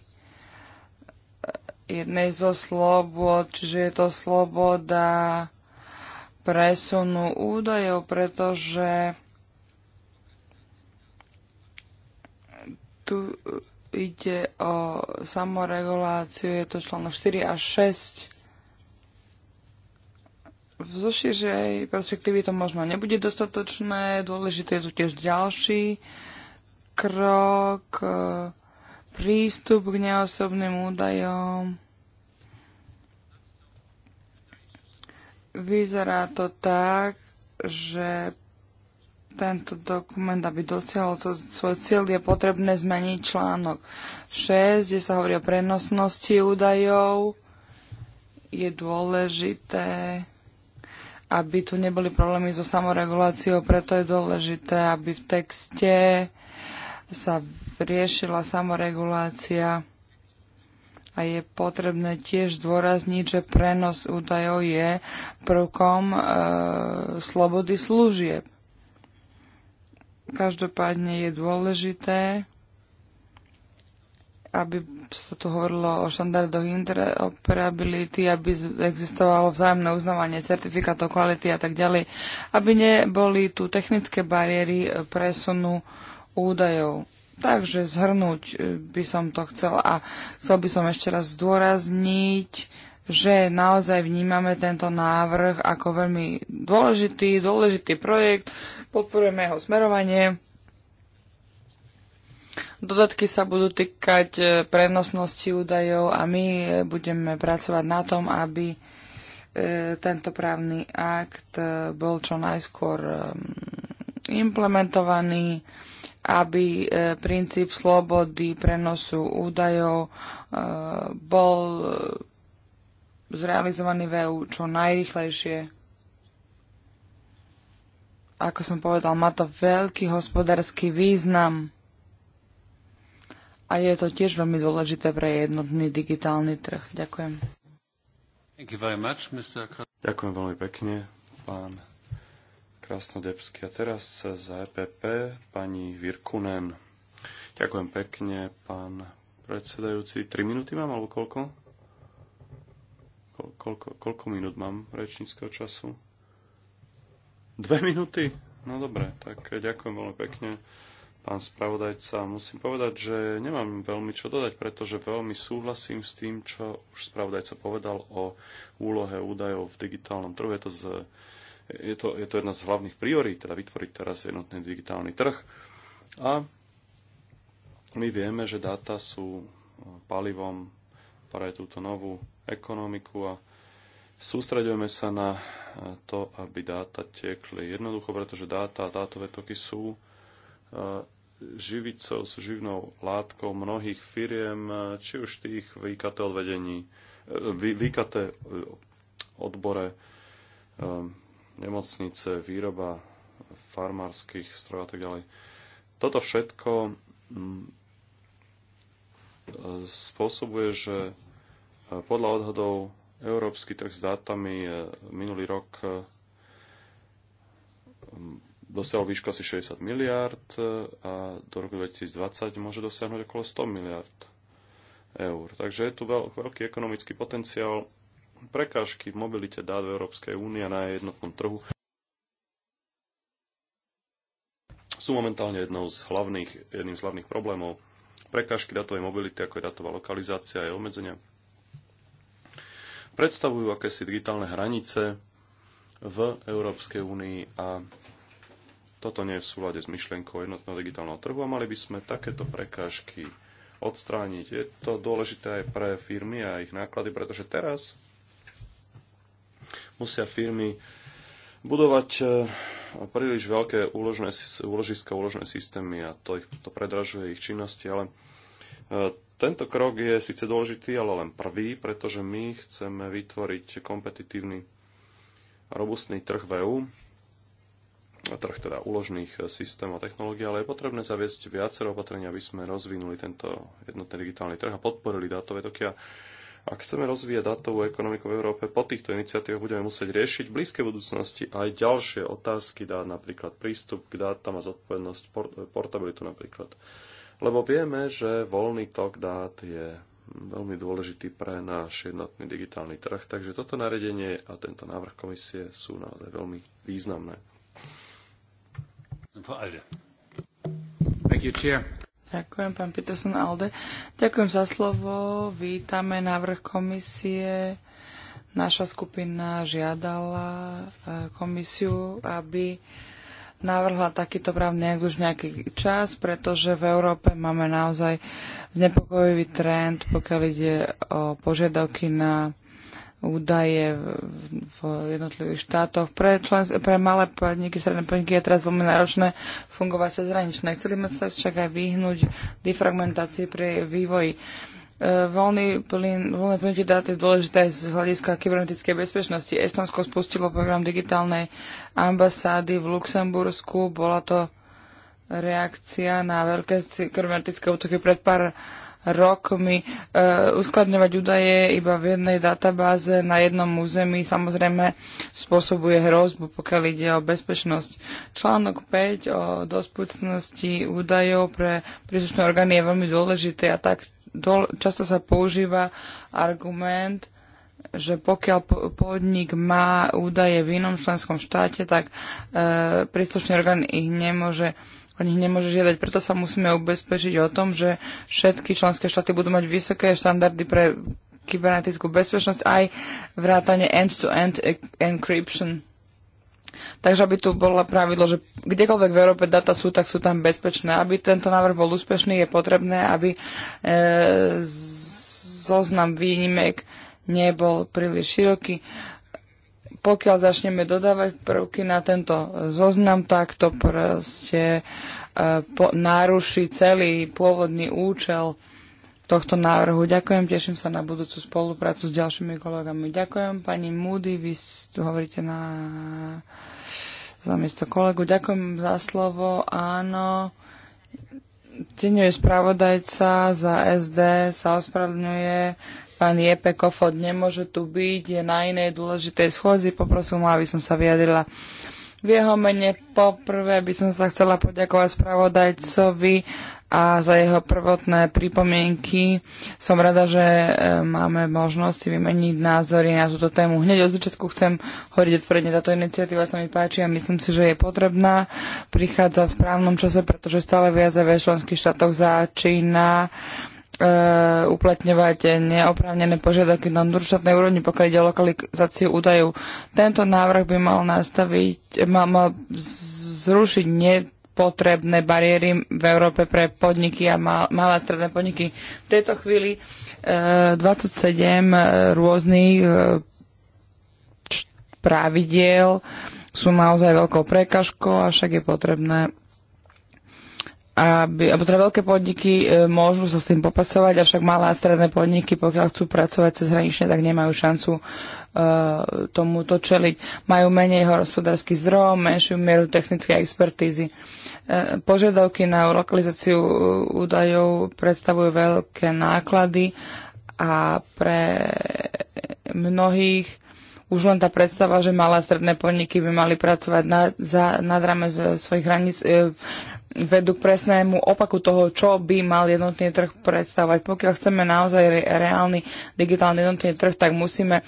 jednej zo slobod, čiže je to sloboda presunu údajov, pretože tu ide o samoreguláciu, je to článok 4 a 6. V zoširšej perspektívy to možno nebude dostatočné, dôležité je tu tiež ďalší krok, prístup k neosobným údajom Vyzerá to tak, že tento dokument, aby dosiahol svoj cieľ, je potrebné zmeniť článok 6, kde sa hovorí o prenosnosti údajov. Je dôležité, aby tu neboli problémy so samoreguláciou, preto je dôležité, aby v texte sa riešila samoregulácia a je potrebné tiež zdôrazniť, že prenos údajov je prvkom e, slobody služieb. Každopádne je dôležité, aby sa tu hovorilo o štandardoch interoperability, aby existovalo vzájomné uznávanie certifikátov kvality a tak ďalej, aby neboli tu technické bariéry e, presunu údajov. Takže zhrnúť e, by som to chcel a chcel by som ešte raz zdôrazniť, že naozaj vnímame tento návrh ako veľmi dôležitý, dôležitý projekt, podporujeme jeho smerovanie. Dodatky sa budú týkať e, prenosnosti údajov a my e, budeme pracovať na tom, aby tento právny akt bol čo najskôr implementovaný aby e, princíp slobody prenosu údajov e, bol e, zrealizovaný v EU čo najrychlejšie. Ako som povedal, má to veľký hospodársky význam a je to tiež veľmi dôležité pre jednotný digitálny trh. Ďakujem. Much, Ďakujem veľmi pekne, pán Krasnodebský. A teraz za EPP pani Virkunen. Ďakujem pekne, pán predsedajúci. Tri minúty mám, alebo koľko? koľko, koľko minút mám rečníckého času? Dve minúty? No dobre, tak ďakujem veľmi pekne, pán spravodajca. Musím povedať, že nemám veľmi čo dodať, pretože veľmi súhlasím s tým, čo už spravodajca povedal o úlohe údajov v digitálnom trhu. Je to z je to, je to jedna z hlavných priorít, teda vytvoriť teraz jednotný digitálny trh. A my vieme, že dáta sú palivom pre túto novú ekonomiku a sústreďujeme sa na to, aby dáta tiekli jednoducho, pretože dáta a dátové toky sú e, živicou, sú živnou látkou mnohých firiem, či už tých v IKT odvedení, e, v IKT odbore, e, nemocnice, výroba farmárskych strojov a tak ďalej. Toto všetko mm, e, spôsobuje, že e, podľa odhadov európsky trh s dátami e, minulý rok dosiahol výšku asi 60 miliard a do roku 2020 môže dosiahnuť okolo 100 miliard eur. Takže je tu veľký ekonomický potenciál prekážky v mobilite dát v Európskej únie na jednotnom trhu sú momentálne jednou z hlavných, jedným z hlavných problémov. Prekážky datovej mobility, ako je datová lokalizácia a obmedzenia, predstavujú akési digitálne hranice v Európskej únii a toto nie je v súlade s myšlienkou jednotného digitálneho trhu a mali by sme takéto prekážky odstrániť. Je to dôležité aj pre firmy a ich náklady, pretože teraz Musia firmy budovať e, príliš veľké úložné, úložiska, úložné systémy a to, ich, to predražuje ich činnosti, ale e, tento krok je síce dôležitý, ale len prvý, pretože my chceme vytvoriť kompetitívny a robustný trh v EU, trh teda úložných e, systémov a technológií, ale je potrebné zaviesť viacero opatrenia, aby sme rozvinuli tento jednotný digitálny trh a podporili dátové toky. Ak chceme rozvíjať datovú ekonomiku v Európe, po týchto iniciatívach budeme musieť riešiť v blízkej budúcnosti aj ďalšie otázky dát, napríklad prístup k dátam a zodpovednosť, portabilitu napríklad. Lebo vieme, že voľný tok dát je veľmi dôležitý pre náš jednotný digitálny trh, takže toto nariadenie a tento návrh komisie sú naozaj veľmi významné. Thank you, Chair. Ďakujem, pán Peterson Alde. Ďakujem za slovo. Vítame návrh komisie. Naša skupina žiadala e, komisiu, aby navrhla takýto právny akt už nejaký čas, pretože v Európe máme naozaj znepokojivý trend, pokiaľ ide o požiadavky na údaje v jednotlivých štátoch. Pre, člen, pre malé podniky, stredné podniky je teraz veľmi náročné fungovať sa zraničné. Chceli sme sa však aj vyhnúť defragmentácii pri vývoji. E, voľný plyn, voľné plynutie dát je dôležité z hľadiska kybernetickej bezpečnosti. Estonsko spustilo program digitálnej ambasády v Luxembursku. Bola to reakcia na veľké kybernetické útoky pred pár rokmi. E, uskladňovať údaje iba v jednej databáze na jednom území samozrejme spôsobuje hrozbu, pokiaľ ide o bezpečnosť. Článok 5 o dospúcnosti údajov pre príslušné orgány je veľmi dôležitý a tak do, často sa používa argument, že pokiaľ podnik má údaje v inom členskom štáte, tak e, príslušný orgán ich nemôže e, o nich nemôže žiadať. Preto sa musíme ubezpečiť o tom, že všetky členské štáty budú mať vysoké štandardy pre kybernetickú bezpečnosť aj vrátanie end-to-end e- encryption. Takže aby tu bolo pravidlo, že kdekoľvek v Európe data sú, tak sú tam bezpečné. Aby tento návrh bol úspešný, je potrebné, aby e, zoznam výnimek nebol príliš široký pokiaľ začneme dodávať prvky na tento zoznam, tak to proste e, po, naruší celý pôvodný účel tohto návrhu. Ďakujem, teším sa na budúcu spoluprácu s ďalšími kolegami. Ďakujem pani Moody, vy tu hovoríte na zamiesto kolegu. Ďakujem za slovo. Áno, teňový spravodajca za SD sa ospravedlňuje, Pán Jepe Kofod nemôže tu byť, je na inej dôležitej schôdzi, poprosím ho, aby som sa vyjadrila. V jeho mene poprvé by som sa chcela poďakovať spravodajcovi a za jeho prvotné pripomienky. Som rada, že e, máme možnosť vymeniť názory na túto tému. Hneď od začiatku chcem hovoriť otvorene, táto iniciatíva sa mi páči a myslím si, že je potrebná. Prichádza v správnom čase, pretože stále viac a členských štátoch začína E, uplatňovať neoprávnené požiadavky na vnútroštátnej úrovni, pokiaľ ide o lokalizáciu údajov. Tento návrh by mal nastaviť, mal, mal zrušiť nepotrebné bariéry v Európe pre podniky a malé a stredné podniky. V tejto chvíli e, 27 rôznych e, pravidiel sú naozaj veľkou prekažkou, avšak je potrebné aby, alebo teda veľké podniky e, môžu sa s tým popasovať, avšak malé a stredné podniky, pokiaľ chcú pracovať cez hranične, tak nemajú šancu e, to čeliť. Majú menej hospodárskych zdrojov, menšiu mieru technickej expertízy. E, požiadavky na lokalizáciu e, údajov predstavujú veľké náklady a pre mnohých už len tá predstava, že malé a stredné podniky by mali pracovať na, za, nad rámec e, svojich hraníc, e, vedú k presnému opaku toho, čo by mal jednotný trh predstavovať. Pokiaľ chceme naozaj reálny digitálny jednotný trh, tak musíme e,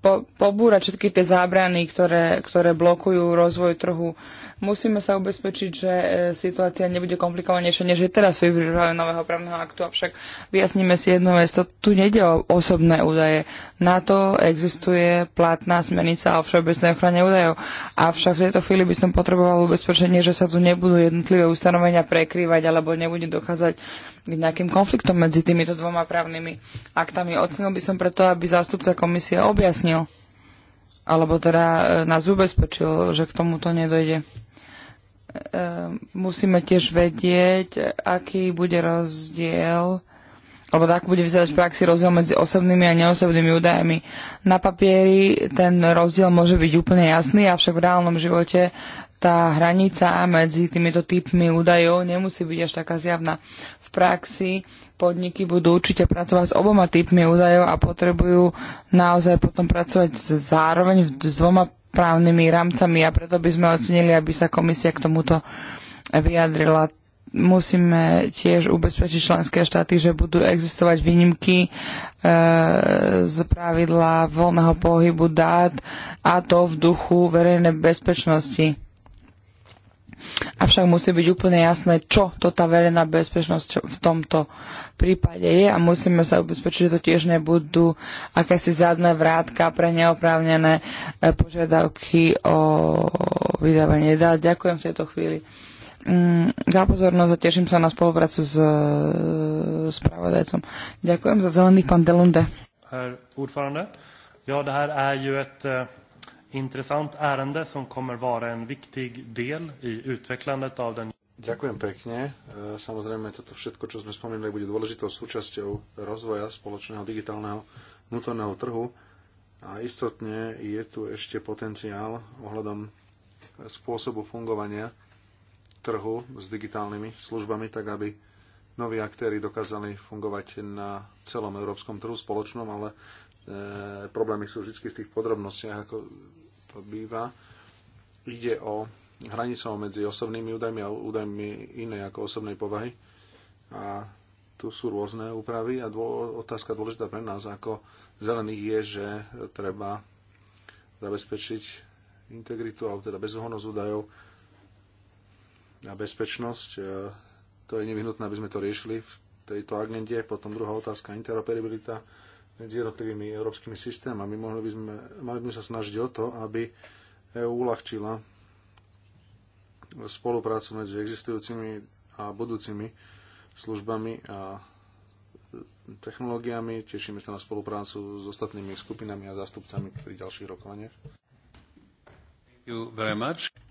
po, pobúrať všetky tie zábrany, ktoré, ktoré blokujú rozvoj trhu Musíme sa ubezpečiť, že e, situácia nebude komplikovanejšia, než je teraz pri nového právneho aktu, avšak vyjasníme si jednu vec, to tu nejde o osobné údaje. Na to existuje platná smernica o všeobecnej ochrane údajov, avšak v tejto chvíli by som potreboval ubezpečenie, že sa tu nebudú jednotlivé ustanovenia prekrývať alebo nebude dochádzať k nejakým konfliktom medzi týmito dvoma právnymi aktami. Ocenil by som preto, aby zástupca komisie objasnil alebo teda e, nás ubezpečil, že k tomuto nedojde. Ehm, musíme tiež vedieť, aký bude rozdiel alebo tak bude vyzerať v praxi rozdiel medzi osobnými a neosobnými údajmi. Na papieri ten rozdiel môže byť úplne jasný, avšak v reálnom živote tá hranica medzi týmito typmi údajov nemusí byť až taká zjavná. V praxi podniky budú určite pracovať s oboma typmi údajov a potrebujú naozaj potom pracovať zároveň s dvoma právnymi rámcami a preto by sme ocenili, aby sa komisia k tomuto vyjadrila. Musíme tiež ubezpečiť členské štáty, že budú existovať výnimky e, z pravidla voľného pohybu dát a to v duchu verejnej bezpečnosti Avšak musí byť úplne jasné, čo to tá verejná bezpečnosť v tomto prípade je a musíme sa ubezpečiť, že to tiež nebudú akési zadné vrátka pre neoprávnené e, požiadavky o vydávanie dát. Ďakujem v tejto chvíli mm, za pozornosť a teším sa na spoluprácu s e, spravodajcom. Ďakujem za zelený pán Delunde. Herr ordförande. Ja, det här är ju ett e, intressant ärende som kommer vara en viktig del i utvecklandet av den Ďakujem pekne. E, samozrejme, toto všetko, čo sme spomínali, bude dôležitou súčasťou rozvoja spoločného digitálneho vnútorného trhu. A istotne je tu ešte potenciál ohľadom spôsobu fungovania trhu s digitálnymi službami, tak aby noví aktéry dokázali fungovať na celom európskom trhu spoločnom, ale e, problémy sú vždy v tých podrobnostiach, ako býva. Ide o hranicou medzi osobnými údajmi a údajmi inej ako osobnej povahy. A tu sú rôzne úpravy a dô, otázka dôležitá pre nás ako zelených je, že treba zabezpečiť integritu, alebo teda bezúhonnosť údajov a bezpečnosť. E, to je nevyhnutné, aby sme to riešili v tejto agende. Potom druhá otázka, interoperabilita medzi jednotlivými európskymi systémami. Mohli by sme, mali by sme sa snažiť o to, aby EÚ uľahčila spoluprácu medzi existujúcimi a budúcimi službami a technológiami. Tešíme sa na spoluprácu s ostatnými skupinami a zástupcami pri ďalších rokovaniach.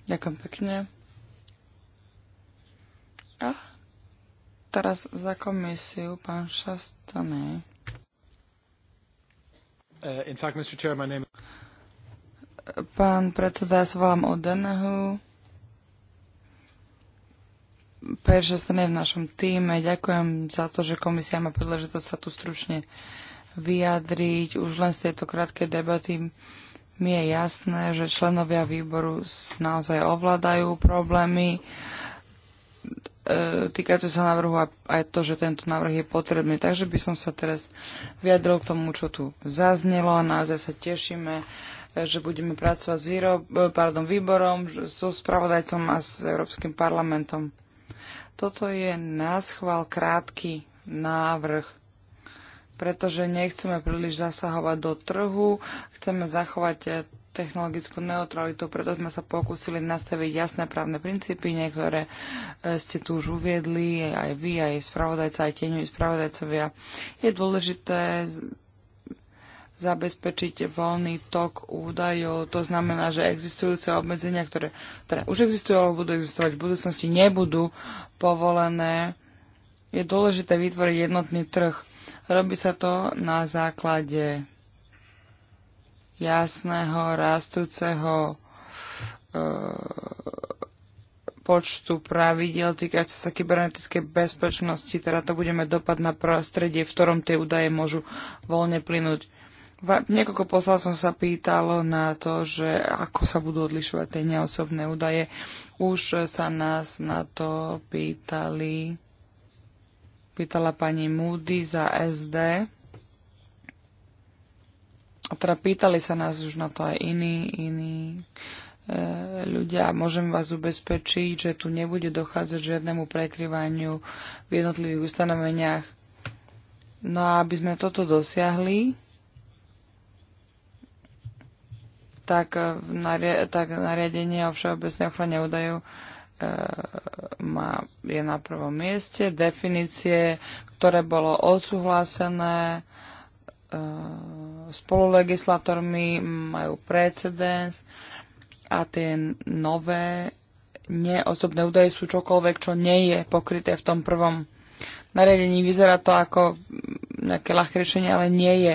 Ďakujem pekne. A teraz za komisiu pán Šastany. Uh, Pán predseda, ja sa volám O'Donohu. Peršestan je v našom týme. Ďakujem za to, že komisia má príležitosť sa tu stručne vyjadriť. Už len z tejto krátkej debaty mi je jasné, že členovia výboru naozaj ovládajú problémy E, týkajúce sa návrhu a aj to, že tento návrh je potrebný. Takže by som sa teraz vyjadril k tomu, čo tu zaznelo no a naozaj sa tešíme, e, že budeme pracovať s výrob, e, pardon, výborom, so spravodajcom a s Európskym parlamentom. Toto je náschval krátky návrh pretože nechceme príliš zasahovať do trhu, chceme zachovať technologickú neutralitu, preto sme sa pokúsili nastaviť jasné právne princípy, niektoré e, ste tu už uviedli, aj vy, aj spravodajca, aj tieňu spravodajcovia. Je dôležité zabezpečiť voľný tok údajov. To znamená, že existujúce obmedzenia, ktoré teda už existujú alebo budú existovať v budúcnosti, nebudú povolené. Je dôležité vytvoriť jednotný trh. Robí sa to na základe jasného rastúceho e, počtu pravidel týkajúce sa kybernetickej bezpečnosti, teda to budeme dopad na prostredie, v ktorom tie údaje môžu voľne plynúť. Niekoľko poslal som sa pýtalo na to, že ako sa budú odlišovať tie neosobné údaje. Už sa nás na to pýtali, pýtala pani Moody za SD. A teda pýtali sa nás už na to aj iní, iní e, ľudia a môžem vás ubezpečiť, že tu nebude dochádzať žiadnemu prekryvaniu v jednotlivých ustanoveniach. No a aby sme toto dosiahli, tak, nari- tak nariadenie o všeobecnej ochrane údajov e, má, je na prvom mieste. Definície, ktoré bolo odsúhlasené, E, spolulegislátormi, majú precedens a tie nové neosobné údaje sú čokoľvek, čo nie je pokryté v tom prvom nariadení. Vyzerá to ako nejaké ľahké riešenie, ale nie je.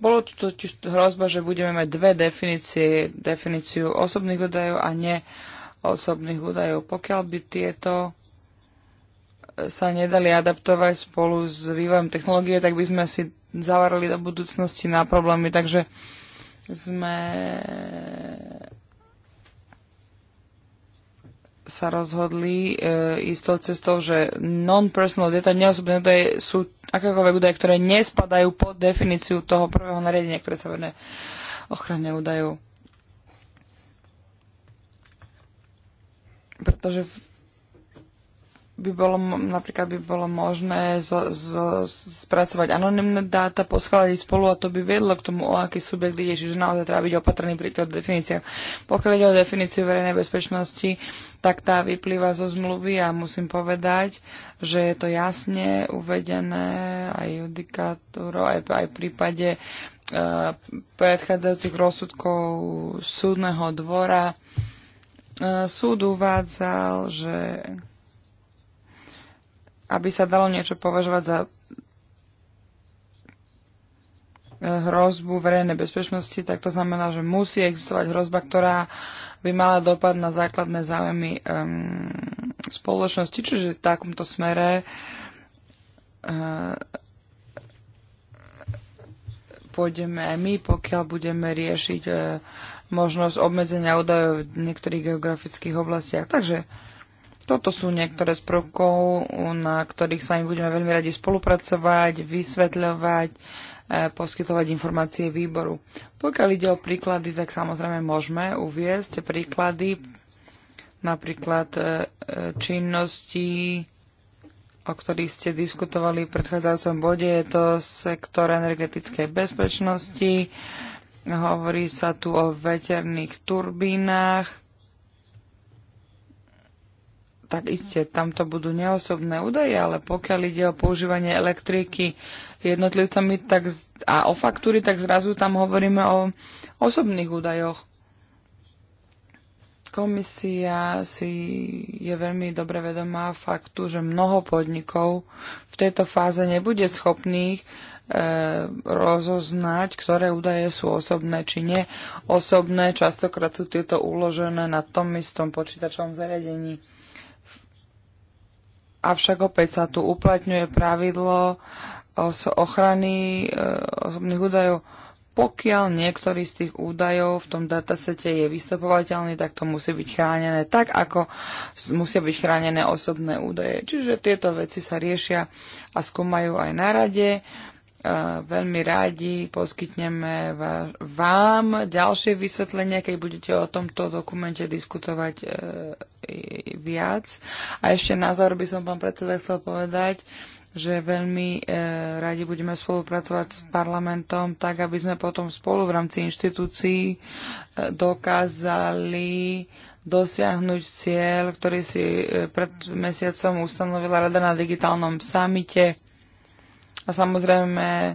Bolo tu totiž hrozba, že budeme mať dve definície, definíciu osobných údajov a neosobných údajov. Pokiaľ by tieto sa nedali adaptovať spolu s vývojom technológie, tak by sme si zavarali do budúcnosti na problémy. Takže sme sa rozhodli e, ísť tou cestou, že non-personal data, neosobné údaje sú akékoľvek údaje, ktoré nespadajú pod definíciu toho prvého nariadenia, ktoré sa venuje ochrane údajov. Pretože by bolo, napríklad by bolo možné z, z, spracovať anonimné dáta, ich spolu a to by viedlo k tomu, o aký subjekt ide, čiže naozaj treba byť opatrný pri týchto definíciách. Pokiaľ ide o definíciu verejnej bezpečnosti, tak tá vyplýva zo zmluvy a musím povedať, že je to jasne uvedené aj judikatúrou, aj, aj v prípade uh, predchádzajúcich rozsudkov súdneho dvora. E, súd uvádzal, že aby sa dalo niečo považovať za eh, hrozbu verejnej bezpečnosti, tak to znamená, že musí existovať hrozba, ktorá by mala dopad na základné záujmy um, spoločnosti, čiže v takomto smere uh, pôjdeme aj my, pokiaľ budeme riešiť uh, možnosť obmedzenia údajov v niektorých geografických oblastiach. Takže uh, toto sú niektoré z prvkov, na ktorých s vami budeme veľmi radi spolupracovať, vysvetľovať, e, poskytovať informácie výboru. Pokiaľ ide o príklady, tak samozrejme môžeme uviezť príklady napríklad e, činnosti, o ktorých ste diskutovali v predchádzajúcom bode, je to sektor energetickej bezpečnosti, hovorí sa tu o veterných turbínach, tak iste tamto budú neosobné údaje, ale pokiaľ ide o používanie elektriky jednotlivcami tak, a o faktúry, tak zrazu tam hovoríme o osobných údajoch. Komisia si je veľmi dobre vedomá faktu, že mnoho podnikov v tejto fáze nebude schopných e, rozoznať, ktoré údaje sú osobné či nie. Osobné častokrát sú tieto uložené na tom istom počítačovom zariadení avšak opäť sa tu uplatňuje pravidlo eh, z ochrany eh, osobných údajov. Pokiaľ niektorý z tých údajov v tom datasete je vystupovateľný, tak to musí byť chránené tak, ako musia byť chránené osobné údaje. Čiže tieto veci sa riešia a skúmajú aj na rade. Uh, veľmi rádi poskytneme vám ďalšie vysvetlenia, keď budete o tomto dokumente diskutovať e, viac. A ešte na záver by som pán predseda chcel povedať, že veľmi e, radi budeme spolupracovať s parlamentom, tak aby sme potom spolu v rámci inštitúcií e, dokázali dosiahnuť cieľ, ktorý si pred mesiacom ustanovila Rada na digitálnom samite a samozrejme e,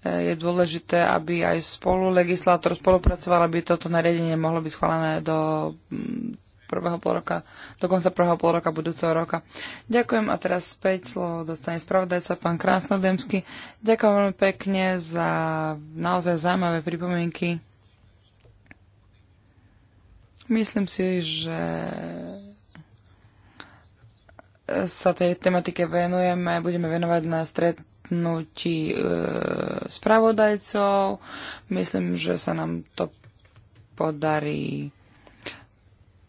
je dôležité, aby aj spolu legislátor spolupracoval, aby toto nariadenie mohlo byť schválené do mm, prvého pol roka, do konca prvého pol roka budúceho roka. Ďakujem a teraz späť slovo dostane spravodajca pán Krásnodemský. Ďakujem veľmi pekne za naozaj zaujímavé pripomienky. Myslím si, že sa tej tematike venujeme, budeme venovať na stred stretnutí e, spravodajcov. Myslím, že sa nám to podarí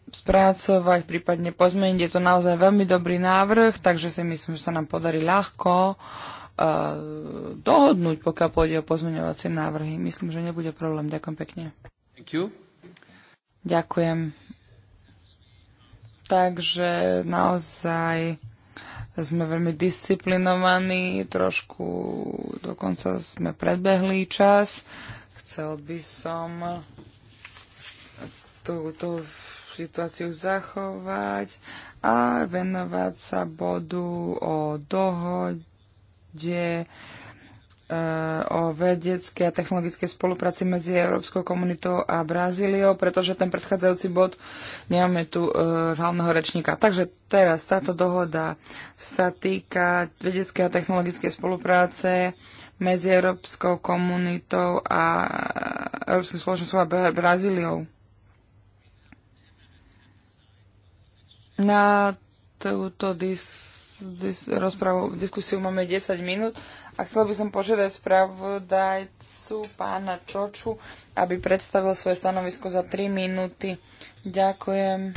spracovať, prípadne pozmeniť. Je to naozaj veľmi dobrý návrh, takže si myslím, že sa nám podarí ľahko e, dohodnúť, pokiaľ pôjde o pozmeňovacie návrhy. Myslím, že nebude problém. Ďakujem pekne. Thank you. Ďakujem. Takže naozaj sme veľmi disciplinovaní, trošku dokonca sme predbehli čas. Chcel by som túto situáciu zachovať a venovať sa bodu o dohode Eh, o vedecké a technologické spolupráci medzi Európskou komunitou a Brazíliou, pretože ten predchádzajúci bod nemáme tu e, eh, hlavného rečníka. Takže teraz táto dohoda sa týka vedecké a technologické spolupráce medzi Európskou komunitou a eh, Európskou spoločnosťou a Brazíliou. Na túto diskusiu Rozprávu diskusiu máme 10 minút a chcel by som požiadať spravodajcu pána Čoču, aby predstavil svoje stanovisko za 3 minúty. Ďakujem.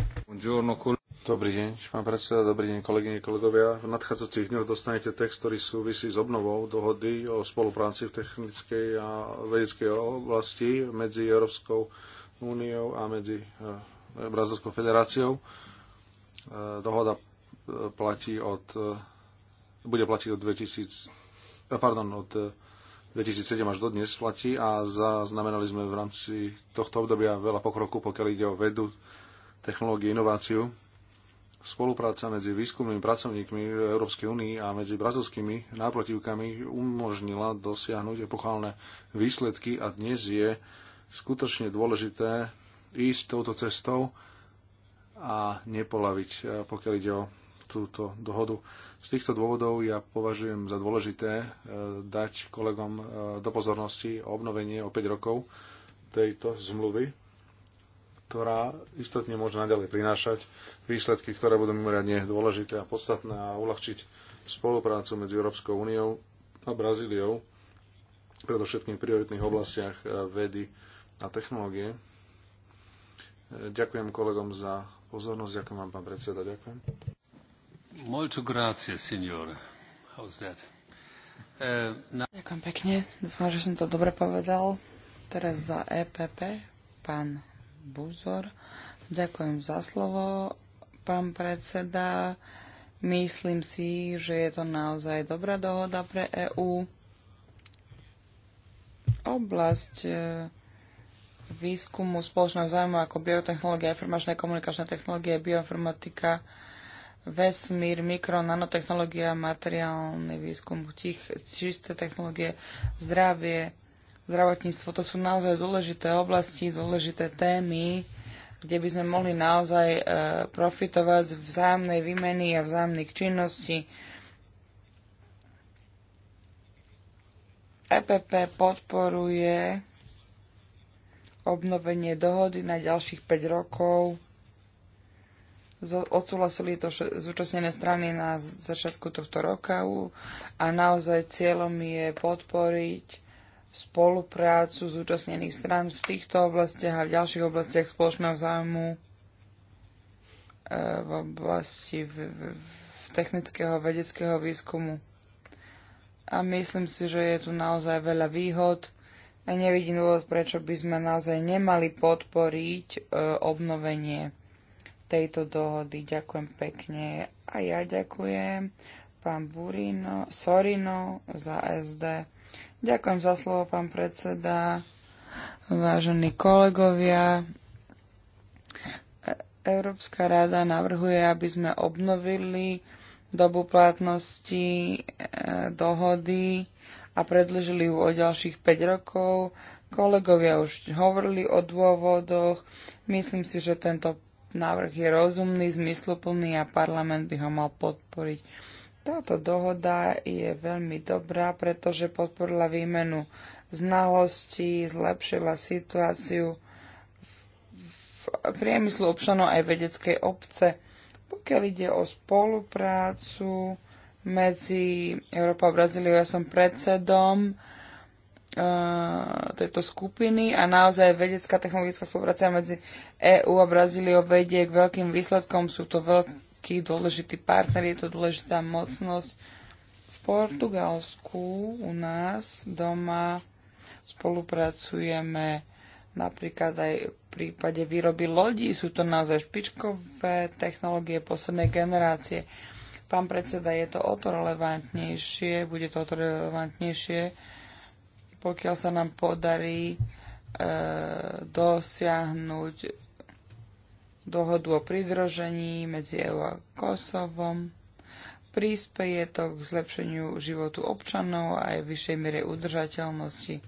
Dobrý deň, pán predseda, dobrý deň, kolegyne, kolegovia. V nadchádzajúcich dňoch dostanete text, ktorý súvisí s obnovou dohody o spolupráci v technickej a vedeckej oblasti medzi Európskou úniou a medzi eh, Brazilskou federáciou. Eh, dohoda platí od, bude platiť od 2000, eh, pardon, od 2007 eh, až dodnes platí a zaznamenali sme v rámci tohto obdobia veľa pokroku, pokiaľ ide o vedu, technológie, inováciu. Spolupráca medzi výskumnými pracovníkmi v Európskej únii a medzi brazilskými náprotivkami umožnila dosiahnuť epochálne výsledky a dnes je skutočne dôležité ísť touto cestou a nepolaviť, eh, pokiaľ ide o túto dohodu. Z týchto dôvodov ja považujem za dôležité e, dať kolegom e, do pozornosti obnovenie o 5 rokov tejto zmluvy, ktorá istotne môže naďalej prinášať výsledky, ktoré budú mimoriadne dôležité a podstatné a uľahčiť spoluprácu medzi Európskou úniou a Brazíliou, predovšetkým v prioritných oblastiach e, vedy a technológie. Ďakujem kolegom za pozornosť. Ďakujem vám, pán predseda. Ďakujem. Eh, Ďakujem pekne. Dúfam, že som to dobre povedal. Teraz za EPP, pán Buzor. Ďakujem za slovo, pán predseda. Myslím si, že je to naozaj dobrá dohoda pre EÚ. Oblasť eh, výskumu spoločného zájmu ako biotechnológia, informačné komunikačné technológie, bioinformatika, vesmír, mikro, nanotechnológia, materiálny výskum, tich, čisté technológie, zdravie, zdravotníctvo. To sú naozaj dôležité oblasti, dôležité témy, kde by sme mohli naozaj e, profitovať z vzájomnej výmeny a vzájomných činností. EPP podporuje obnovenie dohody na ďalších 5 rokov odsúhlasili to zúčastnené strany na začiatku tohto roka a naozaj cieľom je podporiť spoluprácu zúčastnených stran v týchto oblastiach a v ďalších oblastiach spoločného zájmu e, v oblasti technického vedeckého výskumu. A myslím si, že je tu naozaj veľa výhod a nevidím dôvod, prečo by sme naozaj nemali podporiť e, obnovenie tejto dohody. Ďakujem pekne. A ja ďakujem pán Burino, Sorino za SD. Ďakujem za slovo, pán predseda, vážení kolegovia. E- Európska rada navrhuje, aby sme obnovili dobu platnosti e, dohody a predlžili ju o ďalších 5 rokov. Kolegovia už hovorili o dôvodoch. Myslím si, že tento Návrh je rozumný, zmysluplný a parlament by ho mal podporiť. Táto dohoda je veľmi dobrá, pretože podporila výmenu znalostí, zlepšila situáciu v priemyslu občanov aj vedeckej obce. Pokiaľ ide o spoluprácu medzi Európou a Brazíliou, ja som predsedom tejto skupiny a naozaj vedecká technologická spolupráca medzi EÚ a Brazíliou vedie k veľkým výsledkom. Sú to veľkí dôležití partneri, je to dôležitá mocnosť. V Portugalsku u nás doma spolupracujeme napríklad aj v prípade výroby lodí. Sú to naozaj špičkové technológie poslednej generácie. Pán predseda, je to o to relevantnejšie, bude to o to relevantnejšie, pokiaľ sa nám podarí e, dosiahnuť dohodu o pridružení medzi EU a Kosovom, príspeje to k zlepšeniu životu občanov a aj vyššej miere udržateľnosti.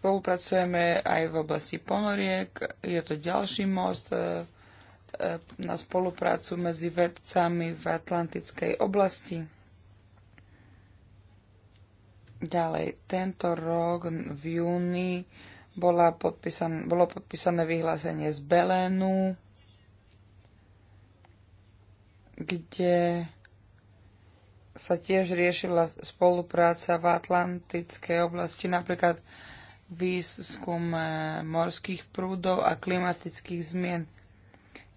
Spolupracujeme aj v oblasti ponoriek, je to ďalší most e, e, na spoluprácu medzi vedcami v Atlantickej oblasti Ďalej, tento rok v júni bola podpísan, bolo podpísané vyhlásenie z Belénu, kde sa tiež riešila spolupráca v Atlantickej oblasti, napríklad výskum e, morských prúdov a klimatických zmien.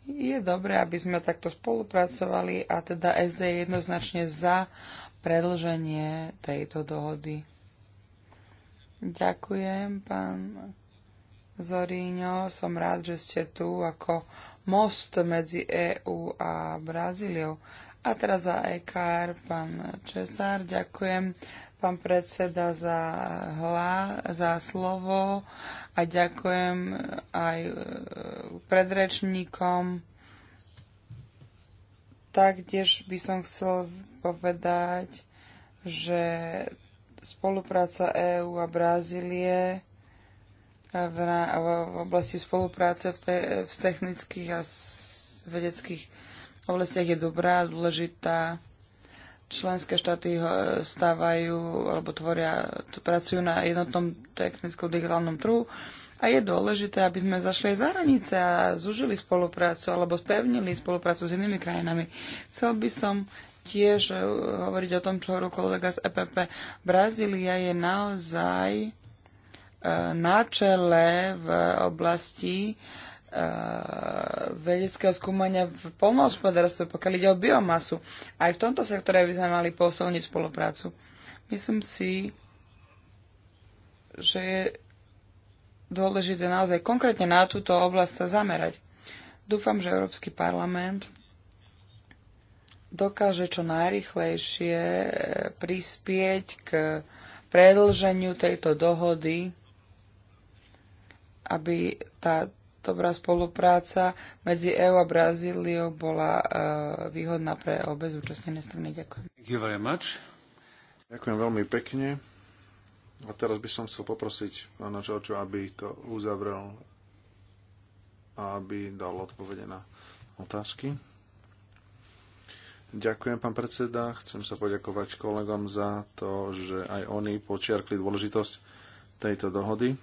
Je dobré, aby sme takto spolupracovali a teda SD je jednoznačne za predlženie tejto dohody. Ďakujem, pán Zoríňo. Som rád, že ste tu ako most medzi EÚ a Brazíliou. A teraz za EKR pán Česár. Ďakujem pán predseda za, hla, za slovo a ďakujem aj predrečníkom Taktiež by som chcel povedať, že spolupráca EÚ a Brazílie v, v oblasti spolupráce v, te, v technických a vedeckých oblastiach je dobrá a dôležitá. Členské štáty stávajú alebo tvoria, pracujú na jednotnom technickom digitálnom trhu a je dôležité, aby sme zašli aj za hranice a zužili spoluprácu alebo spevnili spoluprácu s inými krajinami. Chcel by som tiež e, hovoriť o tom, čo hovoril kolega z EPP. Brazília je naozaj e, na čele v oblasti e, vedeckého skúmania v polnohospodárstve, pokiaľ ide o biomasu. Aj v tomto sektore by sme mali posilniť spoluprácu. Myslím si, že je dôležité naozaj konkrétne na túto oblasť sa zamerať. Dúfam, že Európsky parlament dokáže čo najrychlejšie e, prispieť k predlženiu tejto dohody, aby tá dobrá spolupráca medzi EÚ a Brazíliou bola e, výhodná pre obe zúčastnené strany. Ďakujem. Ďakujem veľmi pekne. A teraz by som chcel poprosiť pána Čočo, aby to uzavrel a aby dal odpovede na otázky. Ďakujem, pán predseda. Chcem sa poďakovať kolegom za to, že aj oni počiarkli dôležitosť tejto dohody.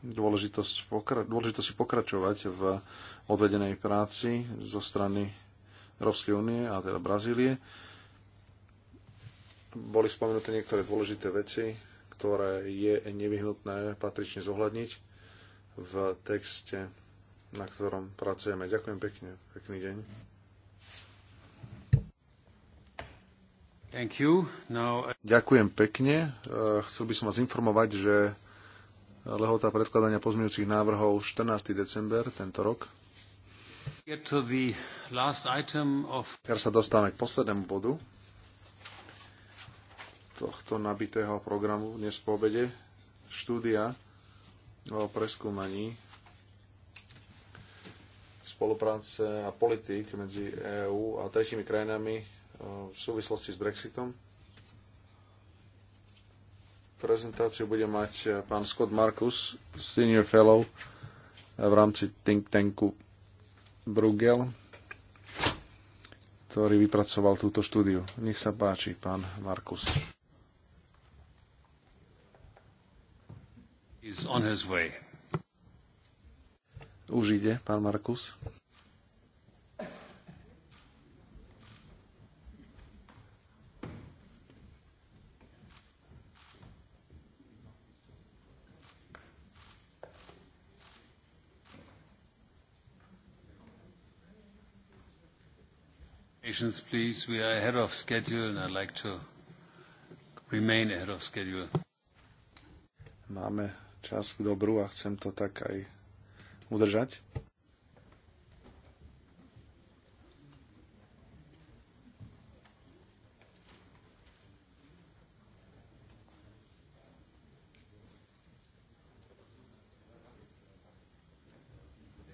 Dôležitosť, pokra- dôležitosť pokračovať v odvedenej práci zo strany Európskej únie a teda Brazílie boli spomenuté niektoré dôležité veci, ktoré je nevyhnutné patrične zohľadniť v texte, na ktorom pracujeme. Ďakujem pekne. Pekný deň. Thank you. Now... Uh, Ďakujem pekne. Uh, chcel by som vás informovať, že lehota predkladania pozmeňujúcich návrhov 14. december tento rok. Teraz of... sa dostávame k poslednému bodu tohto nabitého programu dnes po obede štúdia o preskúmaní spolupráce a politik medzi EÚ a tretími krajinami e, v súvislosti s Brexitom. Prezentáciu bude mať pán Scott Markus, Senior Fellow v rámci think tanku Bruegel, ktorý vypracoval túto štúdiu. Nech sa páči, pán Markus. is on his way. Už ide, pán Markus. Patience, please. We are ahead of schedule, and I'd like to remain ahead of schedule. Máme čas k dobru a chcem to tak aj udržať.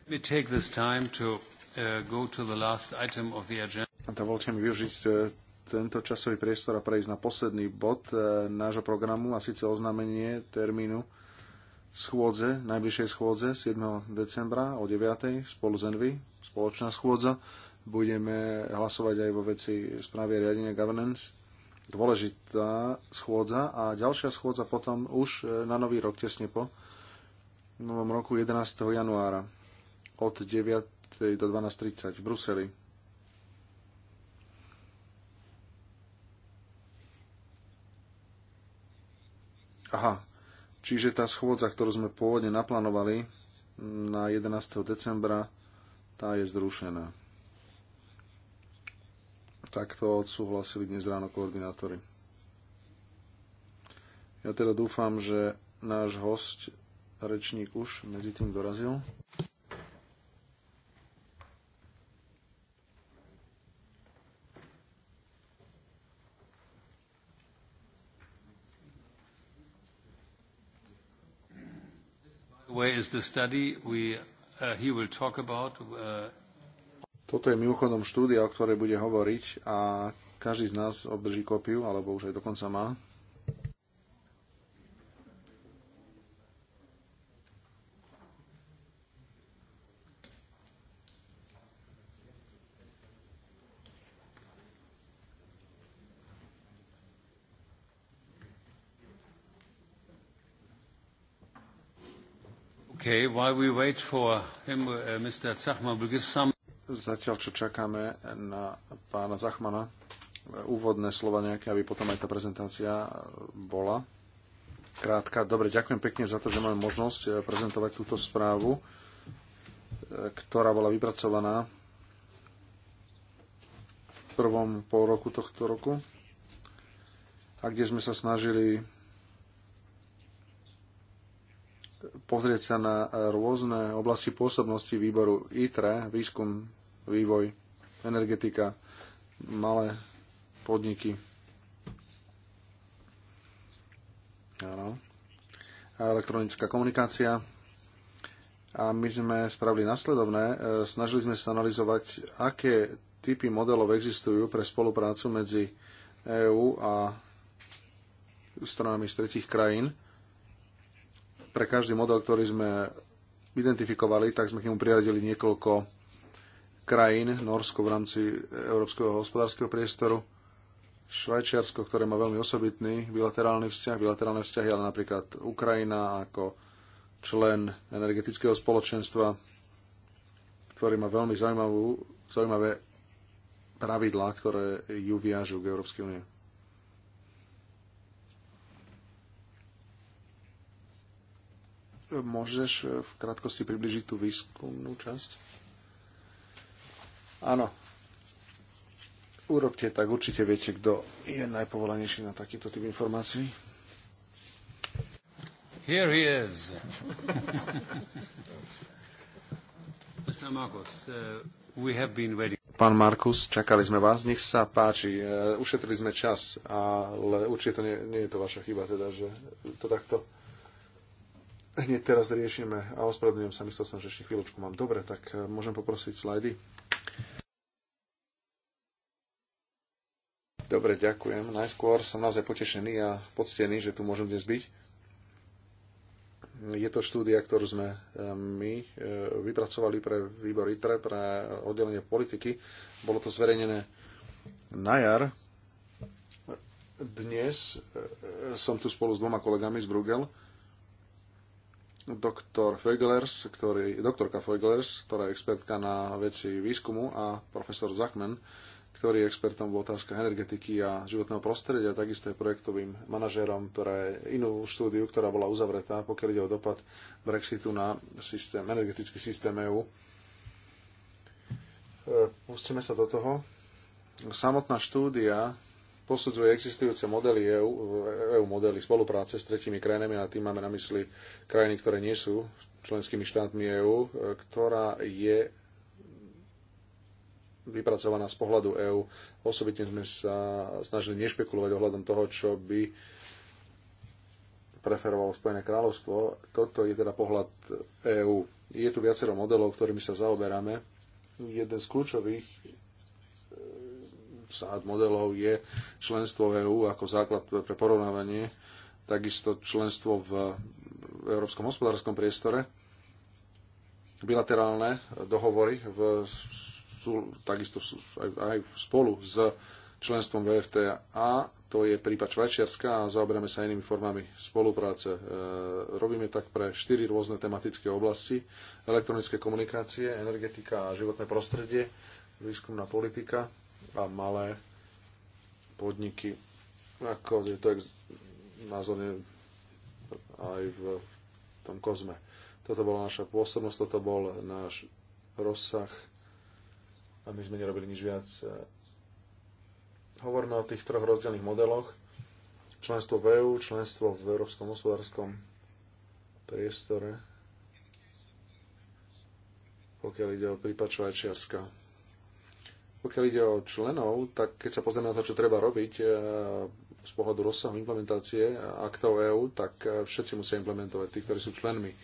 me take this time to uh, go to the last item of the agenda. Dovolte mi využiť uh, tento časový priestor a prejsť na posledný bod uh, nášho programu, a síce oznámenie termínu schôdze, najbližšej schôdze 7. decembra o 9. spolu z Envy, spoločná schôdza. Budeme hlasovať aj vo veci správy a riadenia governance. Dôležitá schôdza a ďalšia schôdza potom už e, na nový rok, tesne po novom roku 11. januára od 9. do 12.30 v Bruseli. Aha, Čiže tá schôdza, ktorú sme pôvodne naplánovali na 11. decembra, tá je zrušená. Takto odsúhlasili dnes ráno koordinátori. Ja teda dúfam, že náš host, rečník už medzi tým dorazil. Where is the study we, uh, he will talk about? Uh... Toto je mimochodom štúdia, o ktorej bude hovoriť a každý z nás obdrží kopiu, alebo už aj dokonca má. Okay, while we wait for him, uh, Mr. Zachman will give some... Zatiaľ, čo čakáme na pána Zachmana, úvodné slova nejaké, aby potom aj tá prezentácia bola krátka. Dobre, ďakujem pekne za to, že máme možnosť eh, prezentovať túto správu, eh, ktorá bola vypracovaná v prvom pol roku tohto roku a kde sme sa snažili pozrieť sa na rôzne oblasti pôsobnosti výboru ITRE, výskum, vývoj, energetika, malé podniky. Áno. Elektronická komunikácia. A my sme spravili nasledovné. E, snažili sme sa analyzovať, aké typy modelov existujú pre spoluprácu medzi EÚ a stranami z tretich krajín pre každý model, ktorý sme identifikovali, tak sme k nemu priradili niekoľko krajín, Norsko v rámci Európskeho hospodárskeho priestoru, Švajčiarsko, ktoré má veľmi osobitný bilaterálny vzťah, bilaterálne vzťahy, ale napríklad Ukrajina ako člen energetického spoločenstva, ktorý má veľmi zaujímavú, zaujímavé pravidlá, ktoré ju viažú k Európskej únie. Môžeš e, v krátkosti približiť tú výskumnú časť? Áno. Urobte tak, určite viete, kto je najpovolanejší na takýto typ informácií. Here he is. Mr. uh, we have been waiting. Pán Markus, čakali sme vás, nech sa páči. Uh, ušetrili sme čas, ale určite to nie, nie je to vaša chyba, teda, že to takto hneď teraz riešime a ospravedlňujem sa, myslel som, že ešte chvíľočku mám. Dobre, tak e, môžem poprosiť slajdy. Dobre, ďakujem. Najskôr som naozaj potešený a poctený, že tu môžem dnes byť. Je to štúdia, ktorú sme e, my e, vypracovali pre výbor ITRE, pre oddelenie politiky. Bolo to zverejnené na jar. Dnes som tu spolu s dvoma kolegami z Brugel doktor Feuglers, ktorý, doktorka Feglers, ktorá je expertka na veci výskumu a profesor Zachman, ktorý je expertom v otázkach energetiky a životného prostredia, takisto je projektovým manažérom pre inú štúdiu, ktorá bola uzavretá, pokiaľ ide o dopad Brexitu na systém, energetický systém EÚ. E, pustíme sa do toho. Samotná štúdia posudzuje existujúce modely EU, EU modely spolupráce s tretími krajinami a tým máme na mysli krajiny, ktoré nie sú členskými štátmi EÚ, e, ktorá je vypracovaná z pohľadu EÚ. Osobitne sme sa snažili nešpekulovať ohľadom toho, čo by preferovalo Spojené kráľovstvo. Toto je teda pohľad EÚ. Je tu viacero modelov, ktorými sa zaoberáme. Jeden z kľúčových sád modelov je členstvo EÚ ako základ pre porovnávanie, takisto členstvo v Európskom hospodárskom priestore, bilaterálne dohovory v, sú, takisto sú aj, aj spolu s členstvom VFTA, e to je prípad Švajčiarska a zaoberáme sa inými formami spolupráce. E, robíme tak pre štyri rôzne tematické oblasti. Elektronické komunikácie, energetika a životné prostredie, výskumná politika, a malé podniky, ako je to názorne aj v tom kozme. Toto bola naša pôsobnosť, toto bol náš rozsah a my sme nerobili nič viac. Hovoríme o tých troch rozdielných modeloch. Členstvo v EU, členstvo v Európskom hospodárskom priestore, pokiaľ ide o prípad Švajčiarska pokiaľ ide o členov, tak keď sa pozrieme na to, čo treba robiť e, z pohľadu rozsahu implementácie aktov EÚ, tak e, všetci musia implementovať, tí, ktorí sú členmi. E,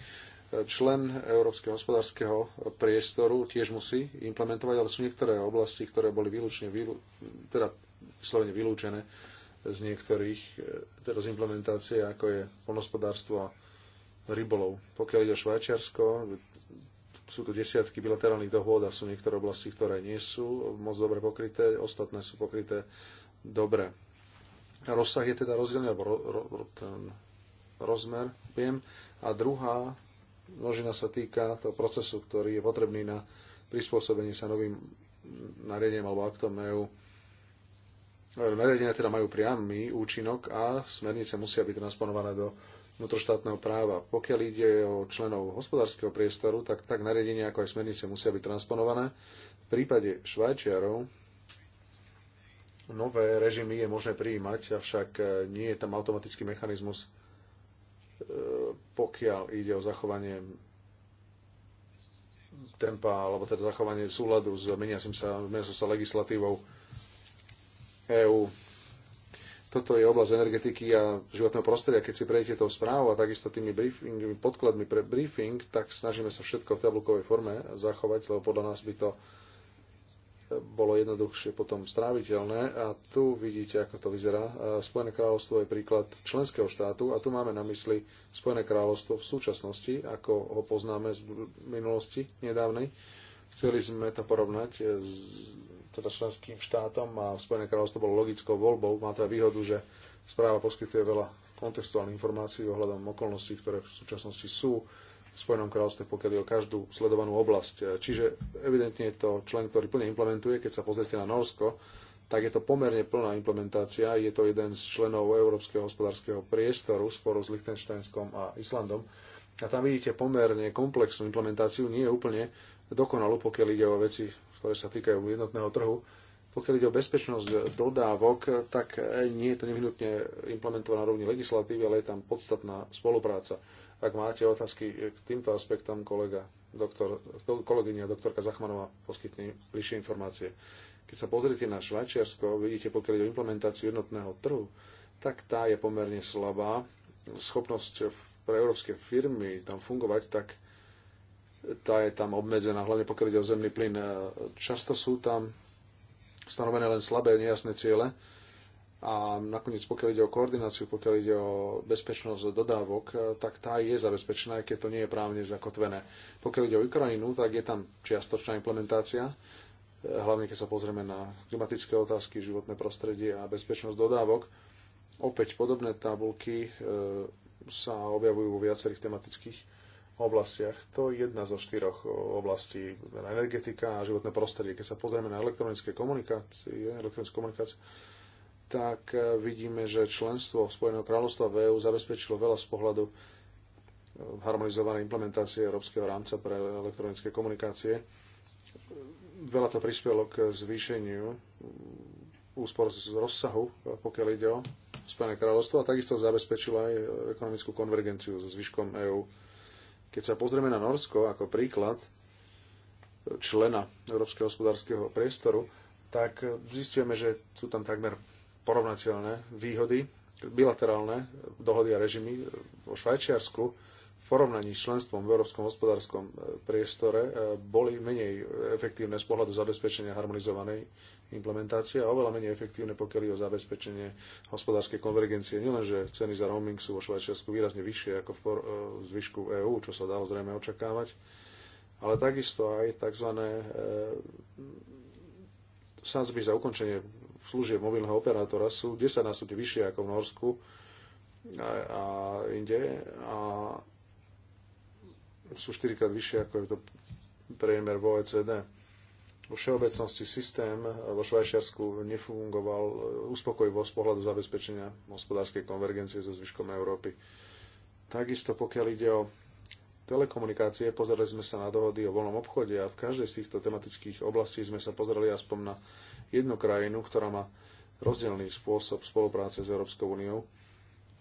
člen Európskeho hospodárskeho priestoru tiež musí implementovať, ale sú niektoré oblasti, ktoré boli výlučne, výlu, teda vyslovene vylúčené z niektorých teda z implementácie, ako je polnospodárstvo a rybolov. Pokiaľ ide o Švajčiarsko, sú tu desiatky bilaterálnych dohôd a sú niektoré oblasti, ktoré nie sú moc dobre pokryté, ostatné sú pokryté dobre. Rozsah je teda rozdielný, alebo ro, ro, ro, ten rozmer, viem. A druhá množina sa týka toho procesu, ktorý je potrebný na prispôsobenie sa novým nariadeniam alebo aktom EU. E, nariadenia teda majú priamy účinok a smernice musia byť transponované do vnútroštátneho práva. Pokiaľ ide o členov hospodárskeho priestoru, tak tak nariadenia ako aj smernice musia byť transponované. V prípade Švajčiarov nové režimy je možné prijímať, avšak e, nie je tam automatický mechanizmus, e, pokiaľ ide o zachovanie tempa, alebo teda zachovanie súladu s meniacim sa, meniacim sa legislatívou EÚ toto je oblasť energetiky a životného prostredia. Keď si prejdete tou správou a takisto tými briefingmi, podkladmi pre briefing, tak snažíme sa všetko v tabulkovej forme zachovať, lebo podľa nás by to bolo jednoduchšie potom stráviteľné. A tu vidíte, ako to vyzerá. Spojené kráľovstvo je príklad členského štátu a tu máme na mysli Spojené kráľovstvo v súčasnosti, ako ho poznáme z minulosti nedávnej. Chceli sme to porovnať teda členským štátom a Spojené kráľovstvo bolo logickou voľbou. Má teda výhodu, že správa poskytuje veľa kontextuálnych informácií ohľadom okolností, ktoré v súčasnosti sú v Spojenom kráľovstve, pokiaľ je o každú sledovanú oblasť. Čiže evidentne je to člen, ktorý plne implementuje. Keď sa pozrite na Norsko, tak je to pomerne plná implementácia. Je to jeden z členov Európskeho hospodárskeho priestoru sporu s Lichtensteinskom a Islandom. A tam vidíte pomerne komplexnú implementáciu, nie je úplne dokonalú, pokiaľ ide o veci ktoré sa týkajú jednotného trhu. Pokiaľ ide o bezpečnosť dodávok, tak eh, nie je to nevyhnutne implementované na rovni legislatívy, ale je tam podstatná spolupráca. Ak máte otázky k týmto aspektom, kolega, doktor, kolegyňa doktorka Zachmanová poskytne bližšie informácie. Keď sa pozrite na Švajčiarsko, vidíte, pokiaľ ide o implementáciu jednotného trhu, tak tá je pomerne slabá. Schopnosť pre európske firmy tam fungovať, tak tá je tam obmedzená, hlavne pokiaľ ide o zemný plyn. E, Často sú tam stanovené len slabé, nejasné ciele a nakoniec pokiaľ ide o koordináciu, pokiaľ ide o bezpečnosť dodávok, e, tak tá je zabezpečená, aj keď to nie je právne zakotvené. Pokiaľ ide o Ukrajinu, tak je tam čiastočná implementácia, e, hlavne keď sa pozrieme na klimatické otázky, životné prostredie a bezpečnosť dodávok. Opäť podobné tabulky sa objavujú vo viacerých tematických oblastiach. To je jedna zo štyroch oblastí, teda energetika a životné prostredie. Keď sa pozrieme na elektronické komunikácie, elektronické komunikácie tak e, vidíme, že členstvo Spojeného kráľovstva v EU zabezpečilo veľa z pohľadu e, harmonizované implementácie Európskeho rámca pre elektronické komunikácie. Veľa to prispelo k zvýšeniu mm, úspor z rozsahu, e, pokiaľ ide o Spojené kráľovstvo a takisto zabezpečilo aj ekonomickú konvergenciu so zvyškom EÚ. Keď sa pozrieme na Norsko ako príklad e, člena Európskeho hospodárskeho priestoru, tak zistujeme, že sú tam takmer porovnateľné výhody, bilaterálne dohody a režimy vo Švajčiarsku v porovnaní s členstvom v Európskom hospodárskom e, priestore e, boli menej efektívne z pohľadu zabezpečenia harmonizovanej implementácia a oveľa menej efektívne, pokiaľ je o zabezpečenie hospodárskej konvergencie. Nielenže ceny za roaming sú vo Švajčiarsku výrazne vyššie ako v e, zvyšku EÚ, čo sa dalo zrejme očakávať, ale takisto aj tzv. E, sadzby za ukončenie služieb mobilného operátora sú 10 násobne vyššie ako v Norsku a, a inde a sú 4 vyššie ako je to priemer v OECD vo všeobecnosti systém vo Švajčiarsku nefungoval uspokojivo z pohľadu zabezpečenia hospodárskej konvergencie so zvyškom Európy. Takisto pokiaľ ide o telekomunikácie, pozerali sme sa na dohody o voľnom obchode a v každej z týchto tematických oblastí sme sa pozerali aspoň na jednu krajinu, ktorá má rozdielný spôsob spolupráce s Európskou úniou.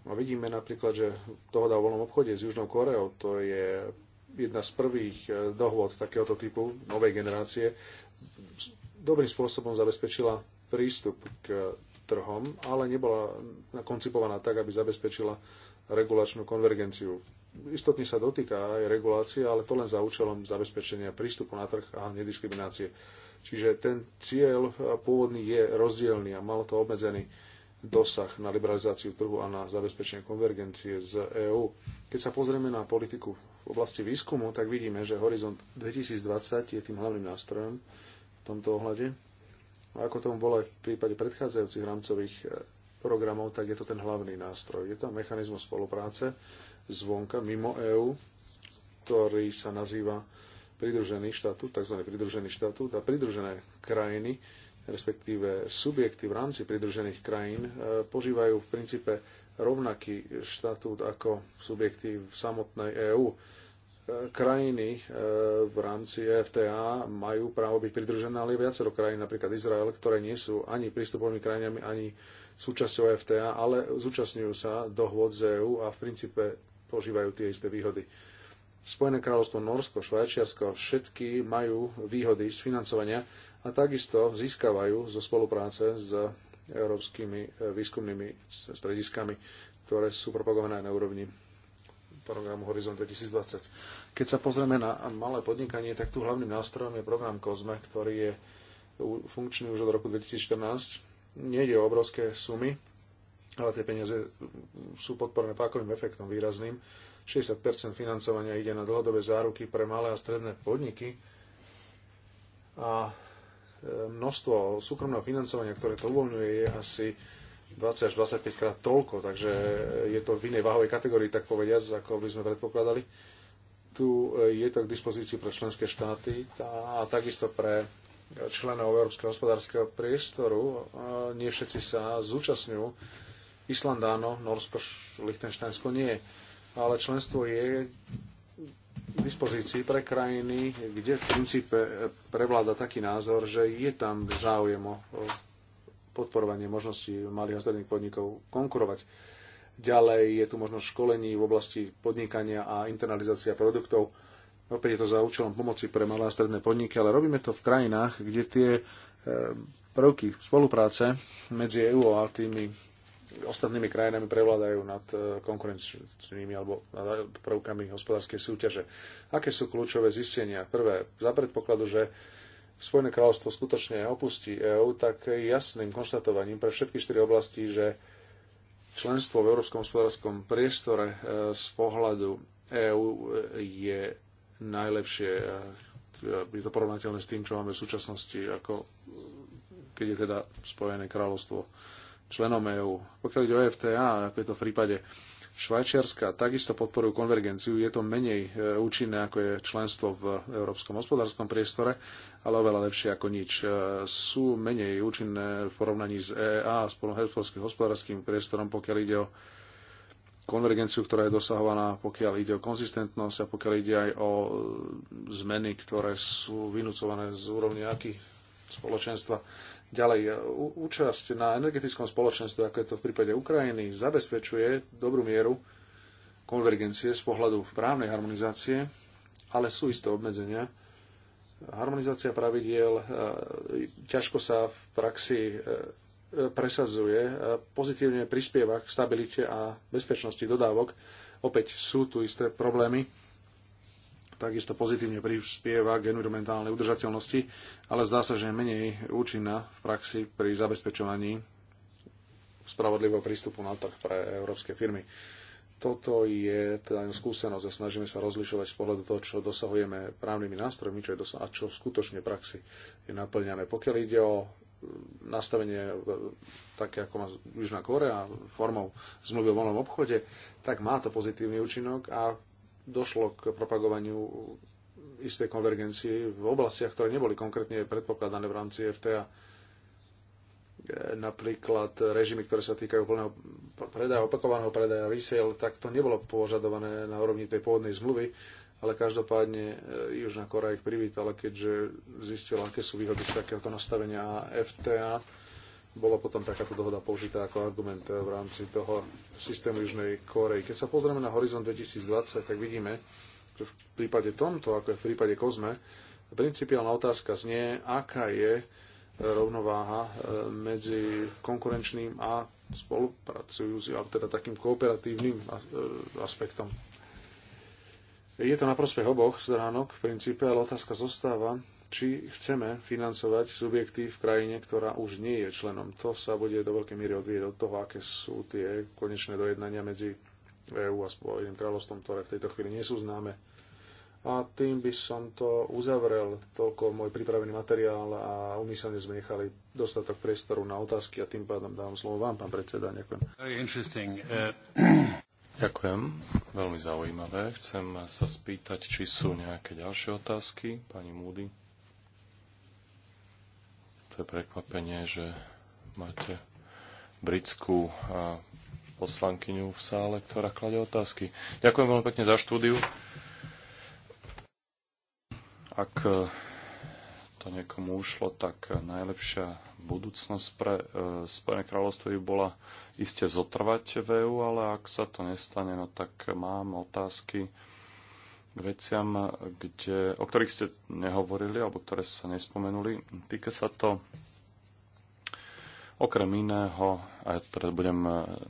A vidíme napríklad, že dohoda o voľnom obchode s Južnou Koreou, to je jedna z prvých eh, dohôd takéhoto typu novej generácie dobrým spôsobom zabezpečila prístup k trhom, ale nebola koncipovaná tak, aby zabezpečila regulačnú konvergenciu. Istotne sa dotýka aj regulácie, ale to len za účelom zabezpečenia prístupu na trh a nediskriminácie. Čiže ten cieľ pôvodný je rozdielný a malo to obmedzený dosah na liberalizáciu trhu a na zabezpečenie konvergencie z EÚ. Keď sa pozrieme na politiku v oblasti výskumu, tak vidíme, že Horizont 2020 je tým hlavným nástrojom, v tomto ohľade. A ako tomu bolo aj v prípade predchádzajúcich rámcových e, programov, tak je to ten hlavný nástroj. Je tam mechanizmus spolupráce zvonka, mimo EÚ, ktorý sa nazýva pridružený štatút, tzv. pridružený štatút a pridružené krajiny, respektíve subjekty v rámci pridružených krajín e, požívajú v princípe rovnaký štatút ako subjekty v samotnej EÚ krajiny e, v rámci e FTA majú právo byť pridružené, ale je viacero krajín, napríklad Izrael, ktoré nie sú ani prístupovými krajinami, ani súčasťou e FTA, ale zúčastňujú sa dohôd z EÚ a v princípe požívajú tie isté výhody. Spojené kráľovstvo Norsko, Švajčiarsko, všetky majú výhody z financovania a takisto získavajú zo spolupráce s európskymi výskumnými strediskami, ktoré sú propagované na úrovni programu Horizon 2020. Keď sa pozrieme na malé podnikanie, tak tu hlavným nástrojom je program COSME, ktorý je funkčný už od roku 2014. Nejde o obrovské sumy, ale tie peniaze sú podporné pákovým efektom výrazným. 60% financovania ide na dlhodobé záruky pre malé a stredné podniky a e, množstvo súkromného financovania, ktoré to uvoľňuje, je asi 20 až 25 krát toľko, takže je to v inej váhovej kategórii, tak povediať, ako by sme predpokladali tu e, je to k dispozícii pre členské štáty a takisto pre členov Európskeho hospodárskeho priestoru. E, nie všetci sa zúčastňujú. áno, Norsko, Lichtensteinsko nie. Ale členstvo je k dispozícii pre krajiny, kde v princípe e, prevláda taký názor, že je tam záujem o podporovanie možností malých a stredných podnikov konkurovať Ďalej je tu možnosť školení v oblasti podnikania a internalizácia produktov. Opäť je to za účelom pomoci pre malé a stredné podniky, ale robíme to v krajinách, kde tie e, prvky spolupráce medzi EU a tými ostatnými krajinami prevládajú nad e, konkurenčnými alebo nad prvkami hospodárskej súťaže. Aké sú kľúčové zistenia? Prvé, za predpokladu, že Spojené kráľovstvo skutočne opustí EÚ, tak jasným konštatovaním pre všetky štyri oblasti, že Členstvo v Európskom hospodárskom priestore e, z pohľadu EÚ e, je najlepšie, e, je to porovnateľné s tým, čo máme v súčasnosti, ako keď je teda Spojené kráľovstvo členom EÚ. Pokiaľ ide o FTA, ako je to v prípade Švajčiarska takisto podporujú konvergenciu. Je to menej e, účinné, ako je členstvo v Európskom hospodárskom priestore, ale oveľa lepšie ako nič. E, sú menej účinné v porovnaní s EEA, s Európskym hospodárskym priestorom, pokiaľ ide o konvergenciu, ktorá je dosahovaná, pokiaľ ide o konzistentnosť a pokiaľ ide aj o e, zmeny, ktoré sú vynúcované z úrovne akých spoločenstva Ďalej, e, účasť na energetickom spoločenstve, ako je to v prípade Ukrajiny, zabezpečuje dobrú mieru konvergencie z pohľadu právnej harmonizácie, ale sú isté obmedzenia. Harmonizácia pravidiel e, ťažko sa v praxi e, presadzuje, pozitívne prispieva k stabilite a bezpečnosti dodávok. Opäť sú tu isté problémy takisto pozitívne prispieva k environmentálnej udržateľnosti, ale zdá sa, že je menej účinná v praxi pri zabezpečovaní spravodlivého prístupu na trh pre európske firmy. Toto je teda skúsenosť a snažíme sa rozlišovať z pohľadu toho, čo dosahujeme právnymi nástrojmi čo je dosa- a čo skutočne praxi je naplňané. Pokiaľ ide o mm, nastavenie e, také ako má Južná Korea formou zmluvy o voľnom obchode, tak má to pozitívny účinok a došlo k propagovaniu istej konvergencii v oblastiach, ktoré neboli konkrétne predpokladané v rámci FTA. E, napríklad režimy, ktoré sa týkajú plného predaja, opakovaného predaja, resale, tak to nebolo požadované na úrovni tej pôvodnej zmluvy, ale každopádne e, Južná Korea ich privítala, keďže zistila, aké sú výhody z takéhoto nastavenia FTA bola potom takáto dohoda použitá ako argument eh, v rámci toho systému Južnej Kórey. Keď sa pozrieme na horizont 2020, tak vidíme, že v prípade tomto, ako je v prípade Kozme, principiálna otázka znie, aká je eh, rovnováha eh, medzi konkurenčným a spolupracujúcim, alebo teda takým kooperatívnym aspektom. Je to na prospech oboch stránok v princípe, ale otázka zostáva, či chceme financovať subjekty v krajine, ktorá už nie je členom. To sa bude do veľkej miery odvieť od toho, aké sú tie konečné dojednania medzi EÚ a Spojeným kráľovstvom, ktoré v tejto chvíli nie sú známe. A tým by som to uzavrel, toľko môj pripravený materiál a umyselne sme nechali dostatok priestoru na otázky a tým pádom dávam slovo vám, pán predseda. Ďakujem. Uh, Ďakujem, veľmi zaujímavé. Chcem sa spýtať, či sú nejaké ďalšie otázky, pani Múdy to je prekvapenie, že máte britskú poslankyňu v sále, ktorá klade otázky. Ďakujem veľmi pekne za štúdiu. Ak e, to niekomu ušlo, tak najlepšia budúcnosť pre e, Spojené kráľovstvo by bola iste zotrvať v EU, ale ak sa to nestane, no tak mám otázky k veciam, kde, o ktorých ste nehovorili alebo ktoré sa nespomenuli. Týka sa to okrem iného, a ja teda teraz budem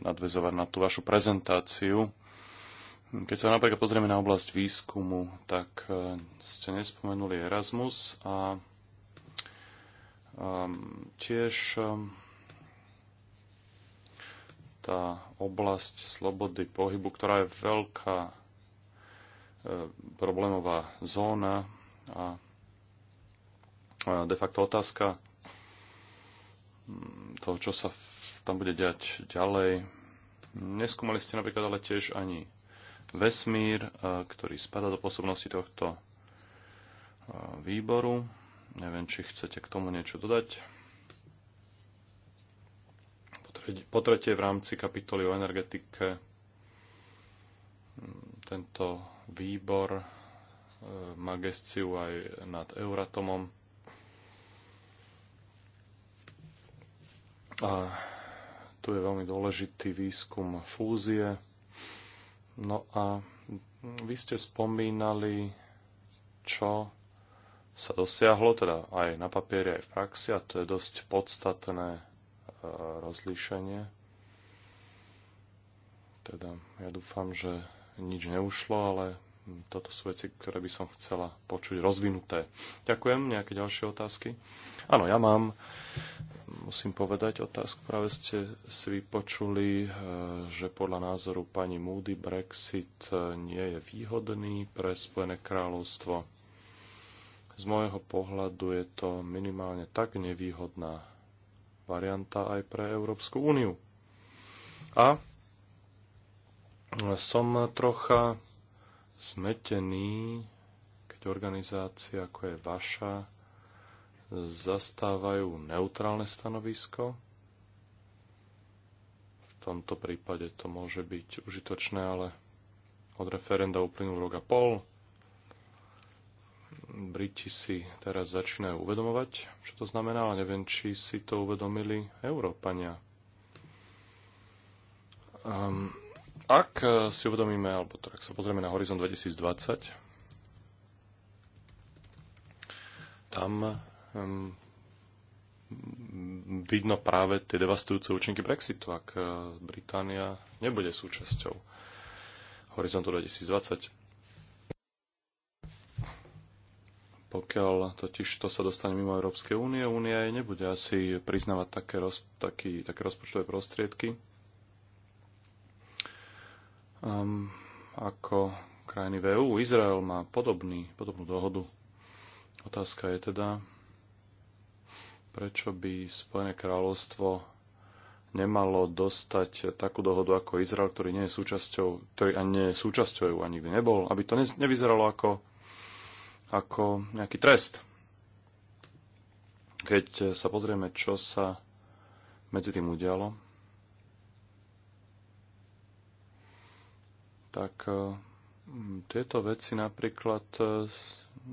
nadvezovať na tú vašu prezentáciu, keď sa napríklad pozrieme na oblasť výskumu, tak e, ste nespomenuli Erasmus a tiež e, tá oblasť slobody pohybu, ktorá je veľká E, problémová zóna a de facto otázka mm, toho, čo sa tam bude diať ďalej. Neskúmali ste napríklad ale tiež ani vesmír, e, ktorý spada do posobnosti tohto e, výboru. Neviem, či chcete k tomu niečo dodať. Po tretie, v rámci kapitoly o energetike mm, tento výbor e, má gestiu aj nad Euratomom. A tu je veľmi dôležitý výskum fúzie. No a vy ste spomínali, čo sa dosiahlo, teda aj na papieri, aj v praxi, a to je dosť podstatné e, rozlíšenie. Teda ja dúfam, že nič neušlo, ale toto sú veci, ktoré by som chcela počuť rozvinuté. Ďakujem. Nejaké ďalšie otázky? Áno, ja mám, musím povedať otázku. Práve ste si vypočuli, eh, že podľa názoru pani Moody Brexit eh, nie je výhodný pre Spojené kráľovstvo. Z môjho pohľadu je to minimálne tak nevýhodná varianta aj pre Európsku úniu. A som trocha smetený, keď organizácia ako je vaša zastávajú neutrálne stanovisko. V tomto prípade to môže byť užitočné, ale od referenda uplynul rok a pol. Briti si teraz začínajú uvedomovať, čo to znamená, ale neviem, či si to uvedomili Európania. Um, ak e, si uvedomíme, alebo to, ak sa pozrieme na horizont 2020, tam um, vidno práve tie devastujúce účinky Brexitu, ak e, Británia nebude súčasťou horizontu 2020. Pokiaľ totiž to sa dostane mimo Európskej únie, únia aj nebude asi priznávať také, roz, taký, také rozpočtové prostriedky, um, ako krajiny VÚ. E Izrael má podobný, podobnú dohodu. Otázka je teda, prečo by Spojené kráľovstvo nemalo dostať takú dohodu ako Izrael, ktorý nie je súčasťou, ktorý ani nie je súčasťou EU a nikdy nebol, aby to nevyzeralo ako, ako nejaký trest. Keď sa pozrieme, čo sa medzi tým udialo, tak e, tieto veci napríklad e,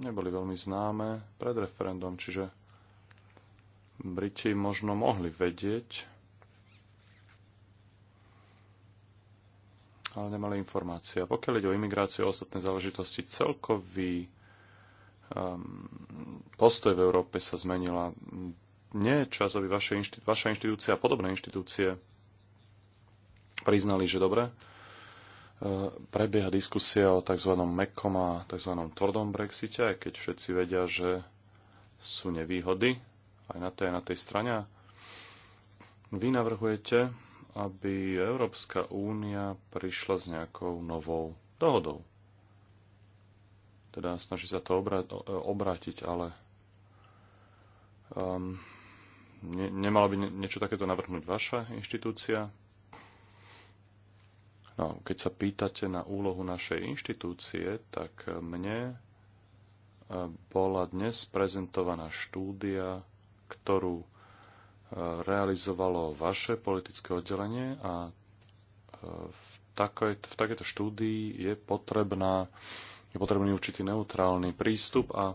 neboli veľmi známe pred referendum, čiže Briti možno mohli vedieť, ale nemali informácie. A pokiaľ ide o imigráciu a ostatné záležitosti, celkový um, postoj v Európe sa zmenila. Nie je čas, aby vaše inštitú- vaša inštitúcia a podobné inštitúcie priznali, že dobre, Eh, prebieha diskusia o tzv. mekom a tzv. tvrdom Brexite, aj keď všetci vedia, že sú nevýhody aj na tej, aj na tej strane. Vy navrhujete, aby Európska únia prišla s nejakou novou dohodou. Teda snaží sa to e, obrátiť, ale um, ne- nemala by niečo takéto navrhnúť vaša inštitúcia? No, keď sa pýtate na úlohu našej inštitúcie, tak mne eh, bola dnes prezentovaná štúdia, ktorú eh, realizovalo vaše politické oddelenie a eh, v, takej, v takéto štúdii je, potrebná, je potrebný určitý neutrálny prístup a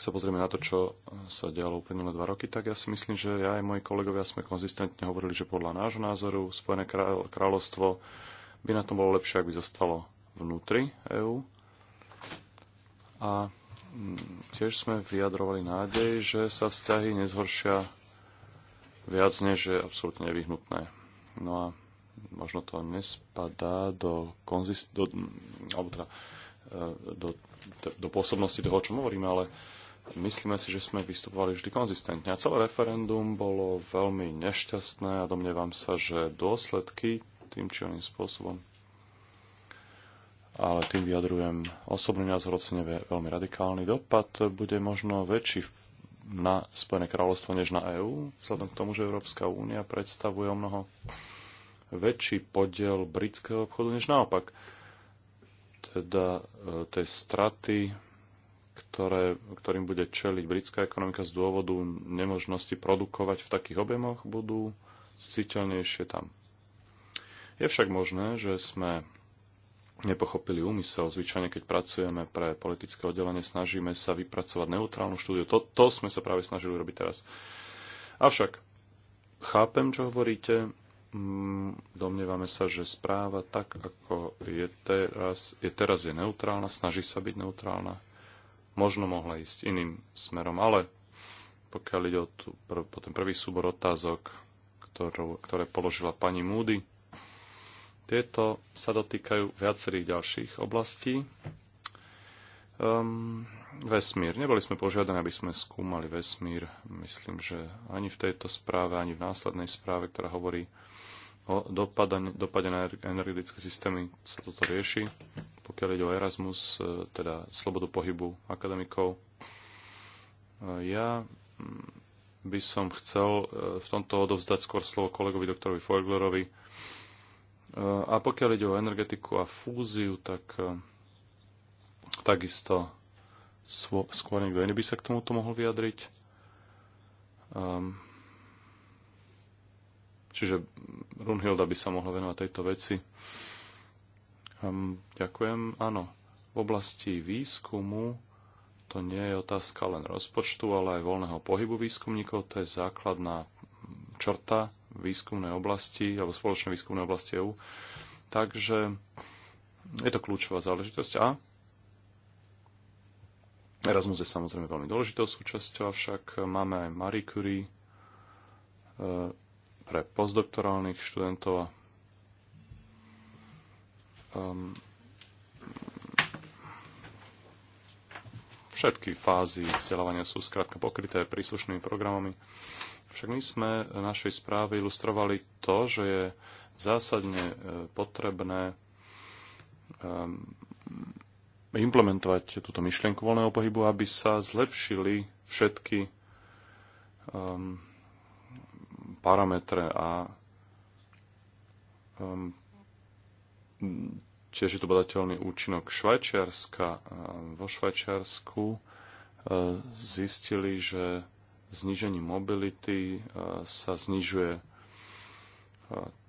ak sa pozrieme na to, čo sa dialo uplynulé dva roky, tak ja si myslím, že ja aj moji kolegovia sme konzistentne hovorili, že podľa nášho názoru Spojené kráľovstvo by na tom bolo lepšie, ak by zostalo vnútri EÚ. A mm, tiež sme vyjadrovali nádej, že sa vzťahy nezhoršia viac než je absolútne nevyhnutné. No a možno to nespadá do, konzist- do, mm, alebo teda, e, do, do pôsobnosti toho, o čom hovoríme, ale myslíme si, že sme vystupovali vždy konzistentne. A celé referendum bolo veľmi nešťastné a domnievam sa, že dôsledky tým či oným spôsobom ale tým vyjadrujem osobný názor ocene veľmi radikálny dopad, bude možno väčší na Spojené kráľovstvo než na EÚ, vzhľadom k tomu, že Európska únia predstavuje o mnoho väčší podiel britského obchodu než naopak. Teda e, tej straty ktoré, ktorým bude čeliť britská ekonomika z dôvodu nemožnosti produkovať v takých objemoch, budú citeľnejšie tam. Je však možné, že sme nepochopili úmysel. Zvyčajne, keď pracujeme pre politické oddelenie, snažíme sa vypracovať neutrálnu štúdiu. To, to sme sa práve snažili robiť teraz. Avšak chápem, čo hovoríte. Mm, domnievame sa, že správa tak, ako je teraz, je teraz je neutrálna, snaží sa byť neutrálna možno mohla ísť iným smerom. Ale pokiaľ ide o, tú, o ten prvý súbor otázok, ktorú, ktoré položila pani Múdy. tieto sa dotýkajú viacerých ďalších oblastí. Um, vesmír. Neboli sme požiadani, aby sme skúmali vesmír. Myslím, že ani v tejto správe, ani v následnej správe, ktorá hovorí dopade, na er- energetické systémy sa toto rieši. Pokiaľ ide o Erasmus, e, teda slobodu pohybu akademikov, e, ja mm, by som chcel e, v tomto odovzdať skôr slovo kolegovi doktorovi Feuglerovi. A pokiaľ ide o energetiku a fúziu, tak takisto skôr niekto iný by sa k tomuto mohol vyjadriť. Um, Čiže Runhilda by sa mohla venovať tejto veci. Um, ďakujem. Áno, v oblasti výskumu to nie je otázka len rozpočtu, ale aj voľného pohybu výskumníkov. To je základná črta výskumnej oblasti alebo spoločnej výskumnej oblasti EU. Takže je to kľúčová záležitosť. A Erasmus je samozrejme veľmi dôležitou súčasťou, avšak máme aj Marie Curie, pre postdoktorálnych študentov a um, všetky fázy vzdelávania sú skrátka pokryté príslušnými programami. Však my sme v našej správe ilustrovali to, že je zásadne e, potrebné um, implementovať túto myšlienku voľného pohybu, aby sa zlepšili všetky um, parametre a um, tiež je to badateľný účinok Švajčiarska. Ehm, vo Švajčiarsku ehm, zistili, že znižením mobility sa znižuje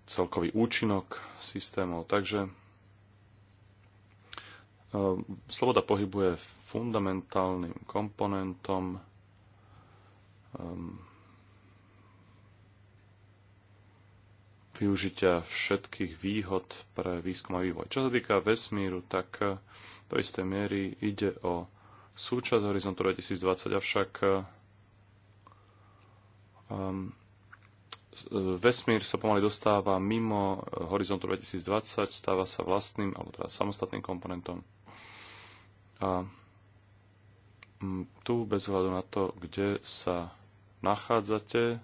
celkový účinok systémov. Takže sloboda pohybu je fundamentálnym komponentom využitia všetkých výhod pre výskum a vývoj. Čo sa týka vesmíru, tak e, do istej miery ide o súčasť Horizontu 2020, avšak e, um, e, vesmír sa pomaly dostáva mimo Horizontu 2020, stáva sa vlastným alebo teda samostatným komponentom. A tu bez hľadu na to, kde sa nachádzate,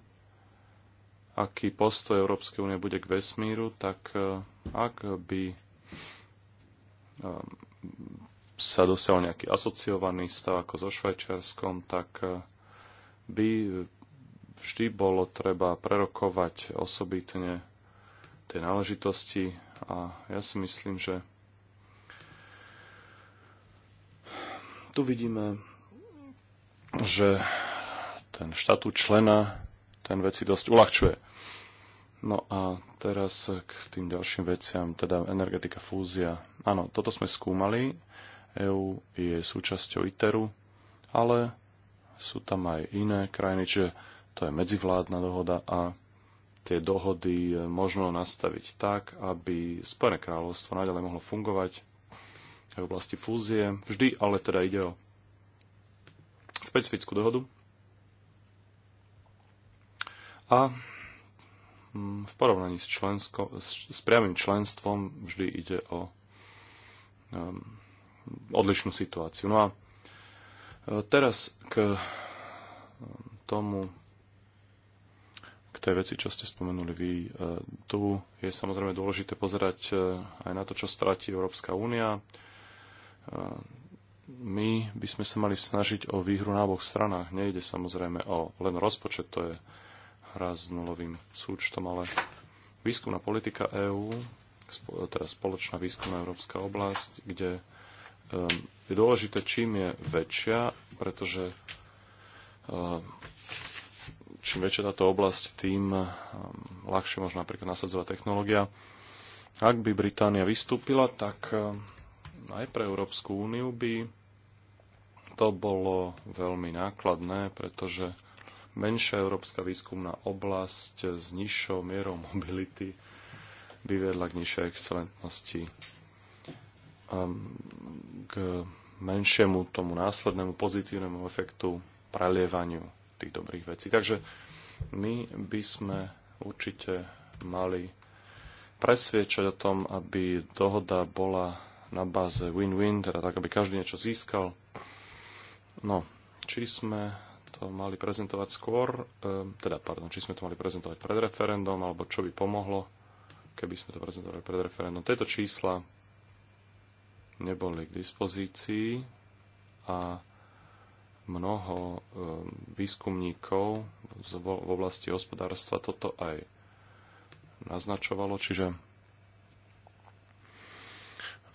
aký postoj Európskej únie bude k vesmíru, tak e, ak by e, sa dosiahol nejaký asociovaný stav ako so Švajčiarskom, tak e, by vždy bolo treba prerokovať osobitne tie náležitosti a ja si myslím, že tu vidíme, že ten štatút člena ten veci dosť uľahčuje. No a teraz k tým ďalším veciam, teda energetika, fúzia. Áno, toto sme skúmali. EU je súčasťou ITERu, ale sú tam aj iné krajiny, čiže to je medzivládna dohoda a tie dohody možno nastaviť tak, aby Spojené kráľovstvo naďalej mohlo fungovať aj v oblasti fúzie. Vždy ale teda ide o špecifickú dohodu, a mm, v porovnaní s, člensko, s, s priamým členstvom vždy ide o um, odlišnú situáciu. No a e, teraz k e, tomu, k tej veci, čo ste spomenuli vy. E, tu je samozrejme dôležité pozerať aj na to, čo stráti Európska únia. My by sme sa mali snažiť o výhru na oboch stranách. Nejde samozrejme o len rozpočet, to je hra s nulovým súčtom, ale výskumná politika EÚ, teda spoločná výskumná európska oblasť, kde um, je dôležité, čím je väčšia, pretože um, čím väčšia táto oblasť, tým um, ľahšie možno napríklad nasadzovať technológia. Ak by Británia vystúpila, tak aj pre Európsku úniu by to bolo veľmi nákladné, pretože menšia európska výskumná oblasť s nižšou mierou mobility by vedla k nižšej excelentnosti, ehm, k menšiemu tomu následnému pozitívnemu efektu prelievaniu tých dobrých vecí. Takže my by sme určite mali presviečať o tom, aby dohoda bola na báze win-win, teda tak, aby každý niečo získal. No, či sme to mali prezentovať skôr, ehm, teda, pardon, či sme to mali prezentovať pred referendum, alebo čo by pomohlo, keby sme to prezentovali pred referendum. Tieto čísla neboli k dispozícii a mnoho ehm, výskumníkov v oblasti hospodárstva toto aj naznačovalo, čiže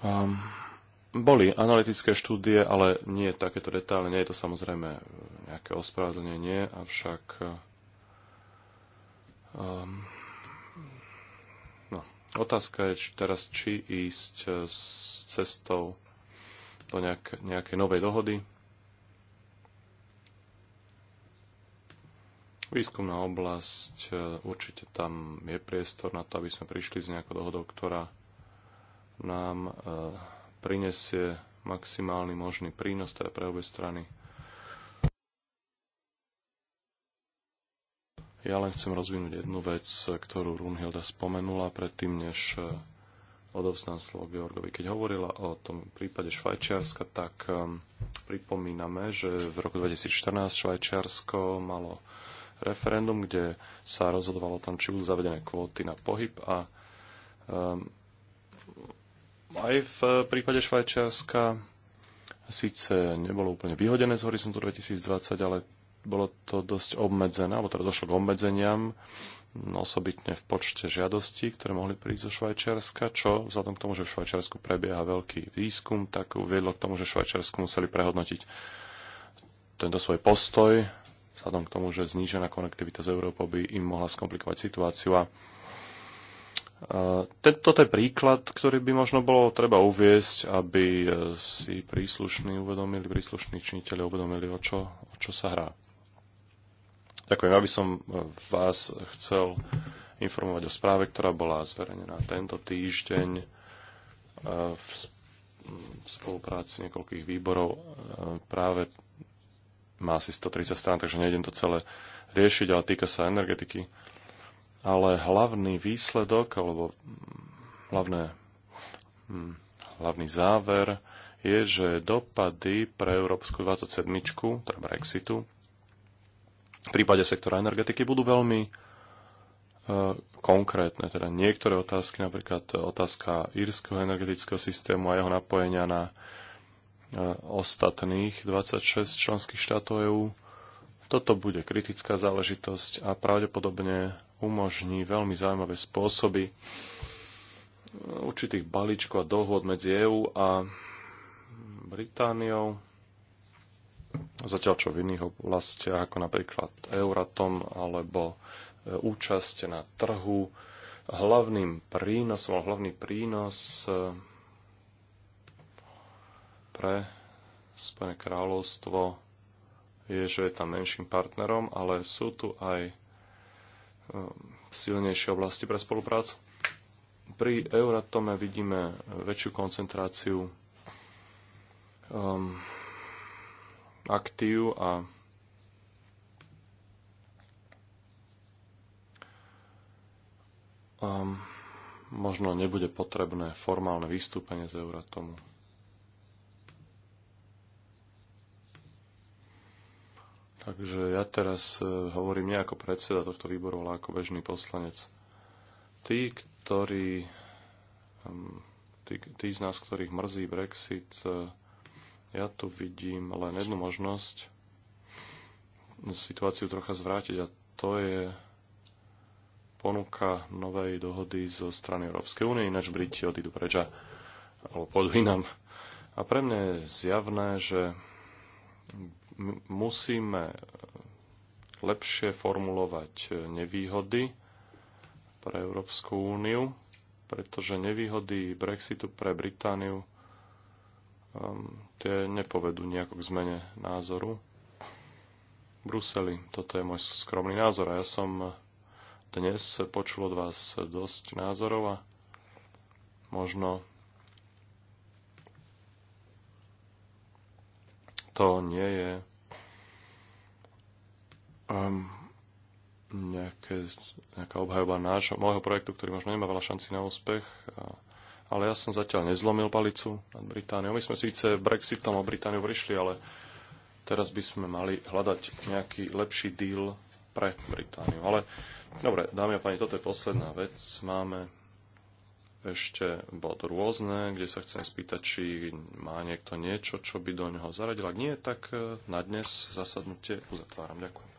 um, boli analytické štúdie, ale nie takéto detaily. Nie je to samozrejme e, nejaké ospravedlnenie, avšak um, no, otázka je teraz, či ísť e, s cestou do nejak, nejakej novej dohody. Výskumná oblasť, určite tam je priestor na to, aby sme prišli s nejakou dohodou, ktorá nám uh, prinesie maximálny možný prínos teda pre obe strany. Ja len chcem rozvinúť jednu vec, ktorú Runhilda spomenula predtým, než eh, odovzdám slovo Georgovi. Keď hovorila o tom prípade Švajčiarska, tak ehm, pripomíname, že v roku 2014 Švajčiarsko malo referendum, kde sa rozhodovalo tam, či budú zavedené kvóty na pohyb a ehm, aj v eh, prípade Švajčiarska síce nebolo úplne vyhodené z horizontu 2020, ale bolo to dosť obmedzené, alebo teda došlo k obmedzeniam, mm, osobitne v počte žiadostí, ktoré mohli prísť zo Švajčiarska, čo vzhľadom k tomu, že v Švajčiarsku prebieha veľký výskum, tak uviedlo k tomu, že Švajčiarsku museli prehodnotiť tento svoj postoj, vzhľadom k tomu, že znížená konektivita s Európou by im mohla skomplikovať situáciu a toto je príklad, ktorý by možno bolo treba uviesť, aby e, si príslušní uvedomili, príslušní činiteľi uvedomili, o čo, o čo sa hrá. Ďakujem, aby som e, vás chcel informovať o správe, ktorá bola zverejnená tento týždeň e, v spolupráci niekoľkých výborov. Práve má asi 130 strán, takže nejdem to celé riešiť, ale týka sa energetiky ale hlavný výsledok alebo hlavné, hm, hlavný záver je, že dopady pre Európsku 27, teda Brexitu, v prípade sektora energetiky budú veľmi e, konkrétne. Teda niektoré otázky, napríklad otázka írskeho energetického systému a jeho napojenia na e, ostatných 26 členských štátov EÚ, toto bude kritická záležitosť a pravdepodobne umožní veľmi zaujímavé spôsoby e, určitých balíčkov a dohôd medzi EÚ a Britániou. Zatiaľ čo v iných oblastiach, ako napríklad Euratom alebo e, účasť na trhu, hlavným prínosom, hlavný prínos e, pre Spojené kráľovstvo je, že je tam menším partnerom, ale sú tu aj E, silnejšie oblasti pre spoluprácu. Pri Euratome vidíme väčšiu koncentráciu um, aktív a um, možno nebude potrebné formálne vystúpenie z Euratomu. Takže ja teraz e, hovorím nie ako predseda tohto výboru, ale ako bežný poslanec. Tí, ktorí, tí, tí z nás, ktorých mrzí Brexit, e, ja tu vidím len jednu možnosť situáciu trocha zvrátiť a to je ponuka novej dohody zo strany Európskej únie, ináč Briti odídu preč alebo podvinam. A pre mňa je zjavné, že musíme lepšie formulovať e, nevýhody pre Európsku úniu, pretože nevýhody Brexitu pre Britániu um, tie nepovedú nejako k zmene názoru. Bruseli, toto je môj skromný názor a ja som dnes počul od vás dosť názorov a možno to nie je um, nejaké, nejaká obhajoba nášho, môjho projektu, ktorý možno nemá veľa šanci na úspech. A, ale ja som zatiaľ nezlomil palicu nad Britániou. My sme síce Brexitom o Britániu prišli, ale teraz by sme mali hľadať nejaký lepší deal pre Britániu. Ale dobre, dámy a páni, toto je posledná vec. Máme ešte bod rôzne, kde sa chcem spýtať, či má niekto niečo, čo by do neho zaradil. Ak nie, tak eh, na dnes zasadnutie uzatváram. Ďakujem.